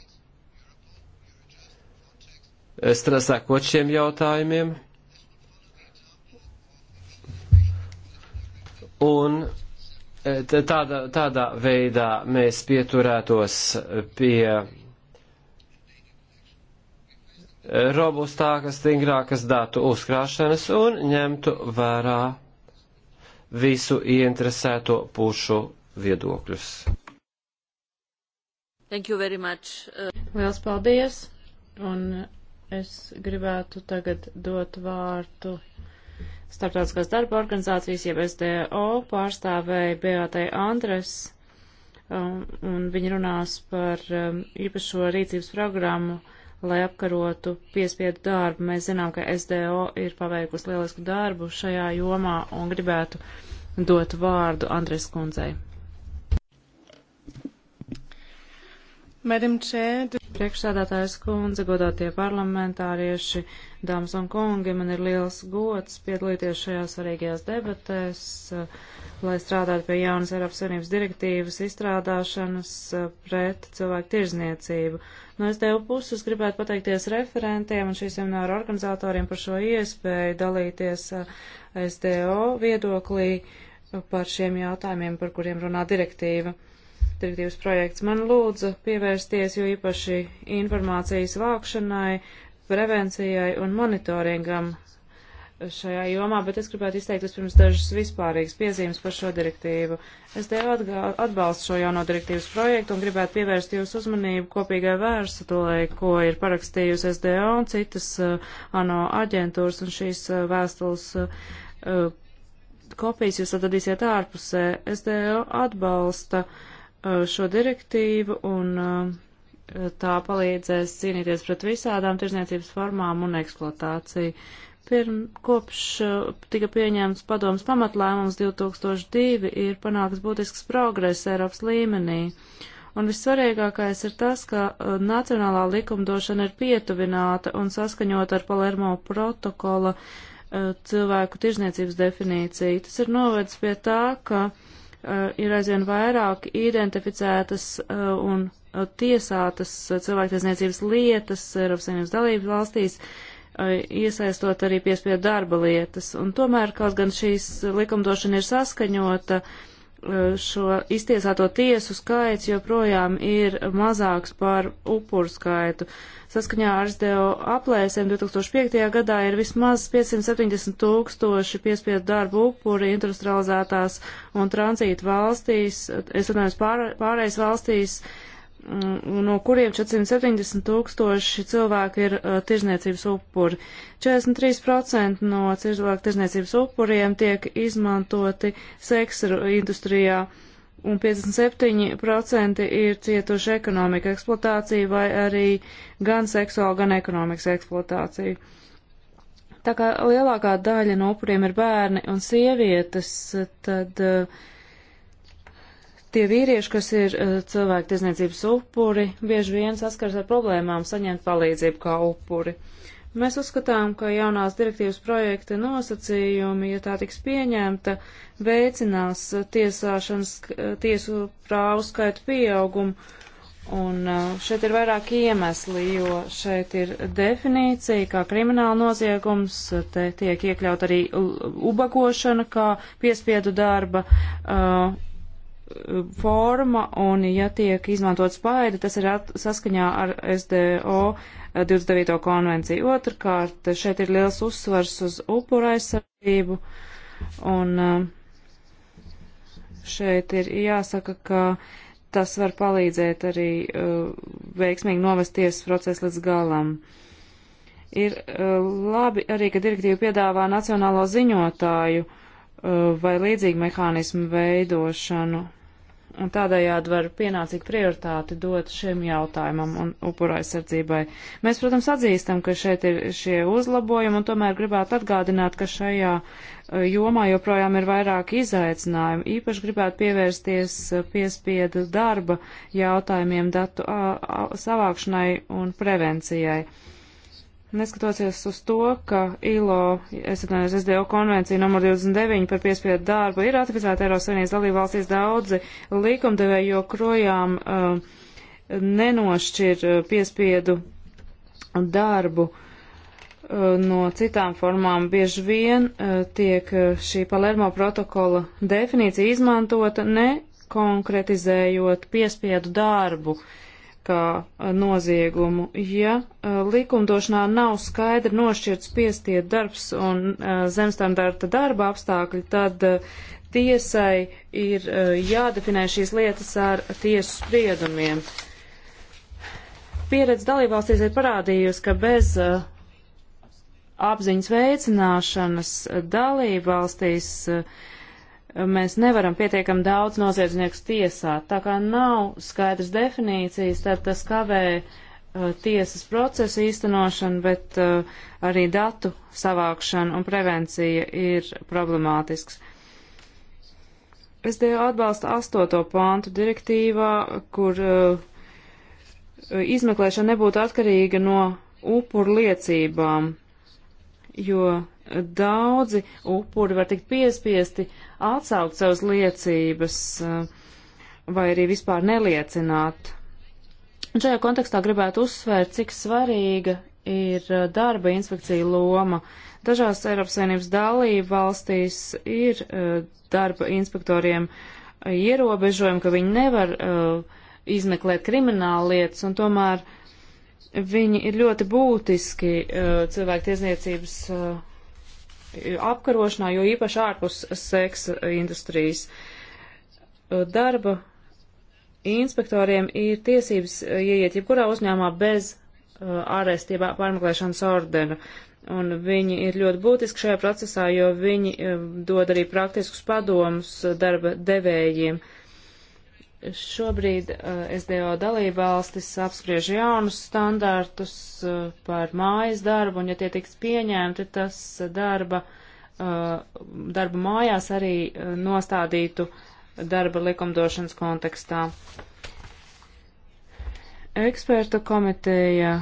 strasākot šiem jautājumiem. Un eh, tādā, tādā veidā mēs pieturētos eh, pie robustākas, stingrākas datu uzkrāšanas un ņemtu vērā visu ieinteresēto pušu viedokļus. Thank you very much. Uh... Liels paldies, un es gribētu tagad dot vārtu Starptautiskās darba organizācijas, jeb SDO pārstāvēja Beatai Andres, um, un viņa runās par um, īpašo rīcības programmu lai apkarotu piespiedu darbu. Mēs zinām, ka SDO ir paveikusi lielisku darbu šajā jomā un gribētu dot vārdu Andres kundzei. Priekšsēdētājs kundze, godātie parlamentārieši, dāmas un kungi, man ir liels gods piedalīties šajās svarīgajās debatēs. Uh, lai strādātu pie jaunas Eiropas Savienības direktīvas izstrādāšanas eh, pret cilvēku tirzniecību. No SDU puses gribētu pateikties referentiem un šīs semināra organizatoriem par šo iespēju dalīties eh, SDO viedoklī par šiem jautājumiem, par kuriem runā direktīva. Direktīvas projekts man lūdza pievērsties jo īpaši informācijas vākšanai, prevencijai un monitoringam šajā jomā, bet es gribētu izteikt vispirms dažas vispārīgas piezīmes par šo direktīvu. Es tev atbalstu šo jauno direktīvas projektu un gribētu pievērst jūsu uzmanību kopīgai vēstulē, ko ir parakstījusi SDO un citas uh, ANO aģentūras un šīs uh, vēstules. Uh, kopijas jūs atradīsiet ārpusē. SDO atbalsta uh, šo direktīvu un uh, tā palīdzēs cīnīties pret visādām tirzniecības formām un eksploatāciju. Pirm, kopš uh, tika pieņemts padomas pamatlēmums 2002 ir panākts būtisks progress Eiropas līmenī. Un vissvarīgākais ir tas, ka uh, nacionālā likumdošana ir pietuvināta un saskaņota ar Palermo protokola uh, cilvēku tirzniecības definīciju. Tas ir novedis pie tā, ka ir aizvien vairāk identificētas un tiesātas cilvēktiesniecības lietas Eiropas Savienības dalību valstīs, iesaistot arī piespiedu darba lietas. Un tomēr kaut gan šīs likumdošana ir saskaņota, šo iztiesāto tiesu skaits joprojām ir mazāks par upuru skaitu. Saskaņā ar SDO aplēsēm 2005. gadā ir vismaz 570 tūkstoši piespiedu darbu upuri industrializētās un tranzītu valstīs, es runāju, pārējais valstīs, uh, Mm, no kuriem 470 tūkstoši cilvēki ir uh, tirzniecības upuri. 43% no cilvēku tirzniecības upuriem tiek izmantoti seksa industrijā, un 57% ir cietuši ekonomika eksploatācija vai arī gan seksuāla, gan ekonomikas eksploatācija. Tā kā lielākā daļa no upuriem ir bērni un sievietes, tad uh, Tie vīrieši, kas ir eh, cilvēku tiesniecības upuri, bieži vien saskars ar problēmām saņemt palīdzību kā upuri. Mēs uzskatām, ka jaunās direktīvas projekta nosacījumi, ja tā tiks pieņemta, veicinās tiesāšanas, eh, tiesu prāvu skaitu pieaugumu. Un eh, šeit ir vairāk iemesli, jo šeit ir definīcija, kā krimināla noziegums, te tiek iekļaut arī ubagošana, kā piespiedu darba. Uh, forma, un ja tiek izmantot spaida, tas ir at, saskaņā ar SDO 29. konvenciju. Otrkārt, šeit ir liels uzsvars uz upura aizsardzību, un eh, šeit ir jāsaka, ka tas var palīdzēt arī eh, veiksmīgi novest tiesas procesu līdz galam. Ir eh, labi arī, ka direktīva piedāvā nacionālo ziņotāju uh, Uh, vai līdzīgu mehānismu veidošanu. Un tādējādi var pienācīgi prioritāti dot šiem jautājumam un upura aizsardzībai. Mēs, protams, atzīstam, ka šeit ir šie uzlabojumi, un tomēr gribētu atgādināt, ka šajā uh, jomā joprojām ir vairāk izaicinājumu. Īpaši gribētu pievērsties uh, piespiedu darba jautājumiem, datu savākšanai un prevencijai. Uh, Neskatoties uz to, ka ILO, es atvainojos, SDO konvencija numur 29 par piespiedu darbu ir ratificēta Eiropas Savienības dalībvalstīs daudzi likumdevēji joprojām uh, nenošķir uh, piespiedu darbu uh, no citām formām. Bieži vien uh, tiek uh, šī Palermo protokola definīcija izmantota, ne konkretizējot piespiedu darbu. Uh, kā noziegumu. Ja likumdošanā nav skaidri nošķirts piestiet darbs un zemstandarta darba apstākļi, tad tiesai ir jādefinē šīs lietas ar tiesu spriedumiem. Pieredze dalībvalstīs ir parādījusi, ka bez apziņas veicināšanas dalībvalstīs uh, mēs nevaram pietiekam daudz noziedzniekus tiesāt. Tā kā nav skaidrs definīcijas, tad tas kavē uh, tiesas procesu īstenošanu, bet uh, arī datu savākšana un prevencija ir problemātisks. Es Dievu atbalstu astoto pāntu direktīvā, kur uh, izmeklēšana nebūtu atkarīga no upur liecībām, jo daudzi upuri var tikt piespiesti atsaukt savas liecības eh, vai arī vispār neliecināt. Un šajā kontekstā gribētu uzsvērt, cik svarīga ir eh, darba inspekcija loma. Dažās Eiropas Savienības dalību valstīs ir eh, darba inspektoriem ierobežojumi, ka viņi nevar izmeklēt kriminālu lietas, un tomēr viņi ir ļoti būtiski cilvēku tiesniecības apkarošanā, jo īpaši ārpus seksa industrijas. Darba inspektoriem ir tiesības ieiet jebkurā uzņēmumā bez uh, ārēst, jeb pārmeklēšanas ordena. Un viņi ir ļoti būtiski šajā procesā, jo viņi uh, dod arī praktiskus padomus darba devējiem. Uh, Šobrīd eh, SDO dalībvalstis apspriež jaunus standartus eh, par mājas darbu, un ja tie tiks pieņemti, tas darba, eh, darba mājās arī nostādītu darba likumdošanas kontekstā. Eksperta komiteja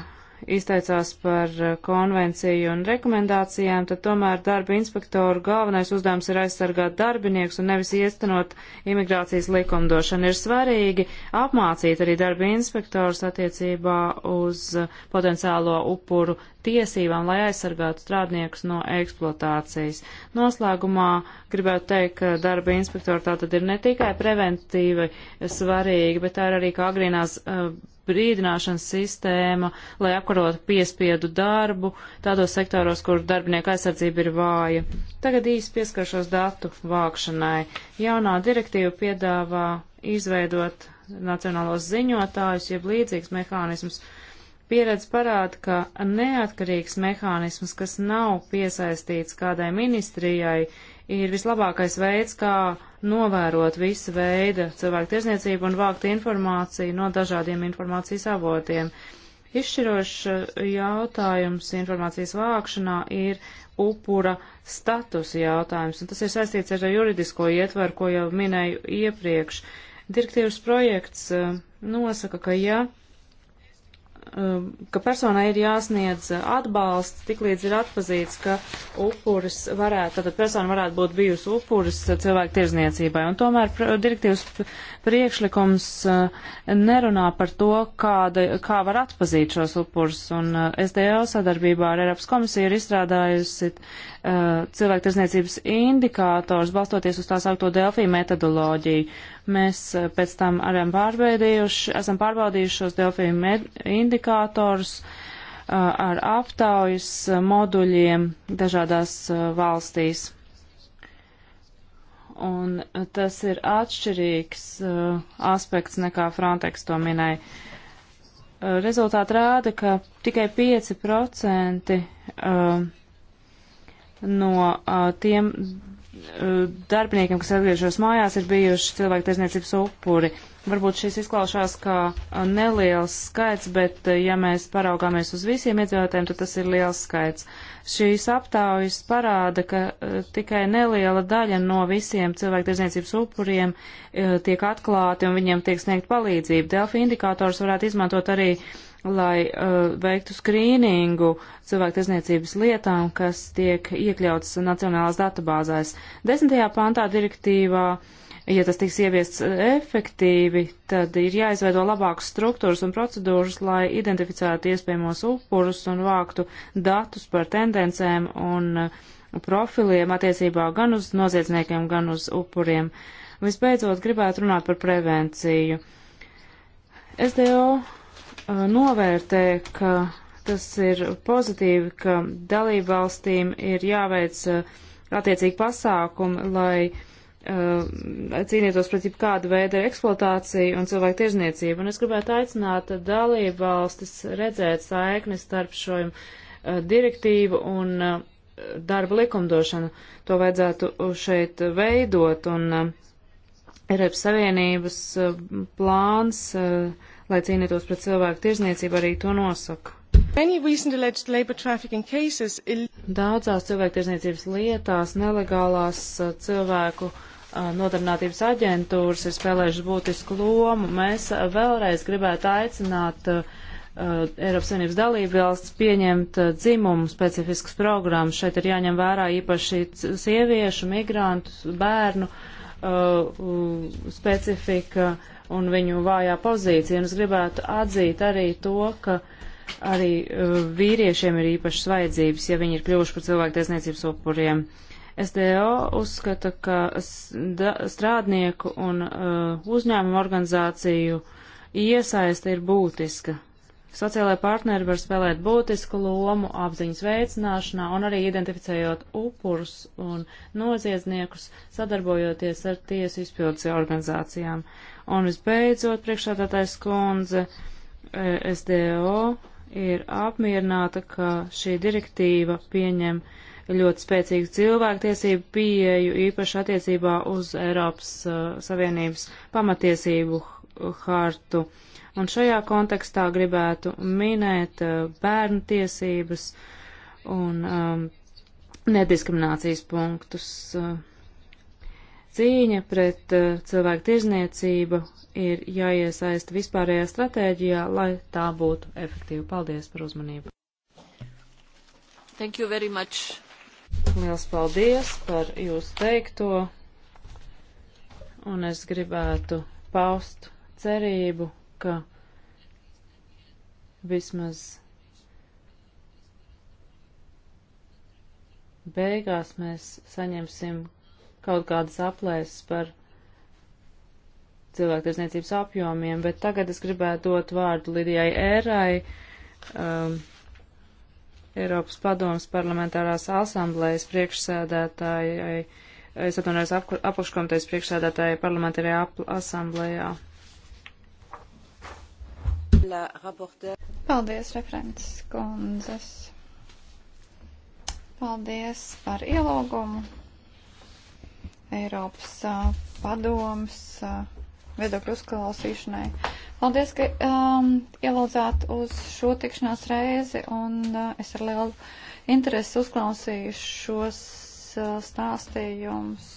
izteicās par eh, konvenciju un rekomendācijām, tad tomēr darba inspektoru galvenais uzdevums ir aizsargāt darbinieks un nevis iestanot imigrācijas likumdošanu. Ir svarīgi apmācīt arī darba inspektors attiecībā uz eh, potenciālo upuru tiesībām, lai aizsargātu strādniekus no eksploatācijas. Noslēgumā gribētu teikt, ka darba inspektori tā tad ir ne tikai preventīvi svarīgi, bet tā ir arī kā agrīnās uh, brīdināšanas sistēma, lai apkarotu piespiedu darbu tādos sektoros, kur darbinieku aizsardzība ir vāja. Tagad īsti pieskaršos datu vākšanai. Jaunā direktīva piedāvā izveidot nacionālos ziņotājus, jeb līdzīgs mehānisms. Pieredze parāda, ka neatkarīgs mehānisms, kas nav piesaistīts kādai ministrijai, ir vislabākais veids, kā novērot visu veidu cilvēku tirzniecību un vākt informāciju no dažādiem informācijas avotiem. Izšķirošs eh, jautājums informācijas vākšanā ir upura statusa jautājums, un tas ir saistīts ar juridisko ietvaru, ko jau minēju iepriekš. Direktīvas projekts eh, nosaka, ka ja Um, ka personai ir jāsniedz atbalsts, tiklīdz ir atpazīts, ka upuris varētu, tātad persona varētu būt bijusi upuris cilvēku tirzniecībai. Un tomēr direktīvas priekšlikums eh, nerunā par to, kāda, kā var atpazīt šos upurus, un eh, SDL sadarbībā ar Eiropas komisiju ir izstrādājusi eh, cilvēktiesniecības indikātors, balstoties uz tā saukto Delfī metodoloģiju. Mēs pēc tam arī esam pārbaudījuši šos Delfī indikātors ar aptaujas moduļiem dažādās valstīs un tas ir atšķirīgs uh, aspekts nekā Frontex to minēja. Uh, rezultāti rāda, ka tikai 5% uh, no uh, tiem uh, darbiniekiem, kas atgriežos mājās, ir bijuši cilvēku tiesniecības upuri. Uh, Varbūt šis izklaušās kā neliels skaits, bet ja mēs paraugāmies uz visiem iedzīvotājiem, tad tas ir liels skaits. Šīs aptaujas parāda, ka tikai neliela daļa no visiem cilvēktiesniecības upuriem tiek atklāti un viņiem tiek sniegt palīdzību. Delfi indikators varētu izmantot arī, lai uh, veiktu skrīningu cilvēktiesniecības lietām, kas tiek iekļautas nacionālās databāzēs. Desmitajā pantā direktīvā uh, ja tas tiks ieviests efektīvi, tad ir jāizveido labākas struktūras un procedūras, lai identificētu iespējamos upurus un vāktu datus par tendencēm un uh, profiliem attiecībā gan uz noziedzniekiem, gan uz upuriem. Visbeidzot, gribētu runāt par prevenciju. SDO uh, novērtē, ka tas ir pozitīvi, ka dalībvalstīm ir jāveic uh, attiecīgi pasākumi, lai Uh, cīnītos pret jebkādu veidu eksploatāciju un cilvēku tirzniecību. Un es gribētu aicināt dalību valstis redzēt saikni starp šo uh, direktīvu un uh, darba likumdošanu. To vajadzētu šeit veidot un Eiropas Savienības plāns, lai cīnītos pret cilvēku tirzniecību, arī to nosaka. Daudzās cilvēku tirzniecības lietās nelegālās cilvēku uh, nodarbinātības aģentūras ir spēlējušas būtisku lomu. Mēs vēlreiz gribētu aicināt uh, Eiropas Savienības dalību valsts pieņemt uh, dzimumu specifiskas programmas. Šeit ir jāņem vērā īpaši sieviešu, migrantu, bērnu uh, specifika un viņu vājā pozīcija. Un es gribētu atzīt arī to, ka arī vīriešiem ir īpašas vajadzības, ja viņi ir kļuvuši par cilvēku tiesniecības upuriem. Uh, SDO uzskata, ka strādnieku un uh, uzņēmumu organizāciju iesaiste ir būtiska. Sociālajie partneri var spēlēt būtisku lomu apziņas veicināšanā un arī identificējot upurus un noziedzniekus, sadarbojoties ar tiesu izpildes organizācijām. Un visbeidzot, priekšādātais kundze eh, SDO ir apmierināta, ka šī direktīva pieņem uh, ļoti spēcīgu cilvēktiesību pieeju, īpaši attiecībā uz Eiropas uh, Savienības pamatiesību hartu. Un šajā kontekstā gribētu minēt uh, bērnu tiesības un um, nediskriminācijas punktus. Uh, cīņa pret uh, cilvēku tirzniecību ir jāiesaista vispārējā stratēģijā, lai tā būtu efektīva. Paldies par uzmanību! Thank you very much. Liels paldies par jūsu teikto, un es gribētu paust cerību, ka vismaz beigās mēs saņemsim kaut kādas aplēses par cilvēktiesniecības apjomiem, bet tagad es gribētu dot vārdu Lidijai Ērai, um, Eiropas padomas parlamentārās asamblējas priekšsēdētājai, es atvainojos apakškomitejas priekšsēdētājai parlamentārajā asamblējā. Paldies, referents kundzes. Paldies par ielūgumu Eiropas uh, padomas uh, viedokļu uzklausīšanai. Paldies, ka um, ielūdzāt uz šo tikšanās reizi, un uh, es ar lielu interesi uzklausīju šos uh, stāstījumus.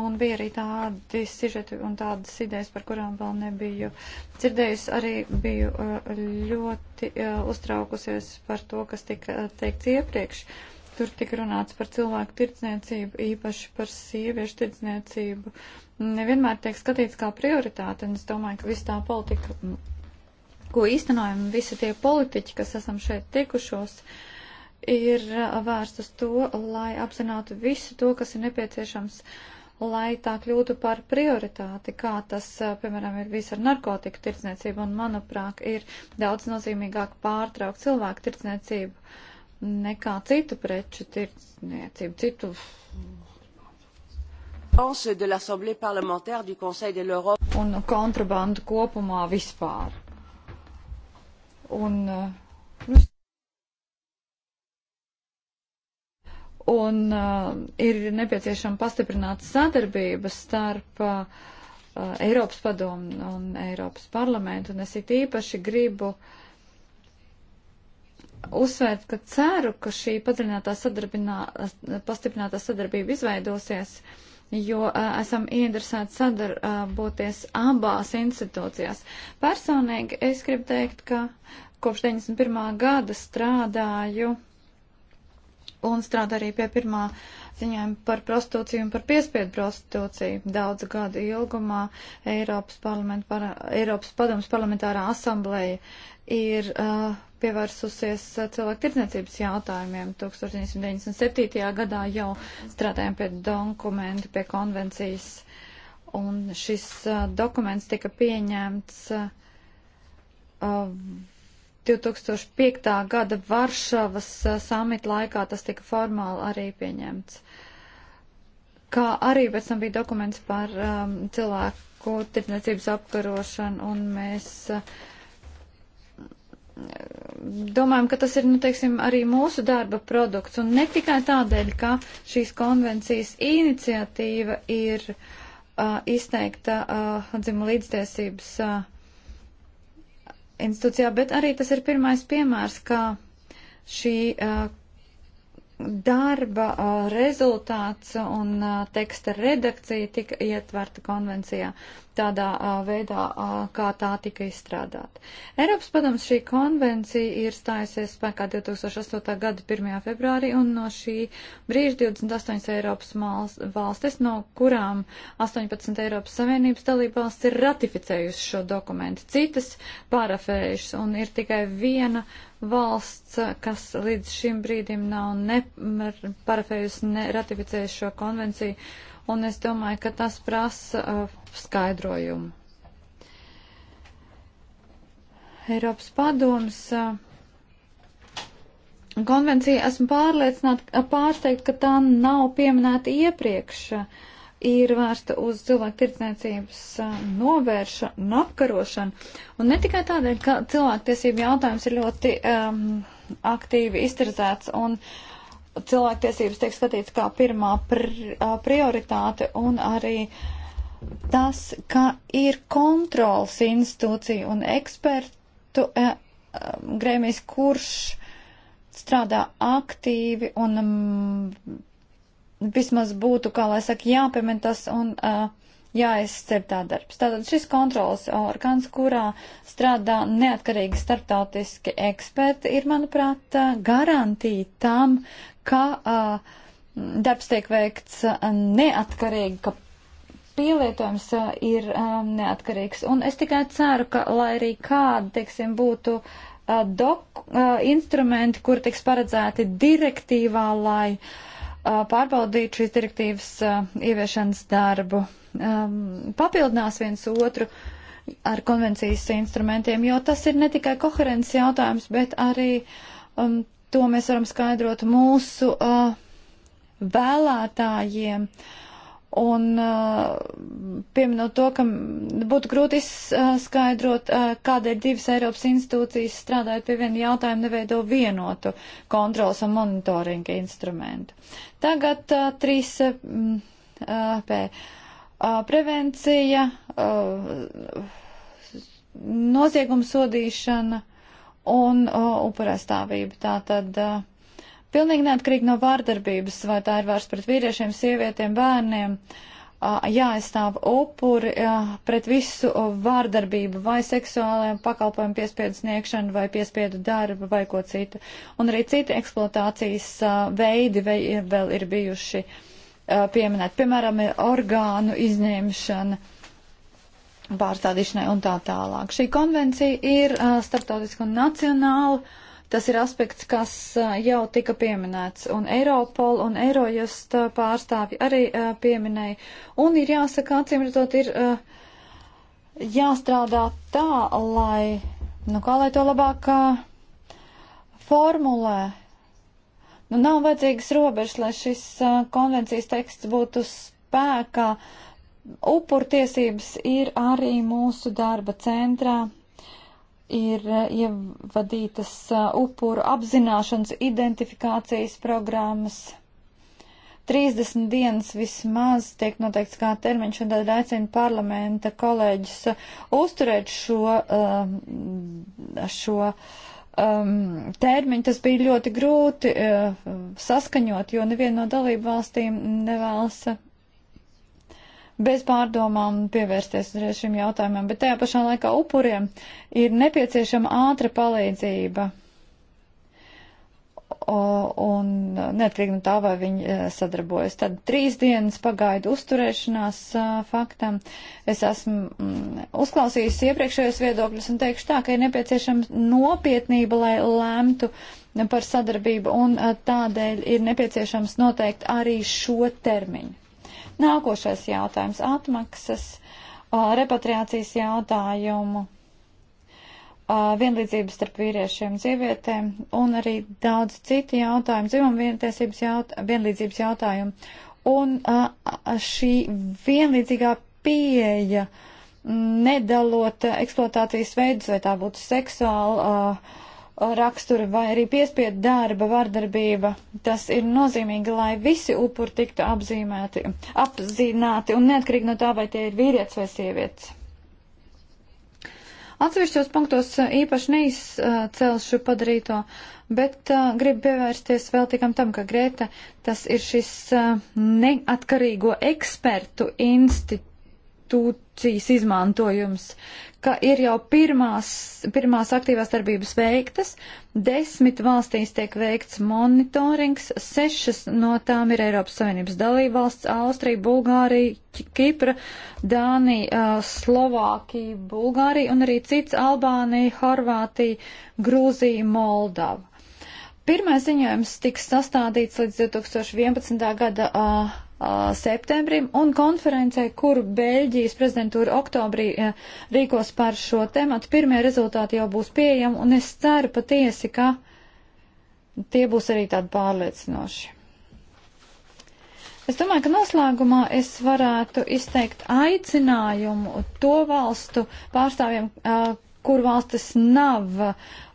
Un bija arī tādi sižeti un tādas idejas, par kurām vēl nebiju dzirdējusi. Arī biju uh, ļoti uh, uztraukusies par to, kas tika uh, teikts iepriekš. Tur tika runāts par cilvēku tirdzniecību, īpaši par sieviešu tirdzniecību. Uh, nevienmēr tiek skatīts kā prioritāte, un es domāju, ka viss tā politika, ko īstenojam, visi tie politiķi, kas esam šeit tikušos, ir vērst uz to, lai apzinātu visu to, kas ir nepieciešams, lai tā kļūtu par prioritāti, kā tas, piemēram, ir viss ar narkotiku tirdzniecību, un, manuprāt, ir daudz nozīmīgāk pārtraukt cilvēku tirdzniecību nekā citu preču tirdzniecību, citu un kontrabandu kopumā vispār. Un, uh, un uh, ir nepieciešama pastiprināta sadarbība starp uh, Eiropas padomu un Eiropas parlamentu, un es it īpaši gribu uzsvērt, ka ceru, ka šī pastiprinātā sadarbība izveidosies uh, jo uh, esam ieinteresēti sadarboties uh, abās institūcijās. Personīgi es gribu teikt, ka kopš 91. gada strādāju un strādā arī pie pirmā ziņojuma par prostitūciju un par piespiedu prostitūciju. Daudzu gadu ilgumā Eiropas, par, Eiropas padomas parlamentārā asambleja ir uh, pievērsusies uh, cilvēku tirdzniecības jautājumiem. 1997. gadā jau strādājām pie dokumentu, pie konvencijas, un šis uh, dokuments tika pieņemts. Uh, 2005. gada Varšavas samita laikā tas tika formāli arī pieņemts. Kā arī pēc tam bija dokuments par um, cilvēku tirdzniecības apkarošanu, un mēs uh, domājam, ka tas ir, nu, teiksim, arī mūsu darba produkts, un ne tikai tādēļ, ka šīs konvencijas iniciatīva ir uh, izteikta uh, dzimuma līdztiesības. Uh, institūcijā, bet arī tas ir pirmais piemērs, kā šī uh, darba uh, rezultāts un uh, teksta redakcija tika ietverta konvencijā tādā a, veidā, a, kā tā tika izstrādāta. Eiropas padoms šī konvencija ir stājusies spēkā 2008. gada 1. februārī un no šī brīža 28 Eiropas mals, valstis, no kurām 18 Eiropas Savienības dalība valsts ir ratificējusi šo dokumentu, citas parafējušas un ir tikai viena valsts, kas līdz šim brīdim nav ne parafējusi, ne ratificējusi šo konvenciju un es domāju, ka tas prasa uh, skaidrojumu. Eiropas padomas uh, konvencija esmu pārliecināta, pārsteigta, ka tā nav pieminēta iepriekš. Uh, ir vērsta uz cilvēku tirdzniecības uh, novēršanu un apkarošanu. Un ne tikai tādēļ, ka cilvēktiesību jautājums ir ļoti um, aktīvi izterzēts un uh, cilvēktiesības tiek skatīts kā pirmā pr prioritāte un arī tas, ka ir kontrols institūcija un ekspertu e, grēmijas, kurš strādā aktīvi un mm, vismaz būtu, kā lai saka, jāpiemina tas un uh, jāizcer tā darbs. Tātad šis kontrols orgāns, kurā strādā neatkarīgi starptautiski eksperti, ir, manuprāt, garantija tam, ka uh, darbs tiek veikts uh, neatkarīgi, ka pielietojums uh, ir um, neatkarīgs. Un es tikai ceru, ka lai arī kāda, teiksim, būtu uh, dok, uh, instrumenti, kur tiks paredzēti direktīvā, lai uh, pārbaudīt šīs direktīvas uh, ieviešanas darbu, um, papildinās viens otru ar konvencijas instrumentiem, jo tas ir ne tikai koherences jautājums, bet arī um, To mēs varam skaidrot mūsu uh, vēlētājiem. Un uh, pieminot to, ka būtu grūti izskaidrot, uh, uh, kādēļ divas Eiropas institūcijas strādājot pie viena jautājuma, neveido vienotu kontrols un monitoringa instrumentu. Tagad uh, trīs uh, uh P. Uh, prevencija, uh, nozieguma sodīšana un uh, upurēstāvību. Tātad uh, pilnīgi neatkarīgi no vārdarbības, vai tā ir vairs pret vīriešiem, sievietiem, bērniem, uh, jāaizstāv upuri uh, pret visu uh, vārdarbību, vai seksuālajiem pakalpojumu piespiedu sniegšanu, vai piespiedu darbu, vai ko citu. Un arī citi eksploatācijas uh, veidi vēl ir bijuši uh, pieminēti, piemēram, orgānu izņemšana. Uh, pārstādīšanai un tā tālāk. Šī konvencija ir uh, starptautiska un nacionāla. Tas ir aspekts, kas uh, jau tika pieminēts, un Eiropol un Eirojust uh, pārstāvi arī uh, pieminēja. Un ir jāsaka, acīm redzot, ir uh, jāstrādā tā, lai, nu kā lai to labāk uh, formulē, nu nav vajadzīgas robežas, lai šis uh, konvencijas teksts būtu spēkā. Uh, Upurtiesības ir arī mūsu darba centrā. Ir eh, ievadītas eh, upuru apzināšanas identifikācijas programmas. 30 dienas vismaz tiek noteikts kā termiņš, un tad aicinu parlamenta kolēģis eh, uzturēt šo, šo um, termiņu tas bija ļoti grūti uh, saskaņot, jo neviena no dalību valstīm nevēlas bez pārdomām pievērsties uzreiz šim jautājumam, bet tajā pašā laikā upuriem ir nepieciešama ātra palīdzība. O, un neatkarīgi no tā, vai viņi e, sadarbojas. Tad trīs dienas pagaidu uzturēšanās a, e, faktam. Es esmu mm, uzklausījis iepriekšējos viedokļus un teikšu tā, ka ir nepieciešama nopietnība, lai lemtu par sadarbību, un a, e, tādēļ ir nepieciešams noteikt arī šo termiņu. Nākošais jautājums - atmaksas, repatriācijas jautājumu, vienlīdzības starp vīriešiem un sievietēm un arī daudz citu jautājumu, dzimuma jaut, vienlīdzības jautājumu. Un šī vienlīdzīgā pieeja nedalot eksploatācijas veidus, vai tā būtu seksuāla. Uh, rakstura vai arī piespiedu darba vardarbība. Tas ir nozīmīgi, lai visi upuri tiktu apzīmēti, apzināti un neatkarīgi no tā, vai tie ir vīrietis vai sievietis. Atsevišķos punktos uh, īpaši neizcelšu padarīto, bet uh, gribu pievērsties vēl tikam tam, ka Grēta tas ir šis uh, neatkarīgo ekspertu institūcijas izmantojums, ka ir jau pirmās, pirmās aktīvās darbības veiktas, desmit valstīs tiek veikts monitorings, sešas no tām ir Eiropas Savienības dalībvalsts - Austrija, Bulgārija, Kipra, Dānija, Slovākija, Bulgārija un arī cits - Albānija, Horvātija, Grūzija, Moldava. Pirmais ziņojums tiks sastādīts līdz 2011. gada uh, Uh, septembrim un konferencē, kur Beļģijas prezidentūra oktobrī uh, rīkos par šo tematu. Pirmie rezultāti jau būs pieejami un es ceru patiesi, ka tie būs arī tādi pārliecinoši. Es domāju, ka noslēgumā es varētu izteikt aicinājumu to valstu pārstāvjiem, uh, kur valstis nav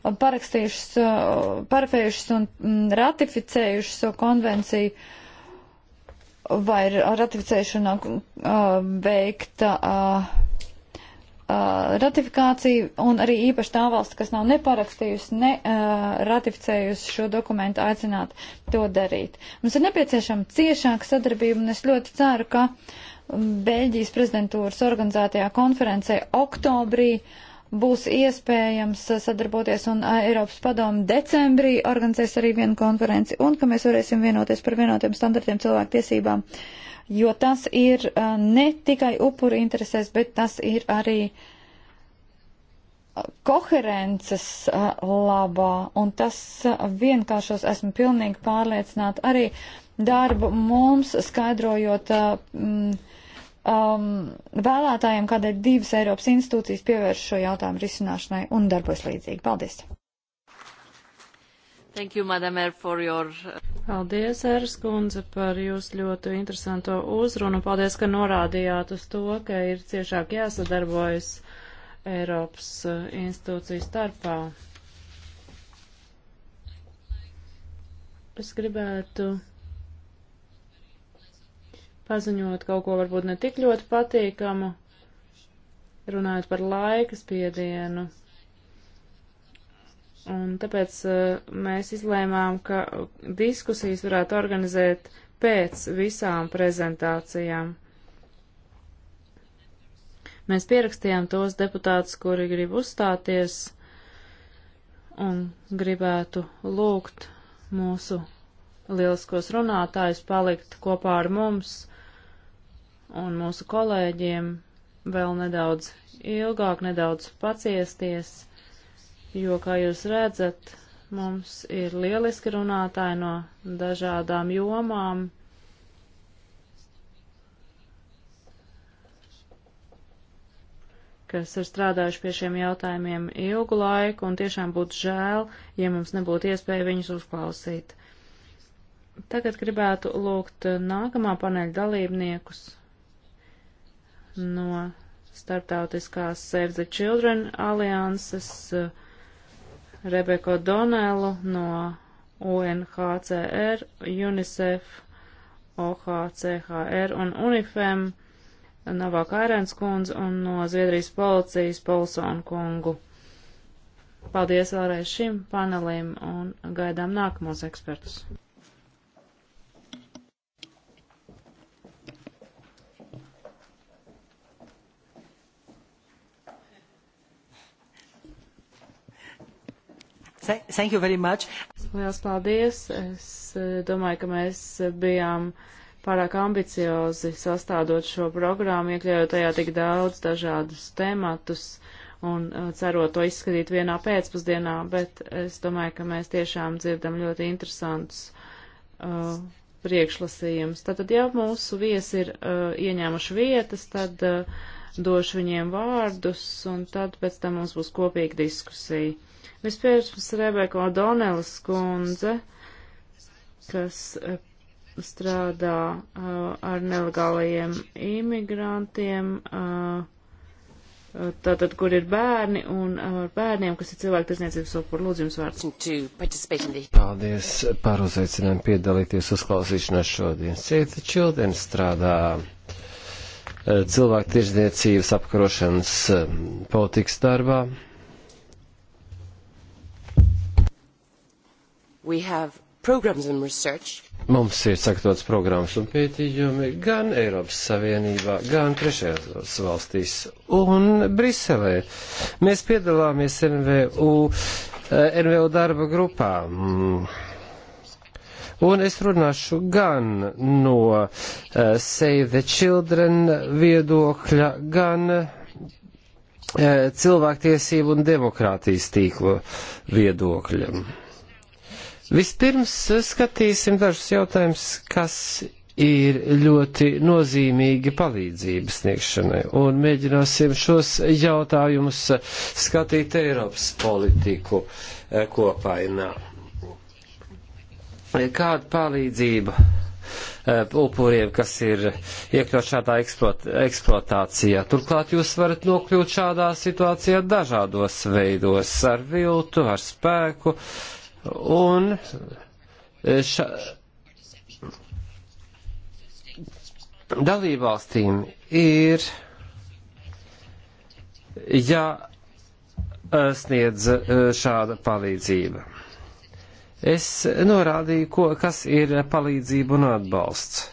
parakstījušas, parafējušas un mm, ratificējušas šo konvenciju vai ir ratificēšanā veikta ratifikācija un arī īpaši tā valsts, kas nav neparakstījusi, ne ratificējusi šo dokumentu, aicināt to darīt. Mums ir nepieciešama ciešāka sadarbība un es ļoti ceru, ka Beļģijas prezidentūras organizētajā konferencē oktobrī uh, būs iespējams sadarboties un Eiropas padomu decembrī organizēs arī vienu konferenci un ka mēs varēsim vienoties par vienotiem standartiem cilvēku tiesībām, jo tas ir ne tikai upuri interesēs, bet tas ir arī koherences labā un tas vienkāršos esmu pilnīgi pārliecināta arī darbu mums skaidrojot. Mm, um, vēlētājiem, kādēļ divas Eiropas institūcijas pievērš šo jautājumu risināšanai un darbojas līdzīgi. Paldies! Thank you, Madam Air, for your... Uh, Paldies, Eras kundze, par jūsu ļoti interesanto uzrunu. Paldies, ka norādījāt uz to, ka ir ciešāk jāsadarbojas Eiropas uh, institūciju starpā. Es gribētu paziņot kaut ko varbūt ne tik ļoti patīkamu, runājot par laika spiedienu. Un tāpēc uh, mēs izlēmām, ka diskusijas varētu organizēt pēc visām prezentācijām. Mēs pierakstījām tos deputātus, kuri grib uzstāties un gribētu lūgt mūsu lieliskos runātājus palikt kopā ar mums un mūsu kolēģiem vēl nedaudz ilgāk, nedaudz paciesties, jo, kā jūs redzat, mums ir lieliski runātāji no dažādām jomām. kas ir strādājuši pie šiem jautājumiem ilgu laiku, un tiešām būtu žēl, ja mums nebūtu iespēja viņus uzklausīt. Tagad gribētu lūgt nākamā paneļa dalībniekus no starptautiskās Save the Children alianses, eh, Rebeko Donelu no UNHCR, UNICEF, OHCHR un UNIFEM, Navā Kairēns kundze un no Zviedrijas policijas Polsona kungu. Paldies vēlreiz šim panelim un gaidām nākamos ekspertus. Thank you very much. Lielas paldies. Es eh, domāju, ka mēs bijām pārāk ambiciozi sastādot šo programmu, iekļaujot tajā tik daudz dažādus tematus un eh, cerot to izskatīt vienā pēcpusdienā, bet es domāju, ka mēs tiešām dzirdam ļoti interesantus uh, eh, priekšlasījums. Tātad, ja mūsu viesi ir uh, ieņēmuši vietas, tad uh, došu viņiem vārdus, un tad pēc tam mums būs kopīga diskusija. Vispirms Rebeka O'Donelas kundze, kas eh, strādā eh, ar nelegālajiem imigrantiem, eh, tātad, kur ir bērni un ar bērniem, kas ir cilvēku tirsniecības upuri. Lūdzu, jums vārds. Paldies par uzaicinājumu piedalīties uzklausīšanā šodien. Sieta Čildien strādā cilvēku tirsniecības apkarošanas politikas darbā. We have programs and research. Mums ir sagatavots programmas un pētījumi gan Eiropas Savienībā, gan trešajās valstīs un Briselē. Mēs piedalāmies NVU, eh, NVU darba grupā. Mm. Un es runāšu gan no uh, Save the Children viedokļa, gan uh, cilvēktiesību un demokrātijas tīklu viedokļa. Uh, Vispirms eh, skatīsim dažus jautājumus, kas ir ļoti nozīmīgi palīdzības sniegšanai, un mēģināsim šos jautājumus eh, skatīt Eiropas politiku eh, kopainā. Kāda palīdzība upuriem, kas ir iekļaut šādā eksploat, eksploatācijā. Turklāt jūs varat nokļūt šādā situācijā dažādos veidos - ar viltu, ar spēku, uh, Un e, ša, dalībvalstīm ir jāsniedz e, e, šāda palīdzība. Es norādīju, ko, kas ir palīdzība un atbalsts.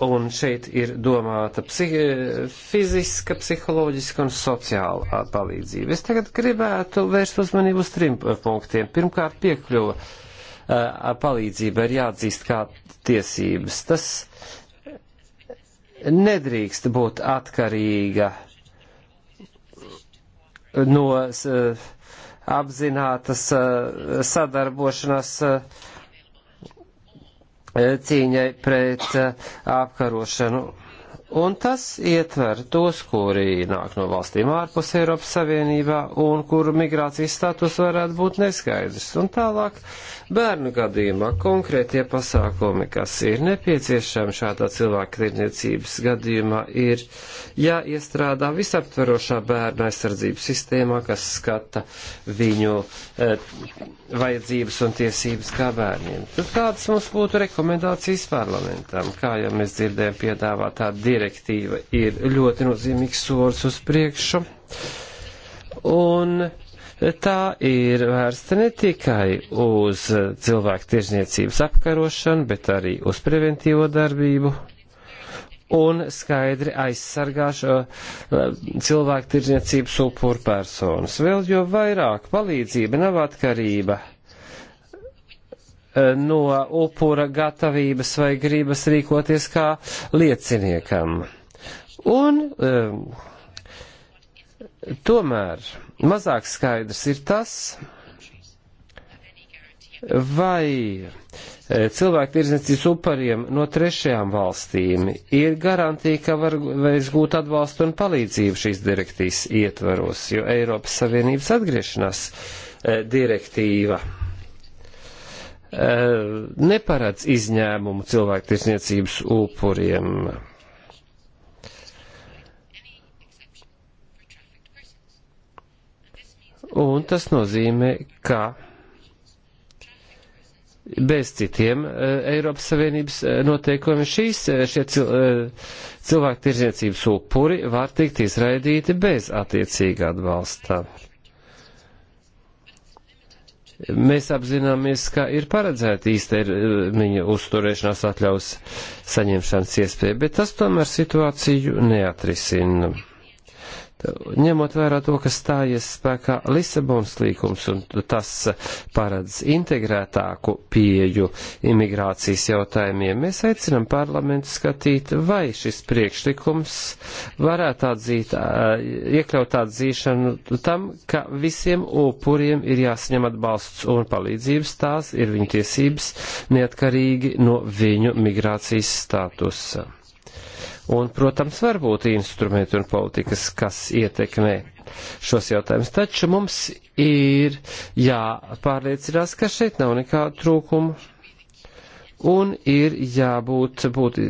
Un šeit ir domāta psihi fiziska, psiholoģiska un sociāla palīdzība. Es tagad gribētu vērst uzmanību uz trim punktiem. Pirmkārt, piekļuva uh, palīdzība ir jāatzīst kā tiesības. Tas nedrīkst būt atkarīga no uh, apzinātas uh, sadarbošanās. Uh, cīņai pret uh, apkarošanu. Un tas ietver tos, kuri nāk no valstīm ārpus Eiropas Savienībā un kuru migrācijas status varētu būt neskaidrs. Un tālāk uh, Bērnu gadījumā konkrētie pasākumi, kas ir nepieciešami šādā cilvēka tirniecības gadījumā, ir jāiestrādā visaptverošā bērna aizsardzības sistēmā, kas skata viņu e, vajadzības un tiesības kā bērniem. Tad kādas mums būtu rekomendācijas parlamentam? Kā jau mēs dzirdējam, piedāvātā direktīva ir ļoti nozīmīgs solis uz priekšu. Un tā ir vērsta ne tikai uz cilvēku tirzniecības apkarošanu, bet arī uz preventīvo darbību un skaidri aizsargā šo eh, cilvēku tirzniecības upuru personas. Vēl jo vairāk palīdzība nav atkarība eh, no upura gatavības vai gribas rīkoties kā lieciniekam. Un um, tomēr Mazāk skaidrs ir tas, vai e, cilvēku tirdzniecības upariem no trešajām valstīm ir garantija, ka var gūt atbalstu un palīdzību šīs direktīvas ietvaros, jo Eiropas Savienības atgriešanās e, direktīva e, neparedz izņēmumu cilvēku tirdzniecības upuriem. Un tas nozīmē, ka bez citiem e, Eiropas Savienības e, noteikumiem šīs, e, šie cil, cilvēku tirzniecības upuri var tikt izraidīti bez attiecīga atbalsta. Mēs apzināmies, ka ir paredzēta īstermiņa uzturēšanās atļaus saņemšanas iespēja, bet tas tomēr situāciju neatrisina ņemot vērā to, ka stājies spēkā Lisabonas līkums un tas paredz integrētāku pieju imigrācijas jautājumiem, mēs aicinam parlamentu skatīt, vai šis priekšlikums varētu atzīt, iekļaut atzīšanu tam, ka visiem upuriem ir jāsaņem atbalsts un palīdzības, tās ir viņu tiesības neatkarīgi no viņu migrācijas statusa. Un, protams, var būt instrumenti un politikas, kas ietekmē šos jautājumus, taču mums ir jāpārliecinās, ka šeit nav nekādu trūkumu un ir jābūt būti,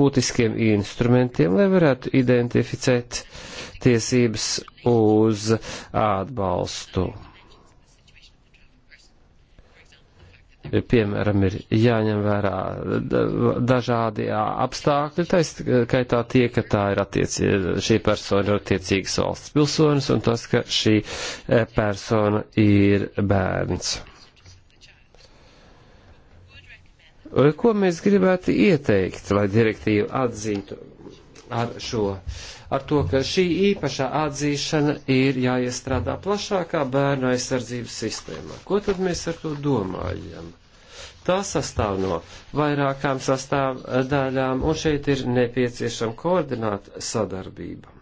būtiskiem instrumentiem, lai varētu identificēt tiesības uz atbalstu. piemēram, ir jāņem vērā dažādi apstākļi, taiskaitā tie, ka tā ir attieci, šī persona ir attiecīgas valsts pilsonis un tas, ka šī e, persona ir bērns. Ko mēs gribētu ieteikt, lai direktīva atzītu ar šo uh, ar to, ka šī īpašā atzīšana ir jāiestrādā plašākā bērnu aizsardzības sistēmā. Ko tad mēs ar to domājam? Tā sastāv no vairākām sastāvdaļām, un šeit ir nepieciešama koordināta sadarbība.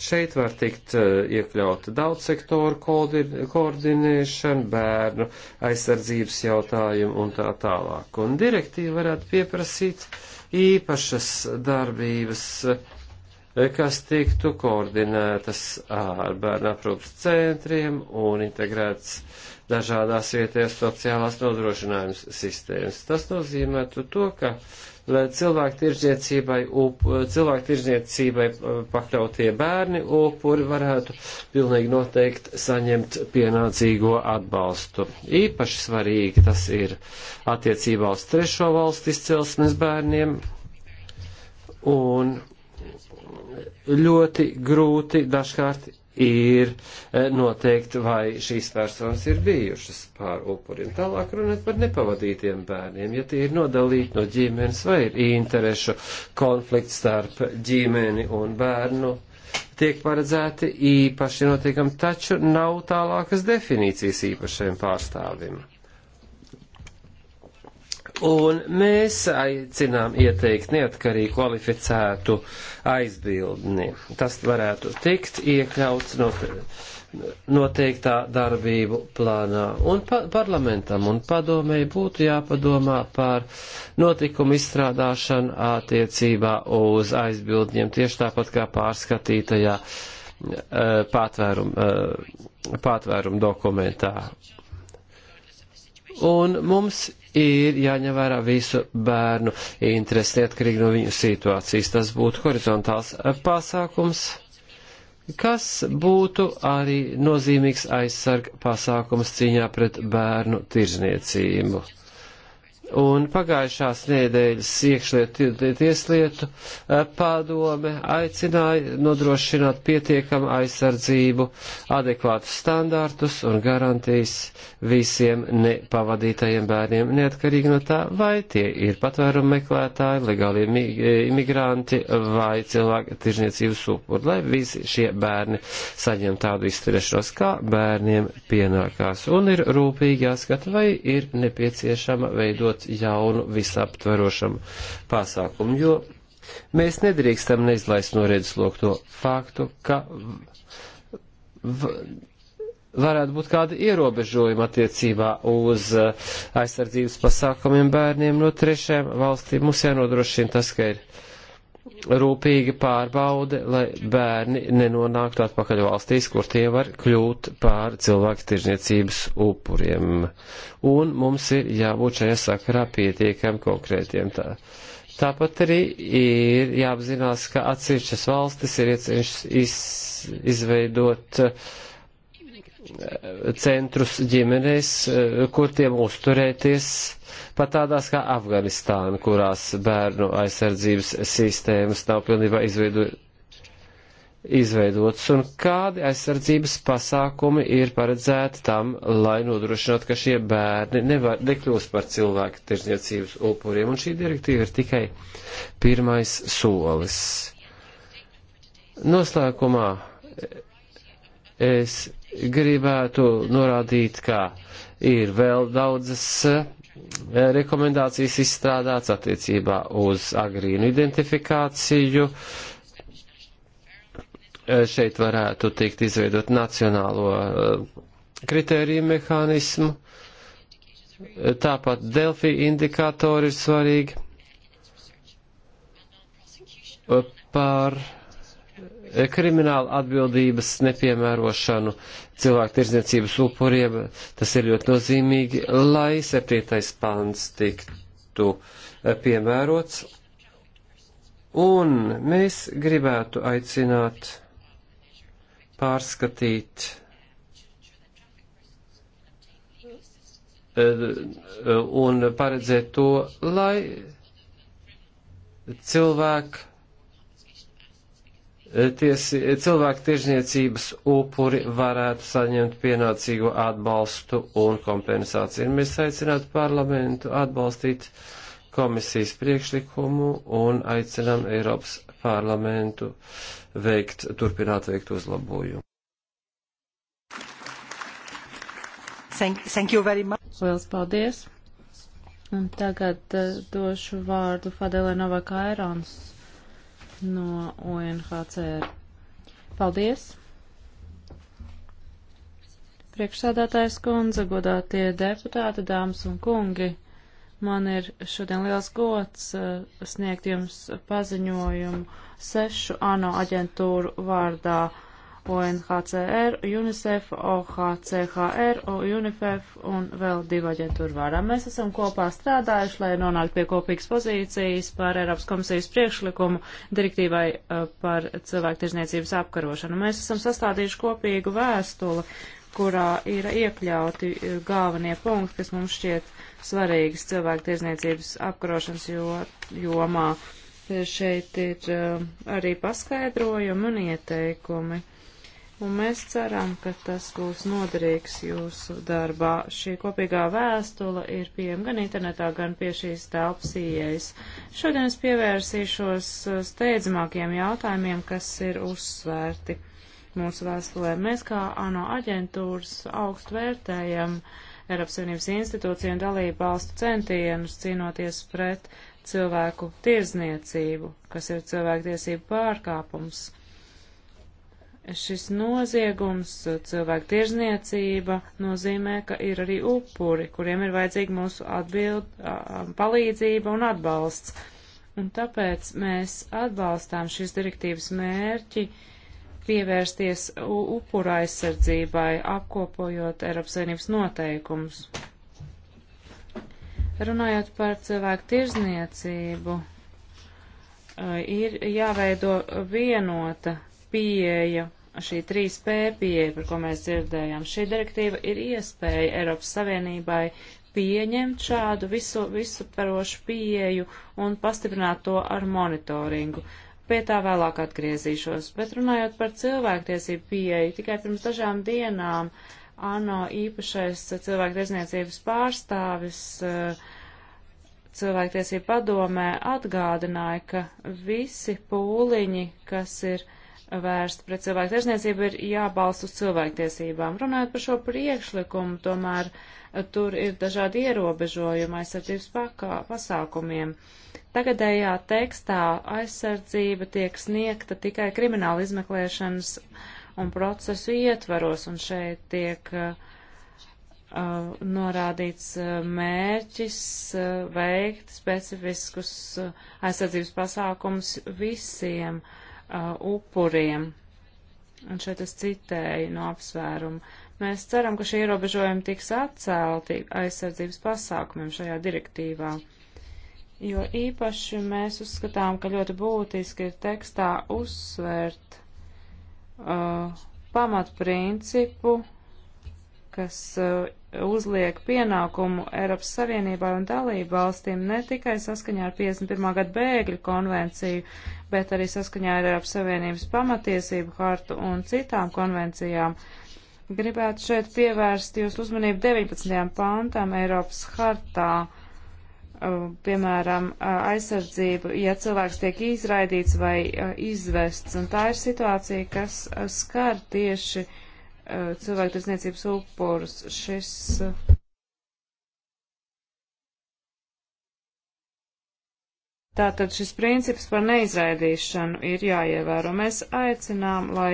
Šeit var tikt eh, iekļauta daudz sektoru koordinēšana, bērnu aizsardzības jautājumu un tā tālāk. Un direktīva varētu pieprasīt īpašas darbības uh, kas tiktu koordinētas ar bērnu aprūpas centriem un integrētas dažādās vietējās sociālās nodrošinājums sistēmas. Tas nozīmētu to, ka cilvēktirdzniecībai, cilvēktirdzniecībai uh, pakļautie bērni upuri varētu pilnīgi noteikti saņemt pienācīgo atbalstu. Īpaši svarīgi tas ir attiecībā uz trešo valstu izcelsmes bērniem. Un ļoti grūti dažkārt ir eh, noteikt, vai šīs personas ir bijušas pār upuriem. Tālāk runāt par nepavadītiem bērniem, ja tie ir nodalīti no ģimenes vai ir interešu konflikts starp ģimeni un bērnu. Tiek paredzēti īpaši notiekami, taču nav tālākas definīcijas īpašiem pārstāvim. Un mēs aicinām ieteikt neatkarīgi kvalificētu aizbildni. Tas varētu tikt iekļauts note, noteiktā darbību plānā. Un pa parlamentam un padomēji būtu jāpadomā par notikumu izstrādāšanu attiecībā uz aizbildņiem, tieši tāpat kā pārskatītajā e, patvērumu e, patvērum dokumentā. Un mums ir jāņem vērā visu bērnu interesi, neatkarīgi no viņu situācijas. Tas būtu horizontāls eh, pasākums, kas būtu arī nozīmīgs aizsarg pasākums cīņā pret bērnu tirzniecību. Un pagājušās nedēļas iekšlietu tieslietu eh, padome aicināja nodrošināt pietiekamu aizsardzību, adekvātus standārtus un garantijas visiem nepavadītajiem bērniem, neatkarīgi no tā, vai tie ir patvērumu meklētāji, legāli imigranti vai cilvēki tirzniecības upuri, lai visi šie bērni saņem tādu izturēšanos, kā bērniem pienākās. Un ir rūpīgi jāskata, vai ir nepieciešama veidot piedāvāt jaunu visaptverošamu pasākumu, jo mēs nedrīkstam neizlaist no redzesloku to faktu, ka varētu būt kādi ierobežojumi attiecībā uz eh, aizsardzības pasākumiem bērniem no trešajām valstīm. Mums jānodrošina tas, ka ir rūpīga pārbaude, lai bērni nenonāktu atpakaļ valstīs, kur tie var kļūt pār cilvēku tirzniecības upuriem. Un mums ir jābūt šajā sakarā pietiekami konkrētiem. Tā. Tāpat arī ir jāapzinās, ka atsevišķas valstis ir iecerējušas iz, izveidot uh, centrus ģimenēs, eh, kur tiem uzturēties pat tādās kā Afganistāna, kurās bērnu aizsardzības sistēmas nav pilnībā izveido, izveidotas, un kādi aizsardzības pasākumi ir paredzēti tam, lai nodrošinātu, ka šie bērni nevar, nekļūst par cilvēku tirzniecības upuriem, un šī direktīva ir tikai pirmais solis. Noslēgumā eh, es gribētu norādīt, ka ir vēl daudzas eh, rekomendācijas izstrādāts attiecībā uz agrīnu identifikāciju. Eh, šeit varētu tikt izveidot nacionālo eh, kritēriju mehānismu. Tāpat Delfi indikātori ir svarīgi par krimināla atbildības nepiemērošanu cilvēku tirdzniecības upuriem. Tas ir ļoti nozīmīgi, lai septītais pants tiktu eh, piemērots. Un mēs gribētu aicināt pārskatīt eh, eh, un paredzēt to, lai cilvēku tiesi, cilvēku tirzniecības upuri varētu saņemt pienācīgo atbalstu un kompensāciju. Mēs aicinātu parlamentu atbalstīt komisijas priekšlikumu un aicinām Eiropas parlamentu veikt, turpināt veikt uzlabojumu. Thank, thank you very much. Lielas paldies. Un tagad uh, došu vārdu Fadele Novakaironas no UNHCR. Paldies! Priekšsādātājs kundze, godātie deputāti, dāmas un kungi, man ir šodien liels gods eh, sniegt jums paziņojumu sešu ANO aģentūru vārdā UNHCR, UNICEF, OHCHR, UNICEF un vēl divu aģentūru vārā. Mēs esam kopā strādājuši, lai nonāktu pie kopīgas pozīcijas par Eiropas komisijas priekšlikumu direktīvai uh, par cilvēktirzniecības apkarošanu. Mēs esam sastādījuši kopīgu vēstuli, kurā ir iekļauti uh, galvenie punkti, kas mums šķiet svarīgas cilvēktirzniecības apkarošanas jomā. Jo šeit ir uh, arī paskaidrojumi un ieteikumi un mēs ceram, ka tas būs noderīgs jūsu darbā. Šī kopīgā vēstula ir pieejama gan internetā, gan pie šīs telpas ieejas. Šodien es pievērsīšos uh, steidzamākiem jautājumiem, kas ir uzsvērti mūsu vēstulē. Mēs kā ANO aģentūras augstu vērtējam Eiropas Savienības institūciju un dalību valstu centienus cīnoties pret cilvēku tirzniecību, kas ir cilvēktiesību pārkāpums šis noziegums, cilvēku tirzniecība nozīmē, ka ir arī upuri, kuriem ir vajadzīga mūsu atbild, palīdzība un atbalsts. Un tāpēc mēs atbalstām šīs direktīvas mērķi pievērsties upura aizsardzībai, apkopojot Eiropas Savienības noteikumus. Runājot par cilvēku tirzniecību, ir jāveido vienota pieeja, šī 3P pieeja, par ko mēs dzirdējām, šī direktīva ir iespēja Eiropas Savienībai pieņemt šādu visu, visuparošu pieeju un pastiprināt to ar monitoringu. Pie tā vēlāk atgriezīšos, bet runājot par cilvēktiesību pieeju, tikai pirms dažām dienām ANO īpašais cilvēktiesniecības pārstāvis uh, cilvēktiesību padomē atgādināja, ka visi pūliņi, kas ir uh, vērsta pret cilvēku tiesniecību, ir jābalst uz cilvēktiesībām. Runājot par šo priekšlikumu, tomēr eh, tur ir dažādi ierobežojumi aizsardzības pakā, pasākumiem. Tagadējā tekstā aizsardzība tiek sniegta tikai krimināla izmeklēšanas un procesu ietvaros, un šeit tiek uh, norādīts mērķis veikt specifiskus aizsardzības pasākums visiem uh, uh, upuriem. Un šeit es citēju no apsvērumu. Mēs ceram, ka šie ierobežojumi tiks atcelti aizsardzības pasākumiem šajā direktīvā. Jo īpaši mēs uzskatām, ka ļoti būtiski ir tekstā uzsvērt uh, pamatprincipu, kas uh, uzliek pienākumu Eiropas Savienībā un dalību valstīm ne tikai saskaņā ar 51. gadu bēgļu konvenciju, bet arī saskaņā ar Eiropas Savienības pamatiesību hartu un citām konvencijām. Gribētu šeit pievērst jūsu uzmanību 19. pāntam Eiropas hartā, uh, piemēram, uh, aizsardzību, ja cilvēks tiek izraidīts vai uh, izvests, un tā ir situācija, kas skar tieši cilvēku tiesniecības upurus. Šis Tātad šis princips par neizraidīšanu ir jāievēro. Mēs aicinām, lai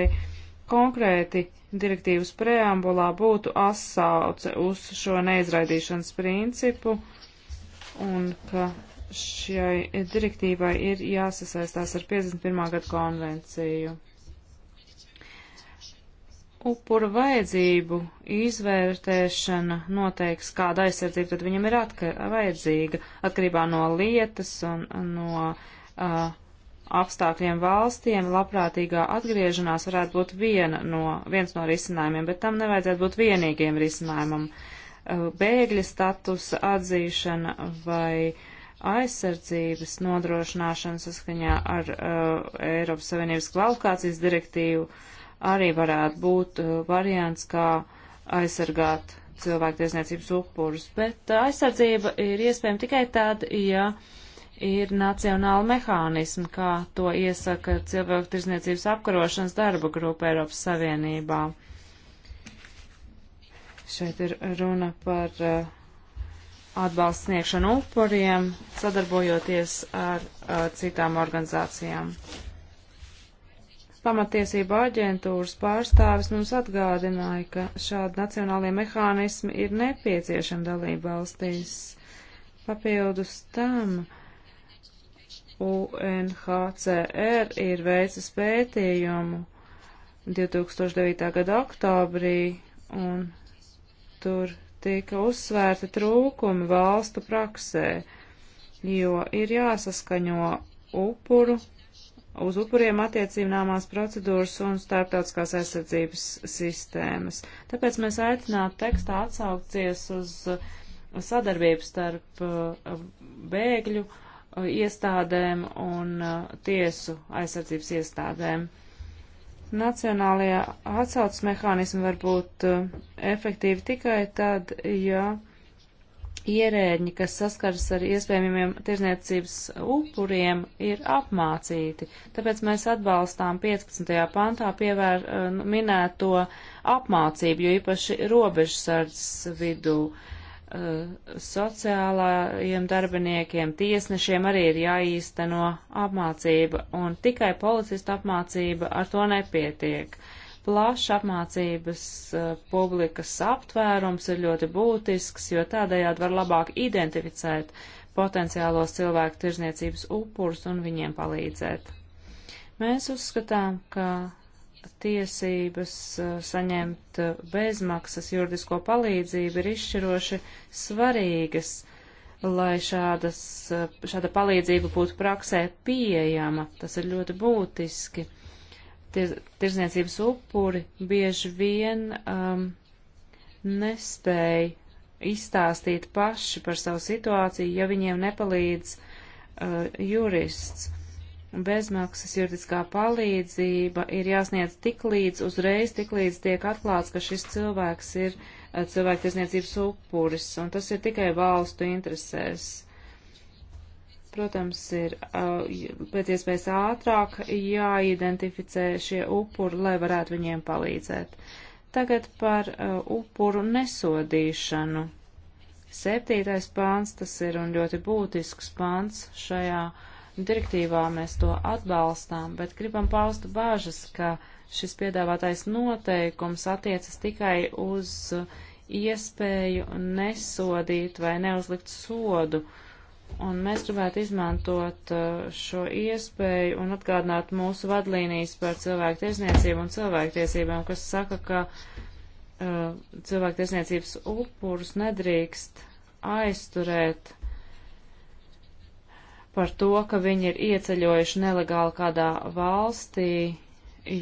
konkrēti direktīvas preambulā būtu atsauce uz šo neizraidīšanas principu un ka šai direktīvai ir jāsasaistās ar 51. gadu konvenciju upuru vajadzību izvērtēšana noteiks, kāda aizsardzība tad viņam ir atkar, vajadzīga, atkarībā no lietas un no uh, apstākļiem valstiem. Labprātīgā atgriešanās varētu būt viena no, viens no risinājumiem, bet tam nevajadzētu būt vienīgiem risinājumam. Uh, bēgļa statusa atzīšana vai aizsardzības nodrošināšana saskaņā ar uh, Eiropas Savienības kvalifikācijas direktīvu uh, arī varētu būt uh, variants, kā aizsargāt cilvēktiesniecības upurus. Bet uh, aizsardzība ir iespējama tikai tad, ja ir nacionāla mehānisma, kā to iesaka cilvēktiesniecības apkarošanas darba grupa Eiropas Savienībā. Šeit ir runa par uh, atbalstu sniegšanu upuriem, sadarbojoties ar uh, citām organizācijām. Pamatiesība aģentūras pārstāvis mums atgādināja, ka šādi nacionālie mehānismi ir nepieciešami dalību valstīs. Papildus tam UNHCR ir veicis pētījumu 2009. gada oktobrī, un tur tika uzsvērti trūkumi valstu praksē, jo ir jāsaskaņo upuru uz upuriem attiecināmās procedūras un starptautiskās aizsardzības sistēmas. Tāpēc mēs aicinātu tekstā atsaukties uz uh, sadarbību starp uh, bēgļu uh, iestādēm un tiesu aizsardzības iestādēm. Nacionālajā atsaucas mehānismi var būt efektīvi tikai tad, ja ierēģi, kas saskaras ar iespējamiem tirzniecības upuriem, ir apmācīti. Tāpēc mēs atbalstām 15. pantā pievēr eh, nu, minēto apmācību, jo īpaši robežsardzes vidū eh, sociālajiem darbiniekiem, tiesnešiem arī ir jāīsteno apmācība, un tikai policista apmācība ar to nepietiek. Uh, plašs apmācības eh, publikas aptvērums ir ļoti būtisks, jo tādējādi var labāk identificēt potenciālos cilvēku tirzniecības upurus un viņiem palīdzēt. Mēs uzskatām, ka tiesības eh, saņemt eh, bezmaksas juridisko palīdzību ir izšķiroši svarīgas, lai šādas, šāda palīdzība būtu praksē pieejama. Tas ir ļoti būtiski tir, tirzniecības upuri bieži vien um, nespēj izstāstīt paši par savu situāciju, ja viņiem nepalīdz uh, jurists. Bezmaksas juridiskā palīdzība ir jāsniedz tik līdz, uzreiz tik līdz tiek atklāts, ka šis cilvēks ir uh, cilvēktiesniecības upuris, un tas ir tikai valstu interesēs. Protams, ir uh, pēc iespējas ātrāk jāidentificē šie upuri, lai varētu viņiem palīdzēt. Tagad par uh, upuru nesodīšanu. Septītais pāns tas ir un ļoti būtisks pāns šajā direktīvā. Mēs to atbalstām, bet gribam paust bāžas, ka šis piedāvātais noteikums attiecas tikai uz iespēju nesodīt vai neuzlikt sodu. Uh, Un mēs gribētu izmantot uh, šo iespēju un atgādināt mūsu vadlīnijas par cilvēku tiesniecību un cilvēktiesībām, kas saka, ka uh, cilvēku tiesniecības upurus nedrīkst aizturēt par to, ka viņi ir ieceļojuši nelegāli kādā valstī,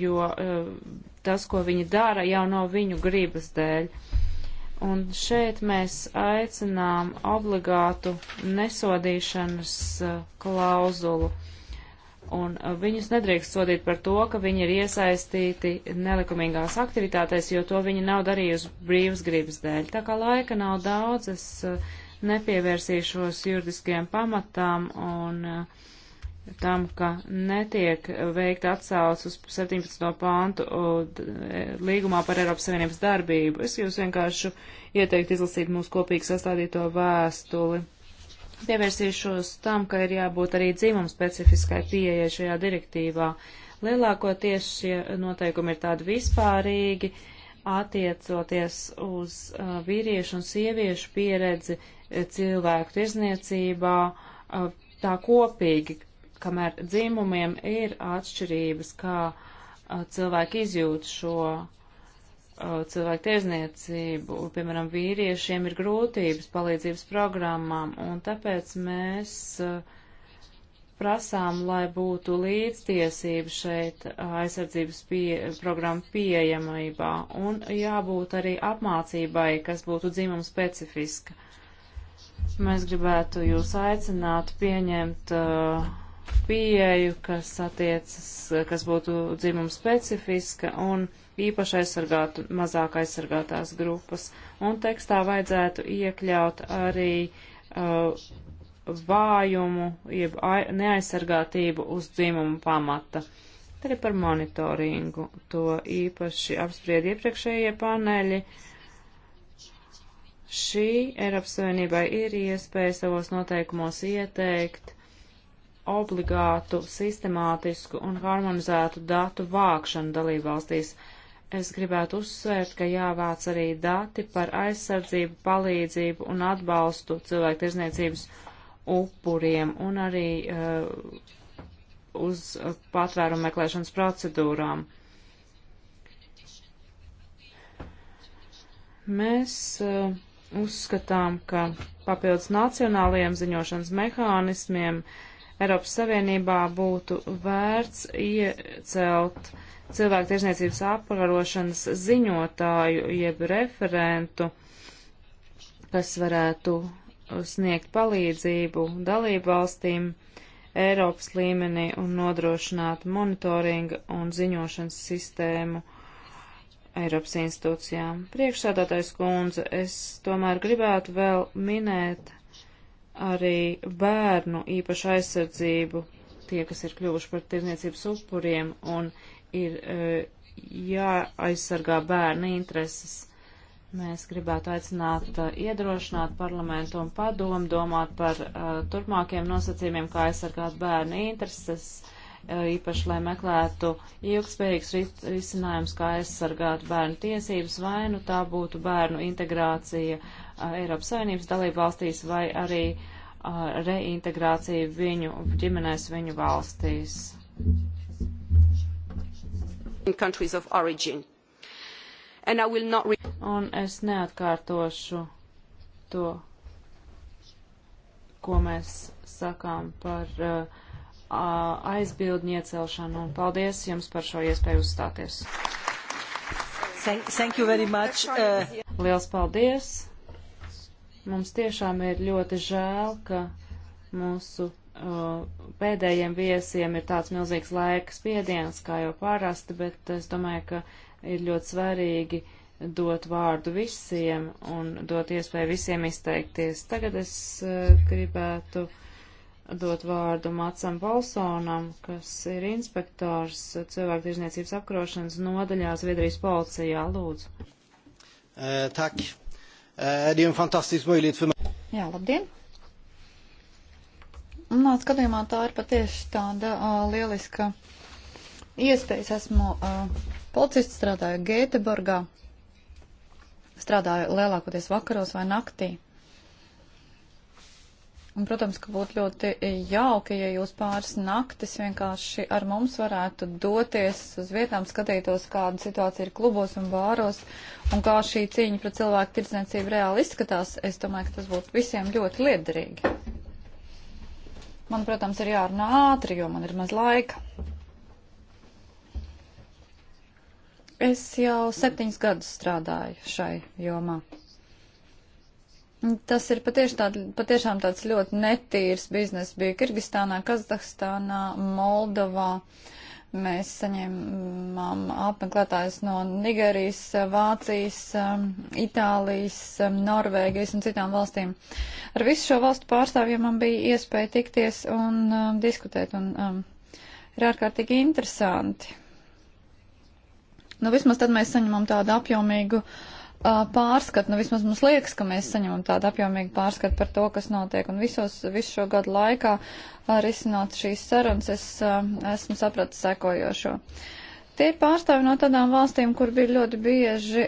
jo uh, tas, ko viņi dara, jau nav viņu gribas dēļ. Uh, Un šeit mēs aicinām obligātu nesodīšanas uh, klauzulu. Un uh, viņus nedrīkst sodīt par to, ka viņi ir iesaistīti nelikumīgās aktivitātēs, jo to viņi nav darījusi brīvas gribas dēļ. Tā kā laika nav daudz, es uh, nepievērsīšos juridiskiem pamatām un uh, tam, ka netiek veikt atsauc uz 17. pāntu e, līgumā par Eiropas Savienības darbību. Es jūs vienkārši ieteiktu izlasīt mūsu kopīgi sastādīto vēstuli. Pievērsīšos tam, ka ir jābūt arī dzīvuma specifiskai pieejai šajā direktīvā. Lielākoties šie noteikumi ir tādi vispārīgi, attiecoties uz uh, vīriešu un sieviešu pieredzi e, cilvēku tirzniecībā, uh, tā kopīgi, kamēr dzimumiem ir atšķirības, kā uh, cilvēki izjūt šo uh, cilvēku tiesniecību. Piemēram, vīriešiem ir grūtības palīdzības programmām, un tāpēc mēs uh, prasām, lai būtu līdztiesība šeit aizsardzības pie, programmu pieejamībā un jābūt arī apmācībai, kas būtu dzimuma specifiska. Mēs gribētu jūs aicināt pieņemt uh, pieeju, kas attiecas, kas būtu dzimuma specifiska un īpaši aizsargātu, mazāk aizsargātās grupas. Un tekstā vajadzētu iekļaut arī uh, vājumu, jeb neaizsargātību uz dzimumu pamata. Te ir par monitoringu. To īpaši apspried iepriekšējie paneļi. Šī Eiropas Savienībai ir iespēja savos noteikumos ieteikt obligātu, sistemātisku un harmonizētu datu vākšanu dalībvalstīs. Es gribētu uzsvērt, ka jāvāc arī dati par aizsardzību, palīdzību un atbalstu cilvēku tirzniecības upuriem un arī uh, uz patvērumu meklēšanas procedūrām. Mēs uh, uzskatām, ka papildus nacionālajiem ziņošanas mehānismiem uh, Eiropas Savienībā būtu vērts iecelt cilvēku tiesniecības apkarošanas ziņotāju, jeb referentu, kas varētu sniegt palīdzību dalību valstīm Eiropas līmenī un nodrošināt monitoringa un ziņošanas sistēmu Eiropas institūcijām. Priekšsādātais kundze, es tomēr gribētu vēl minēt arī bērnu īpašu aizsardzību, tie, kas ir kļuvuši par tirniecības upuriem, un ir eh, jāaizsargā bērnu intereses. Mēs gribētu aicināt, eh, iedrošināt parlamentu un padomu domāt par uh, turpmākiem nosacījumiem, kā aizsargāt bērnu intereses, uh, īpaši, lai meklētu ilgspējīgs risinājums, kā aizsargāt bērnu tiesības, vai nu tā būtu bērnu integrācija uh, Eiropas Savienības dalību valstīs vai arī reintegrāciju viņu ģimenēs, viņu valstīs. Not... Un es neatkārtošu to, ko mēs sakām par uh, aizbildņu iecelšanu. Un paldies jums par šo iespēju uzstāties. Thank, thank you very much. Uh... Liels paldies! Mums tiešām ir ļoti žēl, ka mūsu uh, pēdējiem viesiem ir tāds milzīgs laika spiediens, kā jau parasti, bet es domāju, ka ir ļoti svarīgi dot vārdu visiem un dot iespēju visiem izteikties. Tagad es uh, gribētu dot vārdu Macam Volsonam, kas ir inspektors cilvēku tirzniecības apkrošanas nodaļā Zviedrijas policijā. Lūdzu. Uh, tak. Eh, det är en fantastisk möjlighet för mig. Jā, labdien! Manā skatījumā tā ir patieši tāda uh, lieliska iespējas. Esmu uh, policists, strādāju Gēteborgā, strādāju lielākoties vakaros vai naktī. Un, protams, ka būtu ļoti jauki, ja jūs pāris naktis vienkārši ar mums varētu doties uz vietām, skatītos, kāda situācija ir klubos un bāros, un kā šī cīņa pret cilvēku tirdzniecību reāli izskatās. Es domāju, ka tas būtu visiem ļoti liederīgi. Man, protams, ir jārunā ātri, jo man ir maz laika. Es jau septiņus gadus strādāju šai jomā. Tas ir patiešām, tād, patiešām tāds ļoti netīrs biznes. Bija Kirgistānā, Kazahstānā, Moldovā. Mēs saņēmām apmeklētājus no Nigerijas, Vācijas, Itālijas, Norvēģijas un citām valstīm. Ar visu šo valstu pārstāvjiem man bija iespēja tikties un um, diskutēt, un um, ir ārkārtīgi interesanti. Nu, vismaz tad mēs saņemam tādu apjomīgu uh, pārskatu. Nu, vismaz mums liekas, ka mēs saņemam tādu apjomīgu pārskatu par to, kas notiek. Un visos, visu šo gadu laikā risinot šīs sarunas, es esmu sapratis sekojošo. Tie ir pārstāvi no tādām valstīm, kur bija ļoti bieži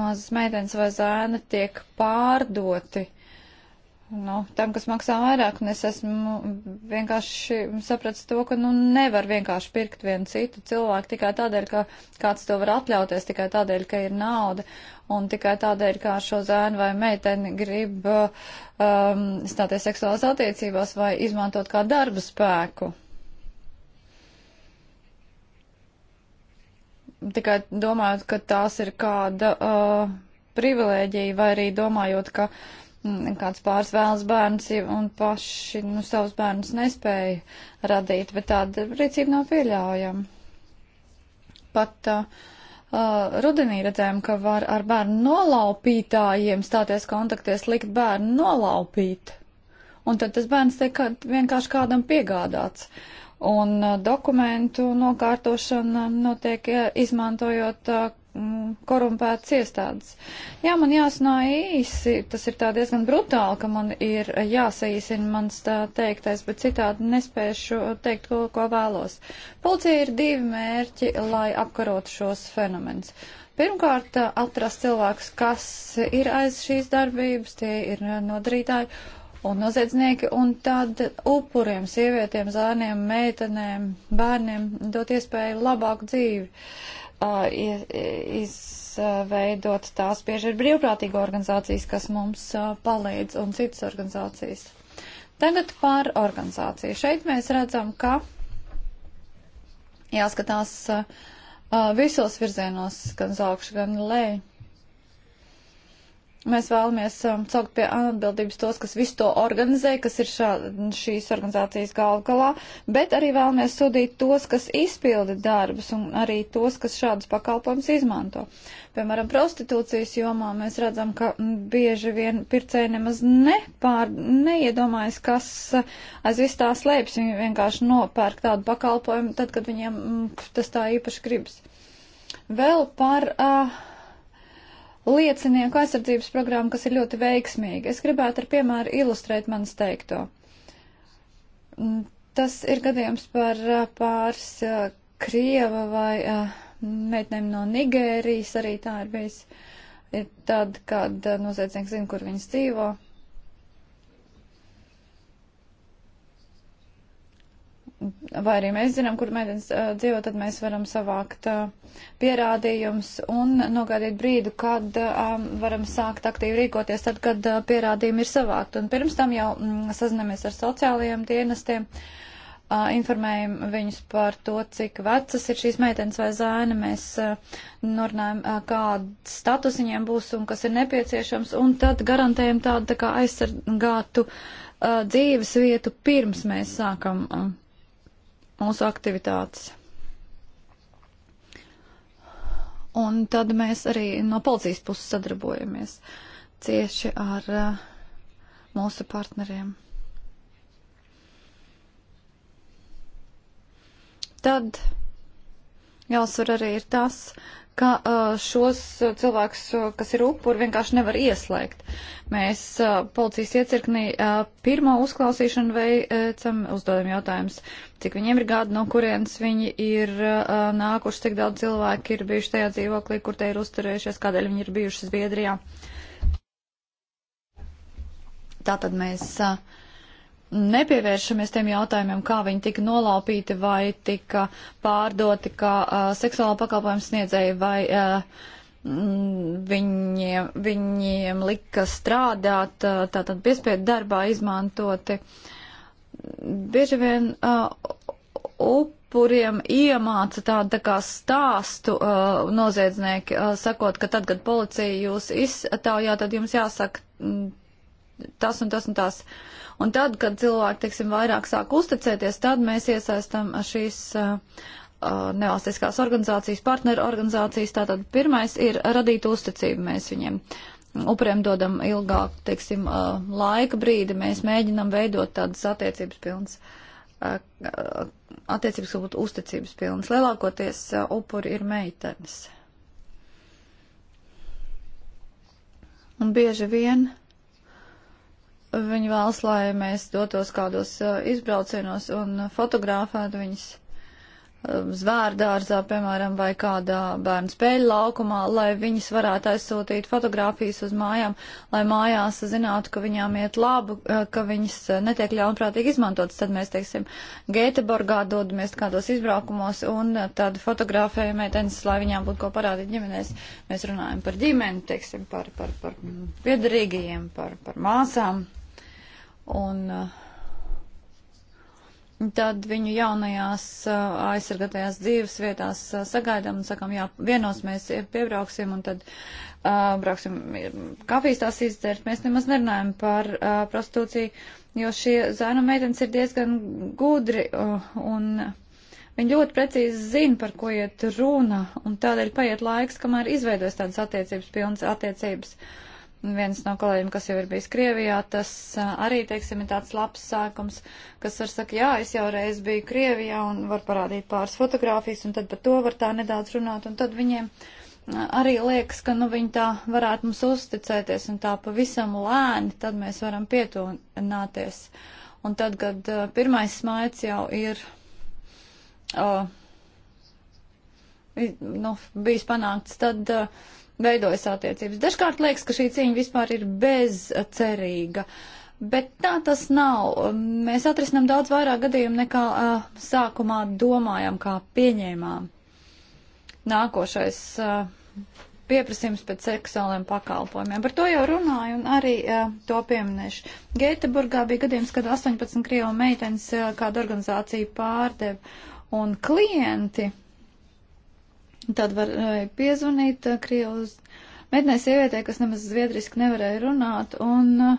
mazas meitenes vai zēna tiek pārdoti nu, tam, kas maksā vairāk, un es esmu vienkārši sapratis to, ka nu, nevar vienkārši pirkt vienu citu cilvēku tikai tādēļ, ka kāds to var atļauties, tikai tādēļ, ka ir nauda, un tikai tādēļ, kā šo zēnu vai meiteni grib um, stāties seksuālās attiecībās vai izmantot kā darba spēku. Tikai domājot, ka tās ir kāda uh, privilēģija, vai arī domājot, ka uh, Mm, kāds pāris vēlas bērns un paši nu, savus bērnus nespēja radīt, bet tāda rīcība nav pieļaujama. Pat uh, uh rudenī redzējām, ka var ar bērnu nolaupītājiem stāties kontakties, likt bērnu nolaupīt. Un tad tas bērns tiek kā, vienkārši kādam piegādāts. Un uh, dokumentu nokārtošana notiek izmantojot uh, Mm, korumpētas iestādes. Jā, man jāsnā īsi, tas ir tā diezgan brutāli, ka man ir jāsaīsina mans teiktais, bet citādi nespēšu teikt, ko, ko vēlos. Policija ir divi mērķi, lai apkarotu šos fenomenus. Pirmkārt, atrast cilvēkus, kas ir aiz šīs darbības, tie ir nodarītāji un noziedznieki, un tad upuriem, sievietiem, zēniem, meitenēm, bērniem dot iespēju labāku dzīvi. Uh, Uh, izveidot. Uh, tās bieži ir brīvprātīgo organizācijas, kas mums uh, palīdz, un citas organizācijas. Tagad par organizāciju. Šeit mēs redzam, ka jāskatās visos virzienos, gan uz augšu, gan leju. Mēs vēlamies um, celt pie atbildības tos, kas visu to organizē, kas ir šā, šīs organizācijas galvgalā, bet arī vēlamies sodīt tos, kas izpildi darbus un arī tos, kas šādus pakalpojumus izmanto. Piemēram, prostitūcijas jomā mēs redzam, ka bieži vien pircēji nemaz nepār, neiedomājas, kas uh, aiz vis tā slēpjas. Viņi vienkārši nopērk tādu pakalpojumu tad, kad viņiem tas tā īpaši gribas. Vēl par. Uh, liecinieku aizsardzības programmu, kas ir ļoti veiksmīga. Es gribētu ar piemēru ilustrēt manis teikto. Mm, tas ir gadījums par pāris Krieva vai meitnēm no Nigērijas, arī tā ir bijis. Ir tad, kad noziedznieks zina, kur viņas dzīvo. vai arī mēs zinām, kur meitenes uh, dzīvo, tad mēs varam savākt uh, pierādījumus un nogaidīt brīdi, kad uh, varam sākt aktīvi rīkoties, tad, kad uh, pierādījumi ir savākt. Un pirms tam jau mm, sazinamies ar sociālajiem dienestiem, uh, informējam viņus par to, cik vecas ir šīs meitenes vai zēna, mēs uh, norunājam, uh, kāds status viņiem būs un kas ir nepieciešams, un tad garantējam tādu tā kā aizsargātu uh, dzīves vietu pirms mēs sākam. Uh, mūsu aktivitātes. Un tad mēs arī no policijas puses sadarbojamies cieši ar uh, mūsu partneriem. Tad jāsver arī ir tas, ka uh, šos uh, cilvēkus, uh, kas ir upuri, vienkārši nevar ieslēgt. Mēs policijas iecirknī pirmo uzklausīšanu veicam, uzdodam jautājumus, cik viņiem ir gadi, no kurienes viņi ir nākuši, cik daudz cilvēku ir bijuši tajā dzīvoklī, kur te ir uzturējušies, kādēļ viņi ir bijuši Zviedrijā. Tātad mēs uh, nepievēršamies tiem jautājumiem, kā viņi tika nolaupīti vai tika pārdoti kā uh, seksuāla pakalpojuma sniedzēji vai uh, viņiem, viņiem lika strādāt, uh, tātad piespiedu darbā izmantoti. Bieži vien uh, upuriem iemāca tādu tā kā stāstu uh, noziedznieki, uh, sakot, ka tad, kad policija jūs iztaujā, tad jums jāsaka mm, tas un tas un tas. Uh, Un tad, kad cilvēki, teiksim, vairāk sāk uzticēties, tad mēs iesaistam šīs uh, uh, nevalstiskās organizācijas, partneru organizācijas. Tātad pirmais ir radīt uzticību mēs viņiem. Upuriem dodam ilgāk, teiksim, uh, laika brīdi, mēs mēģinam veidot tādas attiecības pilnas uh, uh, attiecības, ka būtu uzticības pilnas. Lielākoties upuri ir meitenes. Un bieži vien Viņi vēlas, lai mēs dotos kādos uh, izbraucienos un fotografētu viņus um, zvērdārzā, piemēram, vai kādā bērnu spēļu laukumā, lai viņas varētu aizsūtīt fotogrāfijas uz mājām, lai mājās zinātu, ka viņām iet labu, uh, ka viņas uh, netiek ļaunprātīgi izmantotas. Tad mēs, teiksim, Gēteborgā dodamies kādos izbraukumos un tad fotografējam meitenes, lai viņām būtu ko parādīt ģimenēs. Mēs runājam par ģimeni, teiksim, par, par, par mm, piedarīgajiem, par, par māsām. Un uh, tad viņu jaunajās uh, aizsargātajās dzīves vietās uh, sagaidām un sakam, jā, vienos mēs piebrauksim un tad uh, brauksim kafijas tās izdzert. Mēs nemaz nerunājam par uh, prostitūciju, jo šie zainu meitenes ir diezgan gudri uh, un. Viņi ļoti precīzi zina, par ko iet runa, un tādēļ paiet laiks, kamēr izveidojas tādas attiecības, pilnas attiecības. Uh, viens no kolēģiem, kas jau ir bijis Krievijā, tas arī, teiksim, ir tāds labs sākums, kas var saka, jā, es jau reiz biju Krievijā un var parādīt pāris fotogrāfijas, un tad par to var tā nedaudz runāt, un tad viņiem arī liekas, ka, nu, viņi tā varētu mums uzticēties, un tā pavisam lēni, tad mēs varam pietuvināties. Un tad, kad uh, pirmais smaids jau ir. Uh, nu, bijis panākts, tad uh, veidojas attiecības. Dažkārt liekas, ka šī cīņa vispār ir bezcerīga. Bet tā tas nav. Mēs atrisinām daudz vairāk gadījumu nekā uh, sākumā domājām, kā pieņēmām. Nākošais uh, pieprasījums pēc seksuāliem pakalpojumiem. Par to jau runāju un arī uh, to pieminēšu. Gēteburgā bija gadījums, kad 18 krievu meitenes uh, kāda organizācija pārdeva un klienti Tad varēja piezvanīt eh, Krievijas mednē sievietē, kas nemaz zviedriski nevarēja runāt, un uh,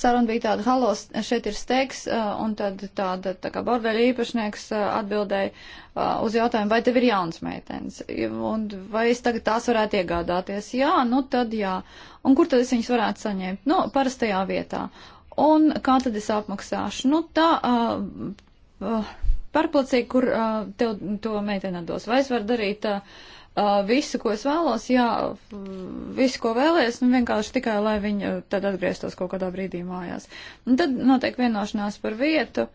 saruna bija tāda, halo, šeit ir steiks, uh, eh, un tad tāda tā kā bordeļa īpašnieks uh, atbildēja uh, uz jautājumu, vai tev ir jauns meitenes, un vai es tagad tās varētu iegādāties. Jā, nu tad jā. Un kur tad es viņus varētu saņemt? Nu, parastajā vietā. Un kā tad es apmaksāšu? Nu, tā. Uh, uh, pārpoliciju, kur uh, tev to meiteni atdos. Vai es varu darīt uh, visu, ko es vēlos, jā, visu, ko vēlēs, nu vienkārši tikai, lai viņi tad atgrieztos kaut kādā brīdī mājās. Un tad notiek vienošanās par vietu.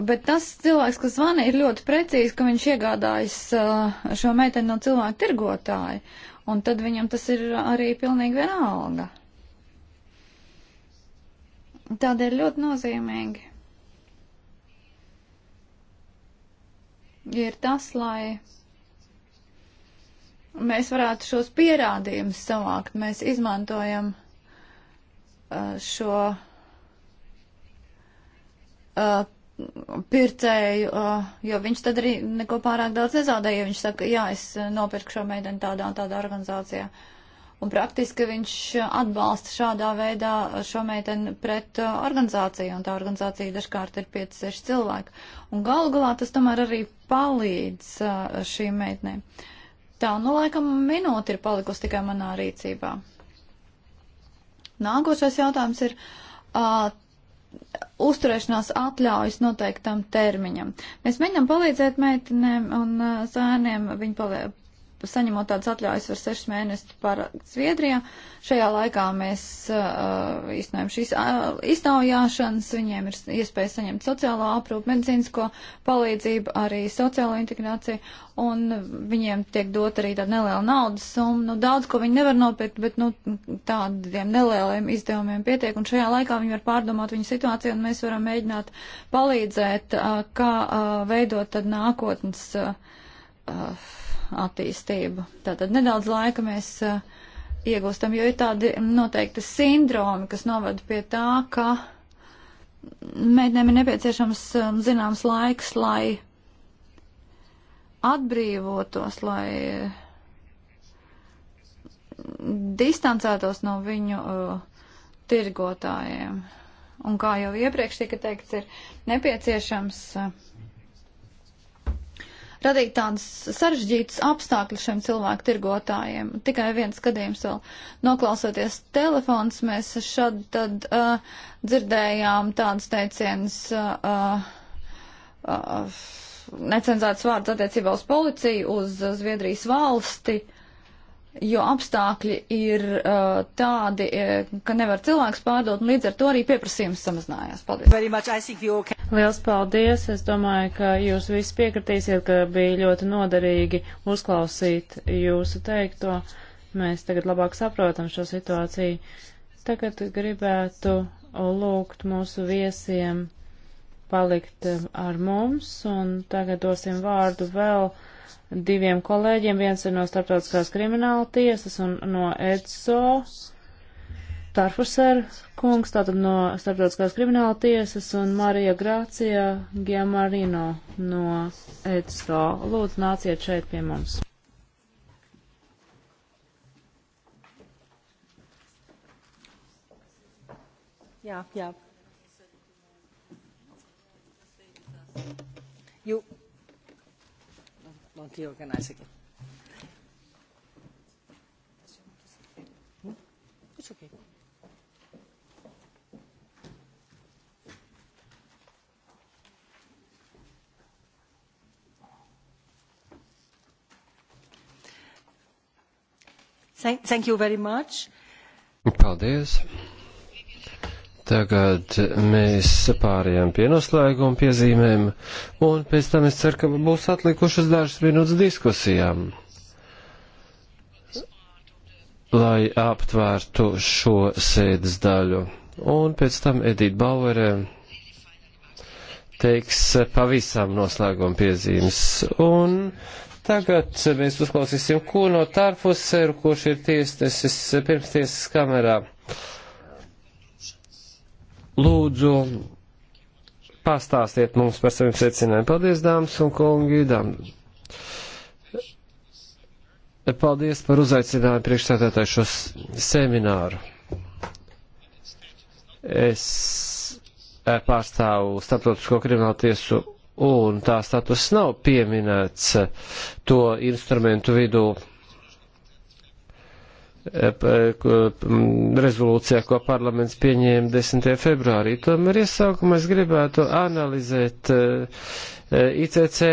Bet tas cilvēks, kas zvana, ir ļoti precīzi, ka viņš iegādājas uh, šo meiteni no cilvēka tirgotāja. Un tad viņam tas ir arī pilnīgi vienalga. Tādēļ ļoti nozīmīgi ir tas, lai mēs varētu šos pierādījumus savākt. Mēs izmantojam uh, šo uh, pircēju, uh, jo viņš tad arī neko pārāk daudz nezaudēja, ja viņš saka, jā, es nopirku šo meiteni tādā un tādā organizācijā. Uh, Un praktiski viņš atbalsta šādā veidā šo meiteni pret uh, organizāciju, un tā organizācija dažkārt ir 5-6 cilvēki. Un galu galā tas tomēr arī palīdz uh, šīm meitnēm. Tā, nu laikam minūte ir palikusi tikai manā rīcībā. Nākošais jautājums ir. Uh, uzturēšanās atļaujas noteiktam termiņam. Mēs mēģinām palīdzēt meitenēm un uh, zēniem, viņi saņemot tādas atļaujas var sešas mēnešus par Zviedrijā. Šajā laikā mēs uh, iznājam šīs uh, iztaujāšanas, viņiem ir iespēja saņemt sociālo aprūpu, medicīnisko palīdzību, arī sociālo integrāciju, un viņiem tiek dot arī tāda neliela naudas summa. Nu, daudz, ko viņi nevar nopirkt, bet nu, tādiem nelieliem izdevumiem pietiek, un šajā laikā viņi var pārdomāt viņu situāciju, un mēs varam mēģināt palīdzēt, uh, kā uh, veidot tad nākotnes. Uh, uh, attīstību. Tātad nedaudz laika mēs uh, iegūstam, jo ir tādi noteikti sindromi, kas novada pie tā, ka meitenēm ir nepieciešams um, zināms laiks, lai atbrīvotos, lai distancētos no viņu uh, tirgotājiem. Un kā jau iepriekš tika teikts, ir nepieciešams uh, radīt tādas sarežģītas apstākļas šiem cilvēku tirgotājiem. Tikai viens gadījums vēl noklausoties telefons, mēs šad tad uh, dzirdējām tādas teicienas. Uh, uh, necenzētas vārdas attiecībā uz policiju, uz Zviedrijas valsti. Uh, jo apstākļi ir uh, tādi, eh, ka nevar cilvēks pārdot, un līdz ar to arī pieprasījums samazinājās. Paldies! Okay. Liels paldies! Es domāju, ka jūs visi piekritīsiet, ka bija ļoti noderīgi uzklausīt jūsu teikto. Mēs tagad labāk saprotam šo situāciju. Tagad gribētu lūgt mūsu viesiem palikt eh, ar mums, un tagad dosim vārdu vēl diviem kolēģiem. Viens ir no Startautiskās krimināla tiesas un no EDSO. Tarfuser kungs, tātad no Startautiskās krimināla tiesas, un Marija Grācija Giamarino no EDSO. Lūdzu, nāciet šeit pie mums. Jā, jā. You won't reorganize again. It's okay. Thank, thank you very much. Paldies. Tagad mēs pārējām pie noslēguma piezīmēm, un pēc tam es ceru, ka būs atlikušas dažas minūtes diskusijām, lai aptvērtu šo sēdes daļu. Un pēc tam Edita Bauerē teiks pavisam noslēguma piezīmes. Un tagad mēs uzklausīsim, ko no Tārfus Seru, kurš ir tiesnesis pirmstiesas kamerā. Lūdzu, pastāstiet mums par saviem secinājumiem. Paldies, dāmas un kungi, dāmas. Paldies par uzaicinājumu priekšstādātāju šo semināru. Es eh, pārstāvu starptautisko kriminālu tiesu un tā status nav pieminēts eh, to instrumentu vidū Eh, rezolūcijā, ko parlaments pieņēma 10. februārī. Tomēr iesākumā es gribētu analizēt eh, eh, ICC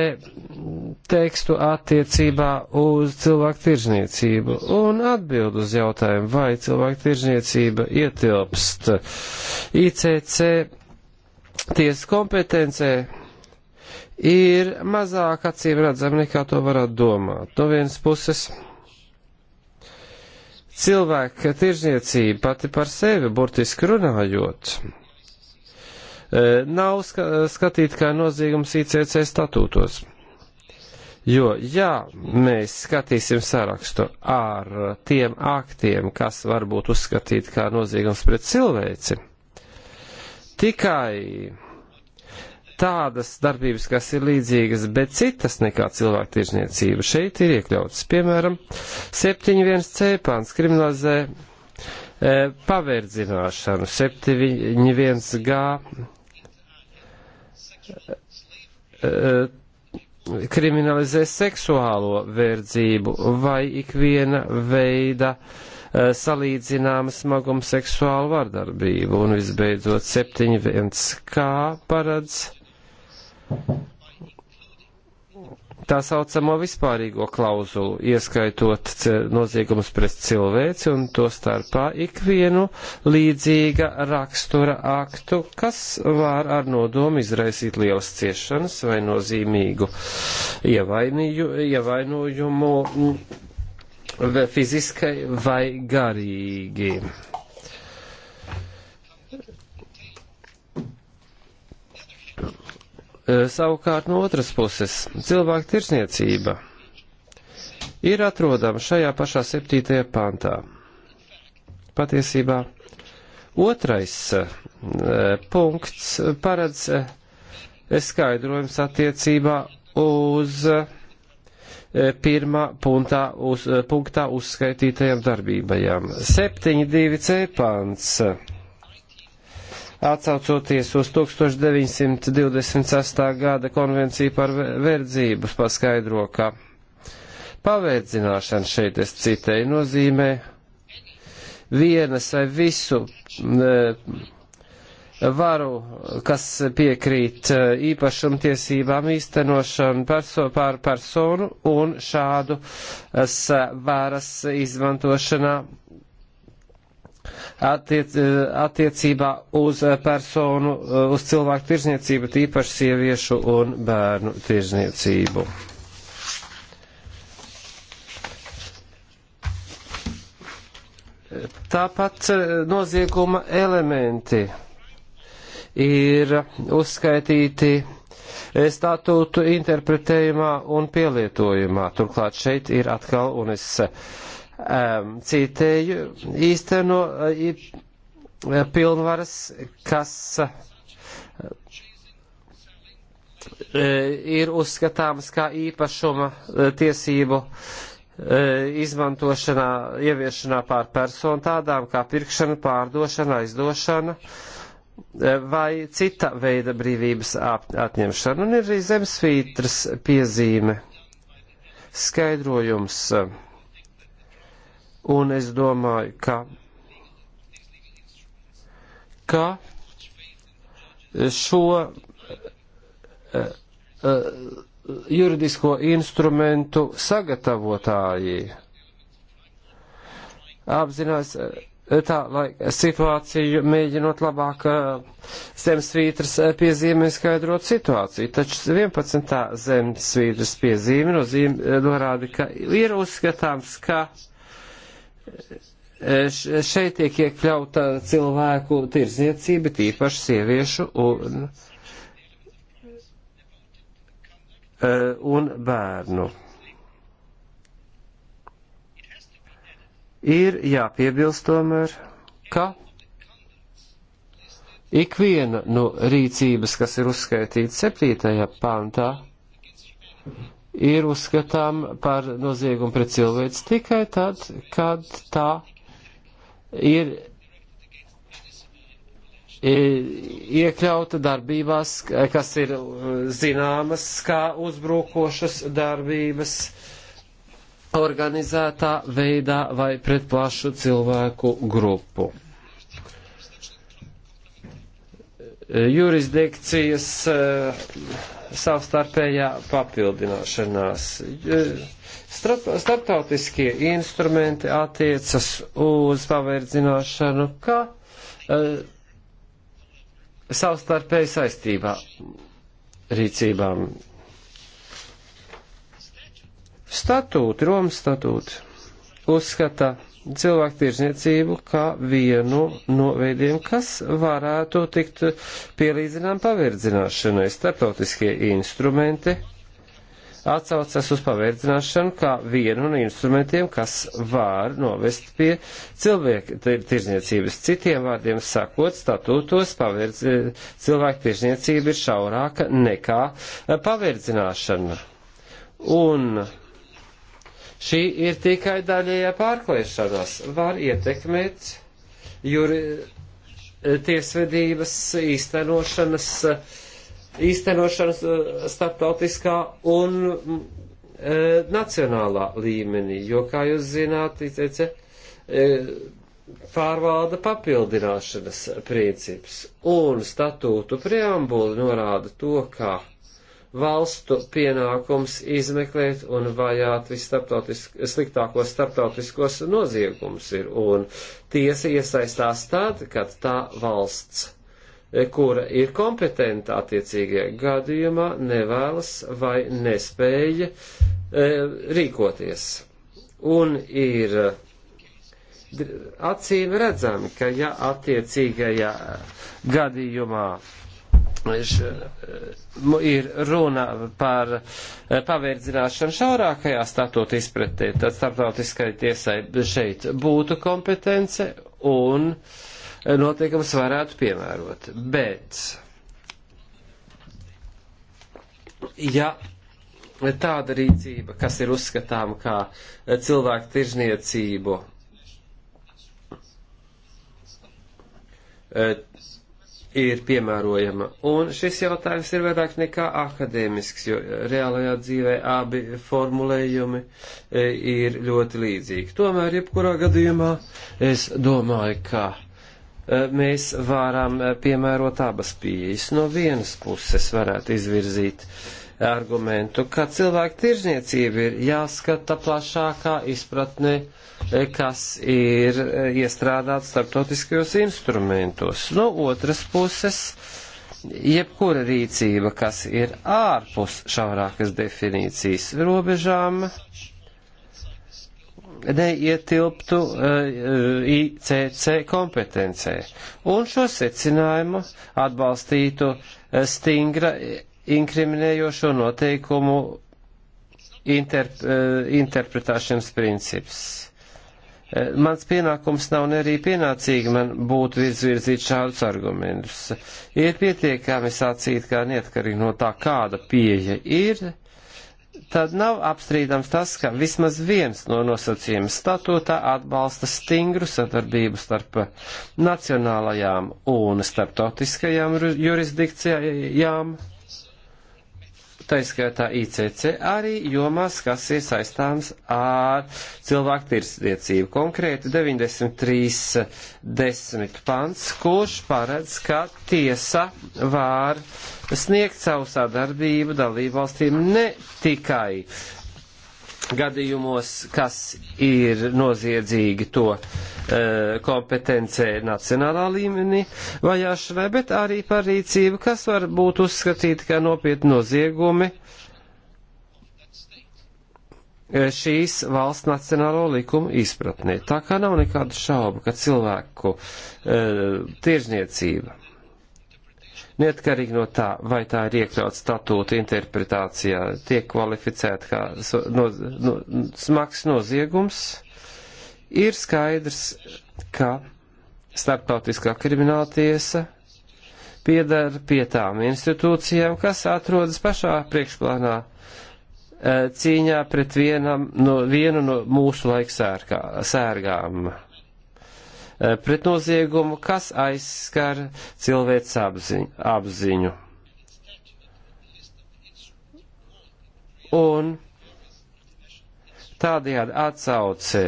tekstu attiecībā uz cilvēku tirzniecību un atbild uz jautājumu, vai cilvēku tirzniecība ietilpst ICC tiesas kompetencē ir mazāk acīm redzama nekā to varētu domāt. No vienas puses cilvēka tirzniecība pati par sevi, burtiski runājot, e, nav skatīta kā noziegums ICC statūtos. Jo, ja mēs skatīsim sarakstu ar tiem aktiem, kas var būt uzskatīti kā noziegums pret cilvēci, tikai tādas darbības, kas ir līdzīgas, bet citas nekā cilvēku tirzniecība. Šeit ir iekļautas, piemēram, 71 cēpāns kriminalizē e, pavērdzināšanu, 71 gā e, kriminalizē seksuālo verdzību vai ikviena veida e, salīdzināma smaguma seksuālu vardarbību. Un visbeidzot, 7.1. kā paredz tā saucamo vispārīgo klauzulu, ieskaitot noziegumus pret cilvēci un to starpā ikvienu līdzīga rakstura aktu, kas var ar nodomu izraisīt lielas ciešanas vai nozīmīgu ievainojumu mm, fiziskai vai garīgi. E, savukārt no otras puses cilvēku tirsniecība ir atrodama šajā pašā septītajā pantā. Patiesībā otrais e, punkts paredz e, skaidrojums attiecībā uz pirmā puntā, uz, punktā uzskaitītajām darbībajām. 7.2c pants atsaucoties uz 1926. gada konvenciju par verdzību, paskaidro, ka pavērdzināšana šeit es citēju nozīmē vienas vai visu e, varu, kas piekrīt e, īpašumtiesībām īstenošanu perso pār personu un šādu e, varas izmantošanā attiec, eh, attiecībā uz eh, personu, eh, uz cilvēku tirzniecību, tīpaši sieviešu un bērnu tirzniecību. Tāpat nozieguma elementi ir uzskaitīti statūtu interpretējumā un pielietojumā. Turklāt šeit ir atkal, un es uh, um, citēju, īsteno uh, pilnvaras, kas uh, ir uzskatāmas kā īpašuma uh, tiesību izmantošanā, ieviešanā pār personu tādām kā pirkšana, pārdošana, aizdošana vai cita veida brīvības atņemšana. Un ir arī zemsvītras piezīme, skaidrojums. Uh, Un es domāju, ka, ka šo eh, eh, juridisko instrumentu sagatavotāji apzinās eh, tā, lai situāciju mēģinot labāk zemesvītras piezīmē skaidrot situāciju. Taču 11. zemesvītras piezīme nozīm, norāda, ka ir uzskatāms, ka šeit tiek iekļauta cilvēku tirzniecība, tīpaši sieviešu un, e, un bērnu. Ir jāpiebilst tomēr, ka ikviena no rīcības, kas ir uzskaitīta 7. pantā, ir uzskatām par noziegumu pret cilvēci tikai tad, kad tā ir iekļauta darbībās, kas ir zināmas kā uzbrukošas darbības organizētā veidā vai pret plašu cilvēku grupu. Jurisdikcijas uh, savstarpējā papildināšanās. Startautiskie instrumenti attiecas uz paverdzināšanu, ka uh, savstarpēji saistībā rīcībām. Statūti, Romas statūti uzskata, cilvēktirzniecību kā vienu no veidiem, kas varētu tikt pielīdzinām paverdzināšanai. Startautiskie instrumenti atsaucas uz paverdzināšanu kā vienu no instrumentiem, kas var novest pie cilvēktirzniecības. Citiem vārdiem sakot, statūtos pavirdz, cilvēktirzniecība ir šaurāka nekā paverdzināšana. Un Šī ir tikai daļējā pārklēšanās, var ietekmēt juri, eh, tiesvedības īstenošanas, eh, īstenošanas eh, starptautiskā un e, nacionālā līmenī, jo, kā jūs zināt, teica, e, pārvalda papildināšanas princips, un statūtu preambuli norāda to, ka valstu pienākums izmeklēt un vajāt vissliktākos starptautiskos noziegumus ir, un tiesa iesaistās tad, kad tā valsts, e, kura ir kompetenta attiecīgajā gadījumā, nevēlas vai nespēja e, rīkoties. Un ir e, acīm redzami, ka ja attiecīgajā gadījumā Eh, ir runa par eh, pavērdzināšanu šaurākajā statūta izpratē, tad starptautiskai tiesai šeit būtu kompetence un noteikums varētu piemērot. Bet, ja tāda rīcība, kas ir uzskatāma kā eh, cilvēku tirzniecību, ir piemērojama. Un šis jautājums ir vairāk nekā akadēmisks, jo reālajā dzīvē abi formulējumi e, ir ļoti līdzīgi. Tomēr, jebkurā gadījumā, es domāju, ka e, mēs varam e, piemērot abas pieejas. No vienas puses varētu izvirzīt argumentu, ka cilvēku tirzniecība ir jāskata plašākā izpratnē Eh, kas ir eh, iestrādāts starptautiskajos instrumentos. No otras puses, jebkura rīcība, kas ir ārpus šaurākas definīcijas robežām, neietilptu uh, eh, ICC kompetencē. Un šo secinājumu atbalstītu stingra inkriminējošo noteikumu interp, uh, interpretēšanas princips. Eh, mans pienākums nav ne arī pienācīgi man būt virzvirzīt šādus argumentus. Ir pietiekami sacīt, ka neatkarīgi no tā, kāda pieeja ir, tad nav apstrīdams tas, ka vismaz viens no nosacījuma statūtā atbalsta stingru sadarbību starp nacionālajām un starptautiskajām jurisdikcijām taiskaitā ICC, arī jomās, kas ir saistāms ar cilvēku tirsniecību. Konkrēti 93.10 pants, kurš paredz, ka tiesa var sniegt savu sadarbību dalībvalstīm ne tikai uh, gadījumos, kas ir noziedzīgi to e, kompetencē nacionālā līmenī vajāšanai, bet arī par rīcību, kas var būt uzskatīta kā nopietni noziegumi eh, šīs valsts nacionālo likumu izpratnē. Tā kā nav nekādu šaubu, ka cilvēku e, tirzniecība neatkarīgi no tā, vai tā ir iekļauts statūta interpretācijā, tiek kvalificēta kā no, no, smags noziegums, ir skaidrs, ka starptautiskā krimināla tiesa piedara pie tām institūcijām, kas atrodas pašā priekšplānā eh, cīņā pret vienam, no, vienu no mūsu laiksērgām. Sērgā, Eh, pret noziegumu, kas aizskar cilvēks apziņu. apziņu. Un tādējādi atsauce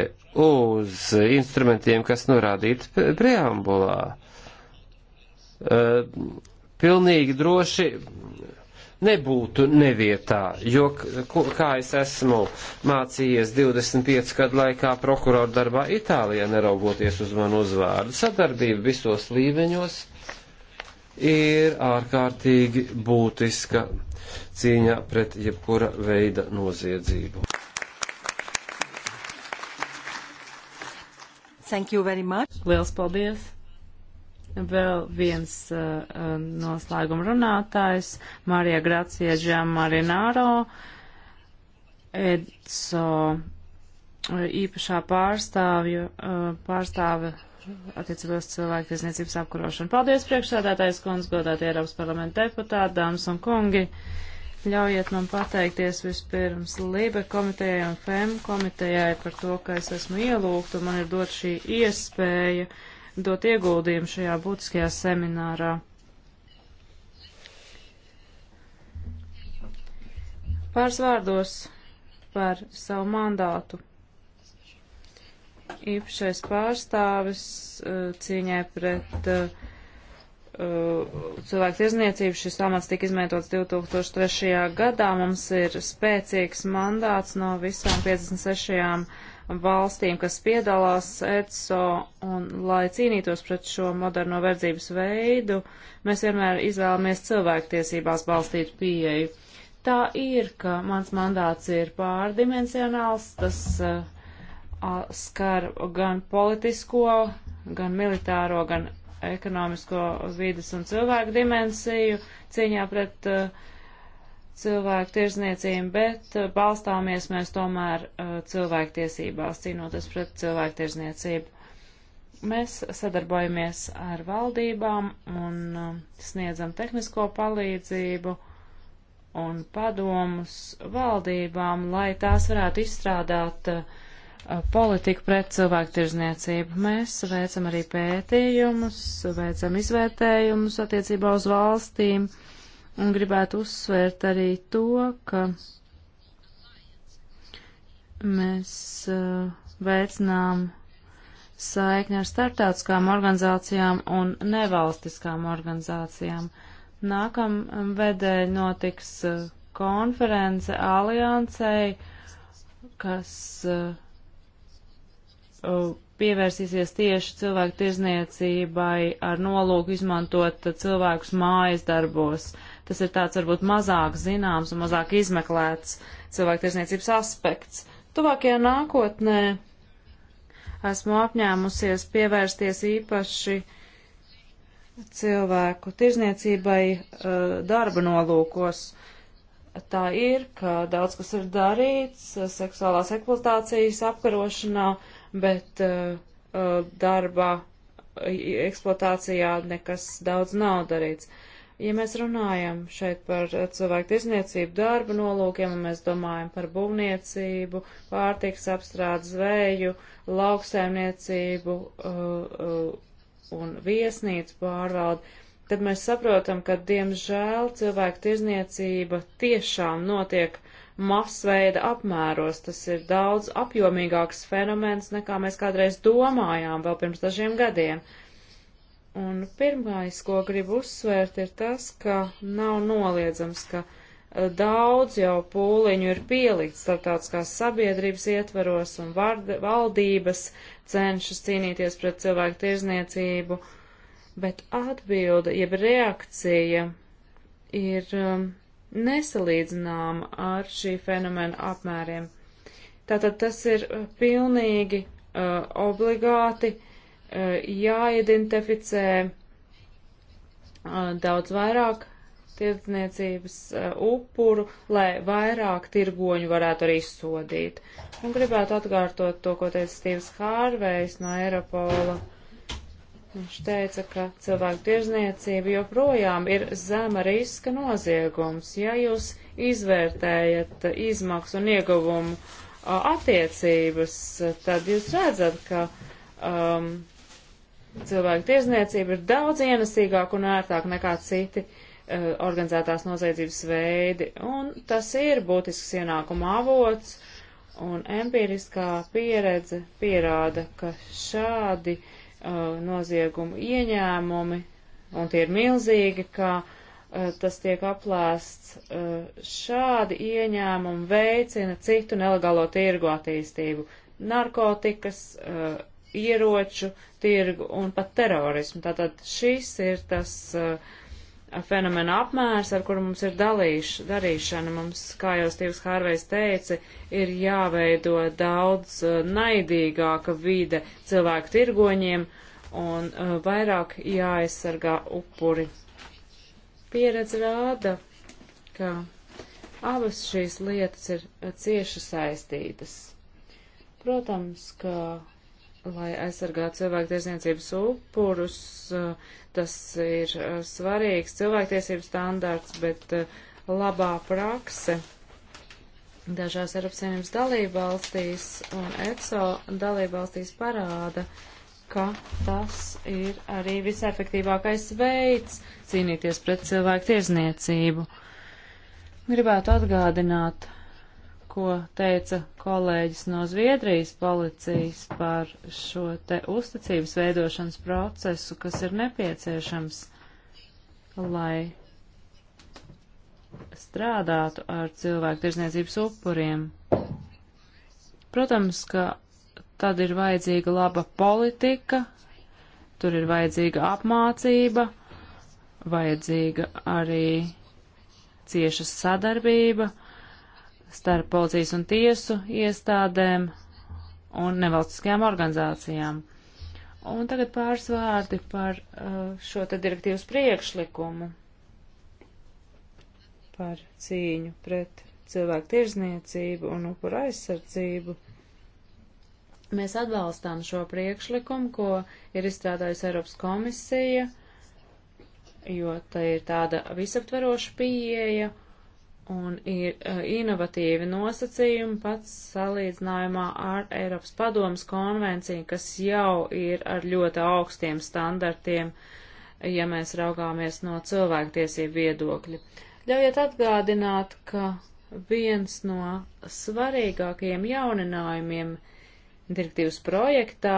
uz instrumentiem, kas norādīti preambulā, eh, pilnīgi droši nebūtu nevietā, jo, kā es esmu mācījies 25 gadu laikā prokuroru darbā Itālijā, neraugoties uz manu uzvārdu, sadarbība visos līmeņos ir ārkārtīgi būtiska cīņā pret jebkura veida noziedzību. Thank you very much. Liels paldies! Vēl viens uh, um, noslēguma runātājs - Marija Gracija Džamarinaro, EDSO uh, īpašā pārstāvju, uh, pārstāve attiecībās cilvēku tiesniecības apkarošanu. Paldies, priekšsēdētājs kundz, godātie Eiropas parlamenta deputāti, dāmas un kungi. Ļaujiet man pateikties vispirms Lībe komitejai un FEM komitejai par to, ka es esmu ielūgta un man ir dot šī iespēja dot ieguldījumu šajā būtiskajā seminārā. Pāris vārdos par savu mandātu. Īpašais pārstāvis eh, cīņai pret uh, cilvēku tirzniecību. Šis amats tika izmantots 2003. gadā. Mums ir spēcīgs mandāts no visām 56 valstīm, kas piedalās ECO, un lai cīnītos pret šo moderno verdzības veidu, mēs vienmēr izvēlamies cilvēktiesībās balstītu pieeju. Tā ir, ka mans mandāts ir pārdimensionāls, tas uh, skar gan politisko, gan militāro, gan ekonomisko vidas un cilvēku dimensiju cīņā pret uh, cilvēku tirzniecību, bet uh, balstāmies mēs tomēr uh, cilvēku tiesībās, cīnoties pret cilvēku tirzniecību. Mēs sadarbojamies ar valdībām un um, sniedzam tehnisko palīdzību un padomus valdībām, lai tās varētu izstrādāt uh, politiku pret cilvēku tirzniecību. Mēs veicam arī pētījumus, veicam izvērtējumus attiecībā uz valstīm. Uh, un gribētu uzsvērt arī to, ka mēs uh, veicinām saikni ar starptautiskām organizācijām un nevalstiskām organizācijām. Nākam um, vedēļ notiks uh, konference aliansei, kas uh, uh, pievērsīsies tieši cilvēku tirzniecībai ar nolūku izmantot uh, cilvēkus mājas darbos. Uh, Tas ir tāds varbūt mazāk zināms un mazāk izmeklēts cilvēktiesniecības aspekts. Tuvākajā nākotnē esmu apņēmusies pievērsties īpaši cilvēku tirzniecībai eh, darba nolūkos. Tā ir, ka daudz kas ir darīts eh, seksuālās eksploatācijas apkarošanā, bet eh, darba eksploatācijā nekas daudz nav darīts. Ja mēs runājam šeit par eh, cilvēku tirzniecību darba nolūkiem, un mēs domājam par būvniecību, pārtiks apstrādes zveju, lauksaimniecību uh, uh, un viesnīcu pārvaldi, tad mēs saprotam, ka diemžēl cilvēku tirzniecība tiešām notiek masveida apmēros. Tas ir daudz apjomīgāks fenomens, nekā mēs kādreiz domājām vēl pirms dažiem gadiem. Uh, Un pirmais, ko gribu uzsvērt, ir tas, ka nav noliedzams, ka eh, daudz jau pūliņu ir pielikt starptautiskās sabiedrības ietveros un vard, valdības cenšas cīnīties pret cilvēku tirzniecību, bet atbilde, jeb reakcija ir um, nesalīdzināma ar šī fenomena apmēriem. Tātad tas ir uh, pilnīgi uh, obligāti uh, Eh, jāidentificē eh, daudz vairāk tirdzniecības eh, upuru, lai vairāk tirgoņu varētu arī sodīt. Un gribētu atkārtot to, ko teica Stīvs Hārvejs no Eiropola. Viņš teica, ka cilvēku tirzniecība joprojām ir zema riska noziegums, ja jūs izvērtējat izmaksu un ieguvumu attiecības, tad jūs redzat, ka um, cilvēku tirzniecība ir daudz ienesīgāk un ērtāk nekā citi uh, organizētās noziedzības veidi, un tas ir būtisks ienākuma avots, un empiriskā pieredze pierāda, ka šādi uh, noziegumu ieņēmumi, un tie ir milzīgi, ka uh, tas tiek aplēsts, šādi ieņēmumi veicina citu nelegālo tirgu attīstību, narkotikas, ieroču tirgu un pat terorismu. Tātad šis ir tas uh, fenomena apmērs, ar kuru mums ir dalīš, darīšana. Mums, kā jau Stīvs Hārvejs teica, ir jāveido daudz uh, naidīgāka vide cilvēku tirgoņiem un uh, vairāk jāaizsargā upuri. Pieredze rāda, ka abas šīs lietas ir uh, cieši saistītas. Protams, ka lai aizsargātu cilvēktiesniecības upurus, eh, tas ir eh, svarīgs cilvēktiesības standārts, bet eh, labā prakse dažās Eiropas Savienības dalībvalstīs un ECO dalībvalstīs parāda, ka tas ir arī visefektīvākais veids cīnīties pret cilvēku tiesniecību. Gribētu atgādināt ko teica kolēģis no Zviedrijas policijas par šo te uzticības veidošanas procesu, kas ir nepieciešams, lai strādātu ar cilvēku tirzniecības upuriem. Protams, ka tad ir vajadzīga laba politika, tur ir vajadzīga apmācība, vajadzīga arī cieša sadarbība starp policijas un tiesu iestādēm un nevalstiskajām organizācijām. Un tagad pāris vārdi par uh, šo te direktīvas priekšlikumu par cīņu pret cilvēku tirzniecību un upuru aizsardzību. Mēs atbalstām šo priekšlikumu, ko ir izstrādājusi Eiropas komisija, jo tā ir tāda visaptveroša pieeja un ir uh, inovatīvi nosacījumi pats salīdzinājumā ar Eiropas padomas konvenciju, kas jau ir ar ļoti augstiem standartiem, ja mēs raugāmies no cilvēktiesību viedokļa. Ļaujiet atgādināt, ka viens no svarīgākajiem jauninājumiem direktīvas projektā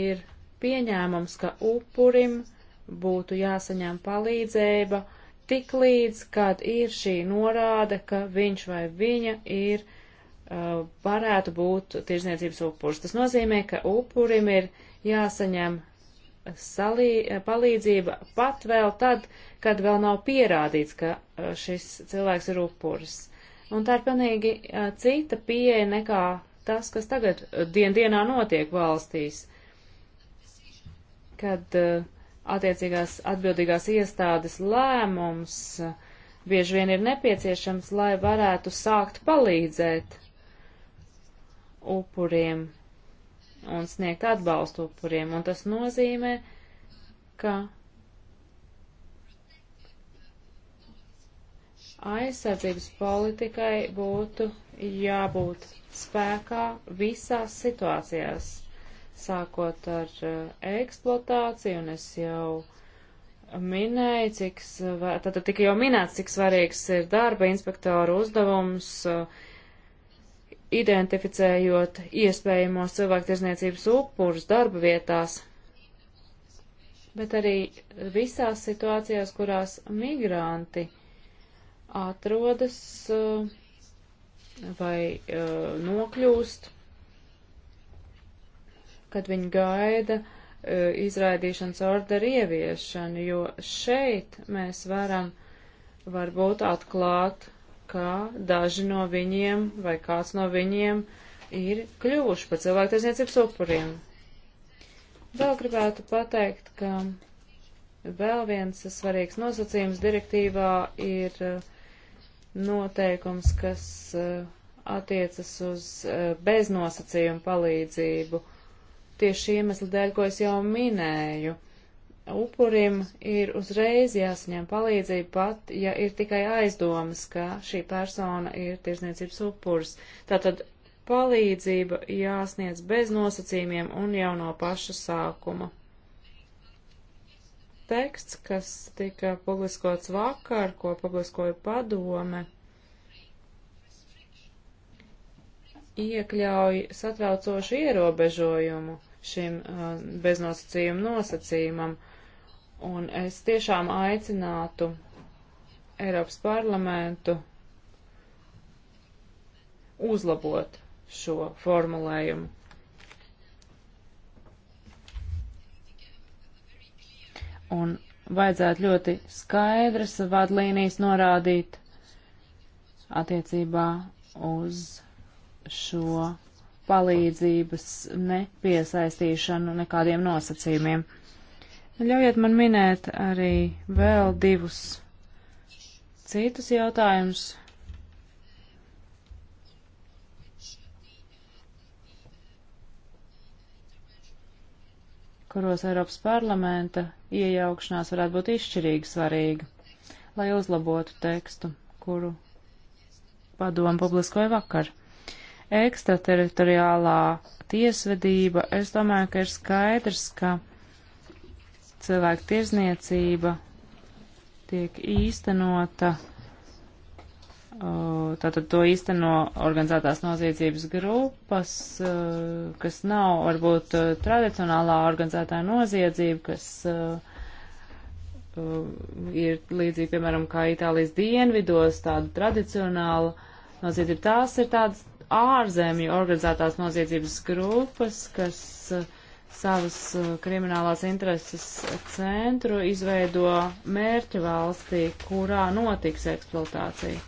ir pieņēmums, ka upurim būtu jāsaņem palīdzība, uh, tik līdz, kad ir šī norāde, ka viņš vai viņa ir uh, varētu būt tirzniecības upurs. Tas nozīmē, ka upurim ir jāsaņem salī, eh, palīdzība pat vēl tad, kad vēl nav pierādīts, ka uh, šis cilvēks ir upuris. Un tā ir pilnīgi uh, cita pieeja nekā tas, kas tagad dien dienā notiek valstīs, kad uh, attiecīgās atbildīgās iestādes lēmums bieži vien ir nepieciešams, lai varētu sākt palīdzēt upuriem un sniegt atbalstu upuriem. Un tas nozīmē, ka aizsardzības politikai būtu jābūt spēkā visās situācijās sākot ar eh, eksploatāciju, un es jau minēju, cik, tad tika jau minēts, cik svarīgs ir darba inspektoru uzdevums, eh, identificējot iespējamos cilvēktiesniecības upurus darba vietās, bet arī visās situācijās, kurās migranti atrodas eh, vai nokļūst kad viņi gaida uh, izraidīšanas orderu ieviešanu, jo šeit mēs varam varbūt atklāt, ka daži no viņiem vai kāds no viņiem ir kļuvuši par cilvēktiesniecības upuriem. Vēl gribētu pateikt, ka vēl viens svarīgs nosacījums direktīvā ir e, noteikums, kas e, attiecas uz beznosacījumu palīdzību tieši iemesli dēļ, ko es jau minēju. Upurim ir uzreiz jāsaņem palīdzība pat, ja ir tikai aizdomas, ka šī persona ir tirsniecības upurs. Tātad palīdzība jāsniedz bez nosacījumiem un jau no paša sākuma. Teksts, kas tika publiskots vakar, ko publiskoja padome, iekļauj satraucošu ierobežojumu šim uh, beznosacījuma nosacījumam, un es tiešām aicinātu Eiropas parlamentu uzlabot šo formulējumu. Un vajadzētu ļoti skaidras vadlīnijas norādīt attiecībā uz šo palīdzības nepiesaistīšanu nekādiem nosacījumiem. Ļaujiet man minēt arī vēl divus citus jautājumus. kuros Eiropas parlamenta iejaukšanās varētu būt izšķirīgi svarīga, lai uzlabotu tekstu, kuru padomu publiskoja vakar ekstrateritoriālā tiesvedība, es domāju, ka ir skaidrs, ka cilvēku tirzniecība tiek īstenota, tātad to īsteno organizētās noziedzības grupas, kas nav varbūt tradicionālā organizētā noziedzība, kas ir līdzīgi, piemēram, kā Itālijas dienvidos, tāda tradicionāla noziedzība. Tās ir tādas ārzemju organizētās noziedzības grupas, kas eh, savas eh, kriminālās intereses centru izveido mērķu valstī, kurā notiks eksploatācija.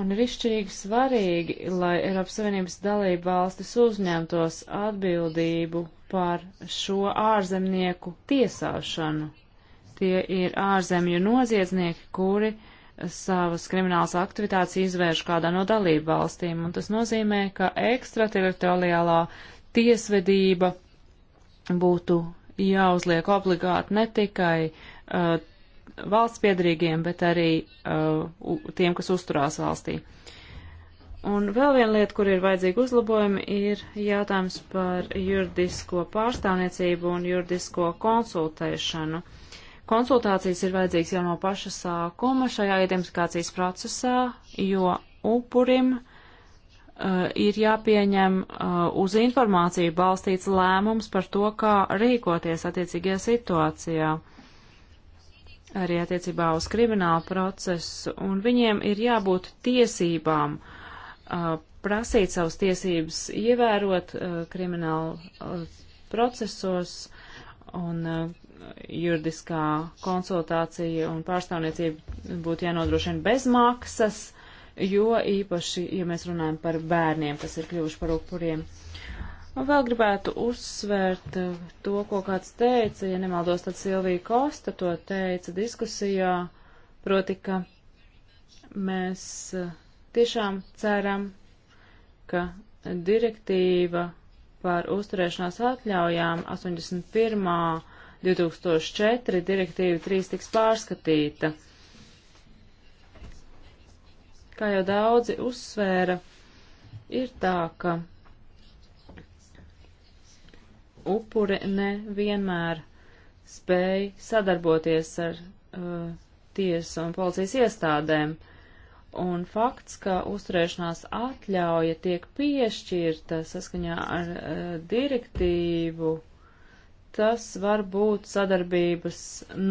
Un ir izšķirīgi svarīgi, lai Eiropas Savienības dalība valstis uzņemtos atbildību par šo ārzemnieku tiesāšanu. Tie ir ārzemju noziedznieki, kuri uh, savas kriminālas aktivitātes izvērš kādā no dalību valstīm, un tas nozīmē, ka ekstrateritoriālā tiesvedība būtu jāuzliek obligāti ne tikai uh, valsts piedrīgiem, bet arī uh, tiem, kas uzturās valstī. Un vēl viena lieta, kur ir vajadzīgi uzlabojumi, ir jautājums par juridisko pārstāvniecību un juridisko konsultēšanu. Uh, Konsultācijas ir vajadzīgas jau no paša sākuma šajā identifikācijas procesā, jo upurim uh, ir jāpieņem uh, uz informāciju balstīts lēmums par to, kā rīkoties attiecīgajā situācijā, arī attiecībā uz kriminālu procesu, un viņiem ir jābūt tiesībām uh, prasīt savas tiesības, ievērot uh, kriminālu uh, procesos, un uh, juridiskā konsultācija un pārstāvniecība būtu jānodrošina bez maksas, jo īpaši, ja mēs runājam par bērniem, kas ir kļuvuši par upuriem. Un vēl gribētu uzsvērt to, ko kāds teica, ja nemaldos, tad Silvija Kosta to teica diskusijā, proti, ka mēs eh, tiešām ceram, ka direktīva par uzturēšanās atļaujām 81 2004 direktīva 3 tiks pārskatīta. Kā jau daudzi uzsvēra, ir tā, ka upuri nevienmēr spēj sadarboties ar uh, tiesu un policijas iestādēm, un fakts, ka uzturēšanās atļauja tiek piešķirta saskaņā ar uh, direktīvu tas var būt sadarbības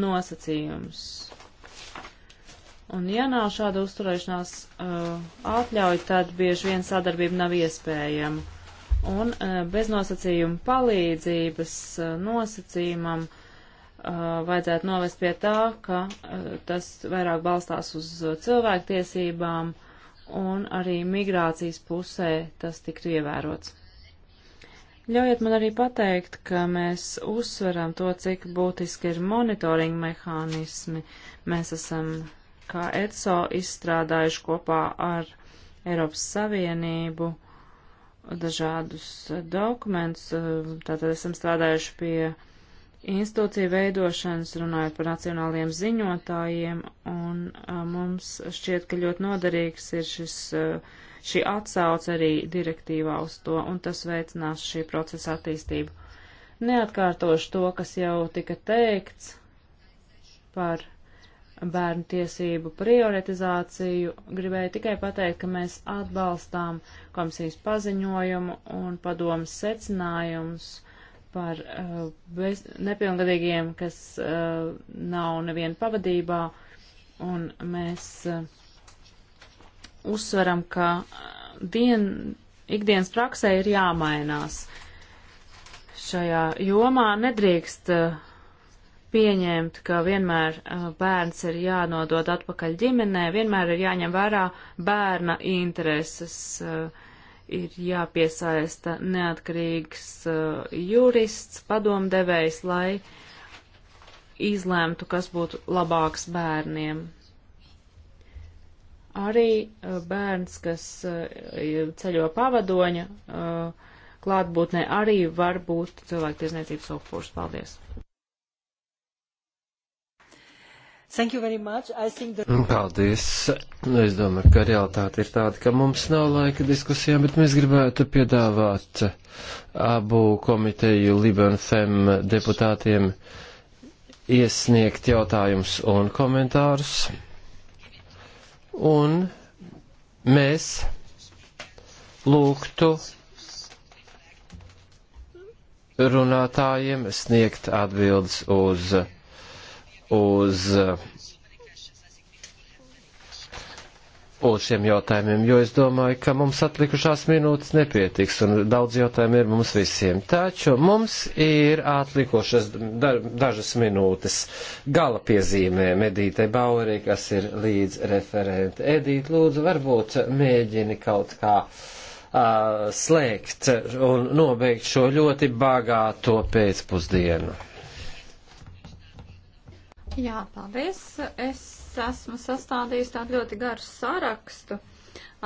nosacījums. Un ja nav šāda uzturēšanās uh, atļauja, tad bieži vien sadarbība nav iespējama. Un uh, bez nosacījuma palīdzības uh, nosacījumam uh, vajadzētu novest pie tā, ka uh, tas vairāk balstās uz uh, cilvēktiesībām un arī migrācijas pusē tas tiktu ievērots. Ļaujiet man arī pateikt, ka mēs uzsveram to, cik būtiski ir monitoringa mehānismi. Mēs esam kā ECO izstrādājuši kopā ar Eiropas Savienību dažādus dokumentus, tātad esam strādājuši pie institūciju veidošanas, runājot par nacionāliem ziņotājiem, un mums šķiet, ka ļoti noderīgs ir šis uh, šī atsauca arī direktīvā uz to, un tas veicinās šī procesa attīstību. Neatkārtošu to, kas jau tika teikts par bērnu tiesību prioritizāciju, gribēju tikai pateikt, ka mēs atbalstām komisijas paziņojumu un padomas secinājumus par uh, bez, nepilngadīgiem, kas uh, nav neviena pavadībā, un mēs uh, uzsveram, ka dien, ikdienas praksē ir jāmainās. Šajā jomā nedrīkst eh, pieņemt, ka vienmēr eh, bērns ir jānodod atpakaļ ģimenē, vienmēr ir jāņem vērā bērna intereses, eh, ir jāpiesaista neatkarīgs jurists, padomdevējs, lai izlēmtu, kas būtu labāks bērniem. Arī eh, bērns, kas eh, ceļo pavadoņa eh, klātbūtnē, arī var būt cilvēktiesniecības upurs. Paldies! The... Mm, paldies. Es domāju, ka realitāte ir tāda, ka mums nav laika diskusijām, bet mēs gribētu piedāvāt abu komiteju Liban Fem deputātiem iesniegt jautājumus un komentārus. Un mēs lūgtu runātājiem sniegt atbildes uz, uz uh, uz šiem jautājumiem, jo es domāju, ka mums atlikušās minūtes nepietiks, un daudz jautājumu ir mums visiem. Taču mums ir atlikušas da dažas minūtes gala piezīmē Medītei Bauerī, kas ir līdz referente. Edīt, lūdzu, varbūt mēģini kaut kā uh, slēgt un nobeigt šo ļoti bagāto pēcpusdienu. Jā, paldies. Es esmu sastādījis tādu ļoti garu sarakstu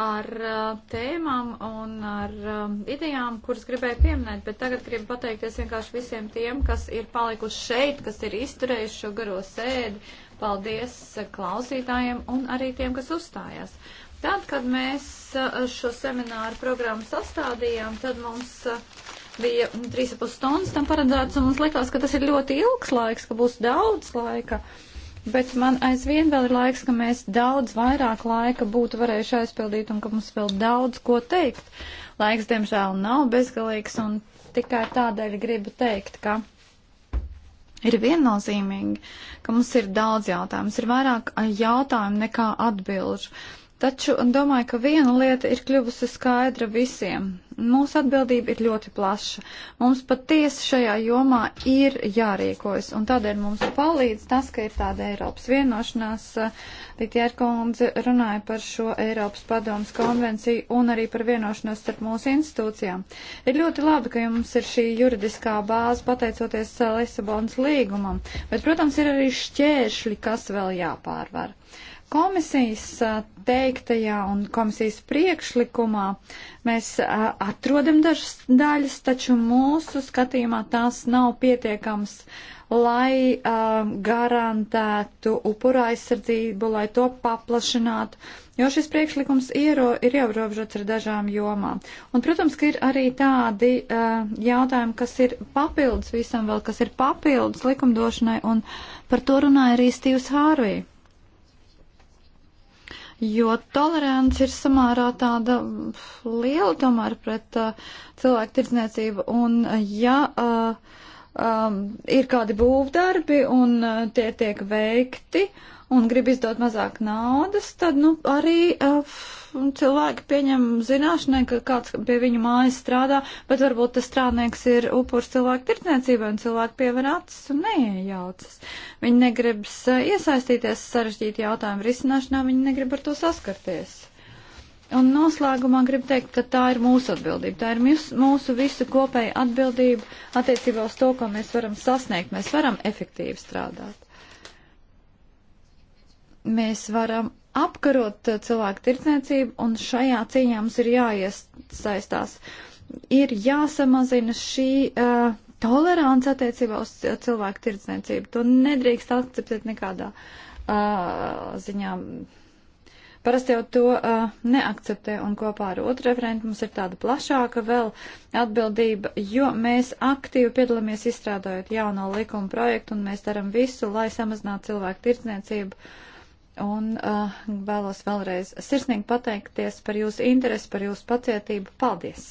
ar uh, tēmām un ar uh, idejām, kuras gribēju pieminēt, bet tagad gribu pateikties vienkārši visiem tiem, kas ir palikuši šeit, kas ir izturējuši šo garo sēdi. Paldies uh, klausītājiem un arī tiem, kas uzstājās. Tad, kad mēs uh, šo semināru programmu sastādījām, tad mums uh, bija 3,5 stundas tam paredzēts, un mums likās, ka tas ir ļoti ilgs laiks, ka būs daudz laika. Uh, bet man aizvien vēl ir laiks, ka mēs daudz vairāk laika būtu varējuši aizpildīt un ka mums vēl daudz ko teikt. Laiks, diemžēl, nav bezgalīgs un tikai tādēļ gribu teikt, ka ir viennozīmīgi, ka mums ir daudz jautājumu. Ir vairāk jautājumu nekā atbilžu. Taču domāju, ka viena lieta ir kļuvusi skaidra visiem. Mūsu atbildība ir ļoti plaša. Mums patiesi šajā jomā ir jārīkojas, un tādēļ mums palīdz tas, ka ir tāda Eiropas vienošanās. Litjērkundze runāja par šo Eiropas padomas konvenciju un arī par vienošanos starp mūsu institūcijām. Ir ļoti labi, ka jums ir šī juridiskā bāze pateicoties Lisabonas līgumam, bet, protams, ir arī šķēršļi, kas vēl jāpārvar. Uh, Komisijas teiktajā un komisijas priekšlikumā mēs atrodam dažas daļas, taču mūsu skatījumā tās nav pietiekams, lai uh, garantētu upura aizsardzību, lai to paplašinātu, jo šis priekšlikums iero, ir ierobežots ar dažām jomām. Un, protams, ka ir arī tādi uh, jautājumi, kas ir papildus visam vēl, kas ir papildus likumdošanai, un par to runāja arī Stīvs Hārvī jo tolerants ir samērā tāda liela tomēr pret uh, cilvēku tirdzniecību. Un uh, ja uh, um, ir kādi būvdarbi un uh, tie tiek veikti, uh, un grib izdot mazāk naudas, tad nu, arī uh, cilvēki pieņem zināšanai, ka kāds pie viņu mājas strādā, bet varbūt tas strādnieks ir upurs cilvēku tirdzniecībai un cilvēki pievar acis un neiejaucas. Viņi negribas uh, eh, iesaistīties sarežģīti jautājumu risināšanā, viņi negrib ar to saskarties. Un noslēgumā gribu teikt, ka tā ir mūsu atbildība. Tā ir mūsu, mūsu visu kopēja atbildība attiecībā uz to, ko mēs varam sasniegt. Mēs varam efektīvi strādāt mēs varam apkarot uh, cilvēku tirdzniecību, un šajā cīņā mums ir jāiesaistās. Ir jāsamazina šī uh, tolerance attiecībā uz uh, cilvēku tirdzniecību. To nedrīkst akceptēt nekādā uh, ziņā. Parasti jau to uh, neakceptē, un kopā ar otru referentu mums ir tāda plašāka vēl atbildība, jo mēs aktīvi piedalāmies izstrādājot jauno likuma projektu, un mēs darām visu, lai samazinātu cilvēku tirdzniecību. Uh, Un uh, vēlos vēlreiz sirsnīgi pateikties par jūsu interesi, par jūsu pacietību. Paldies!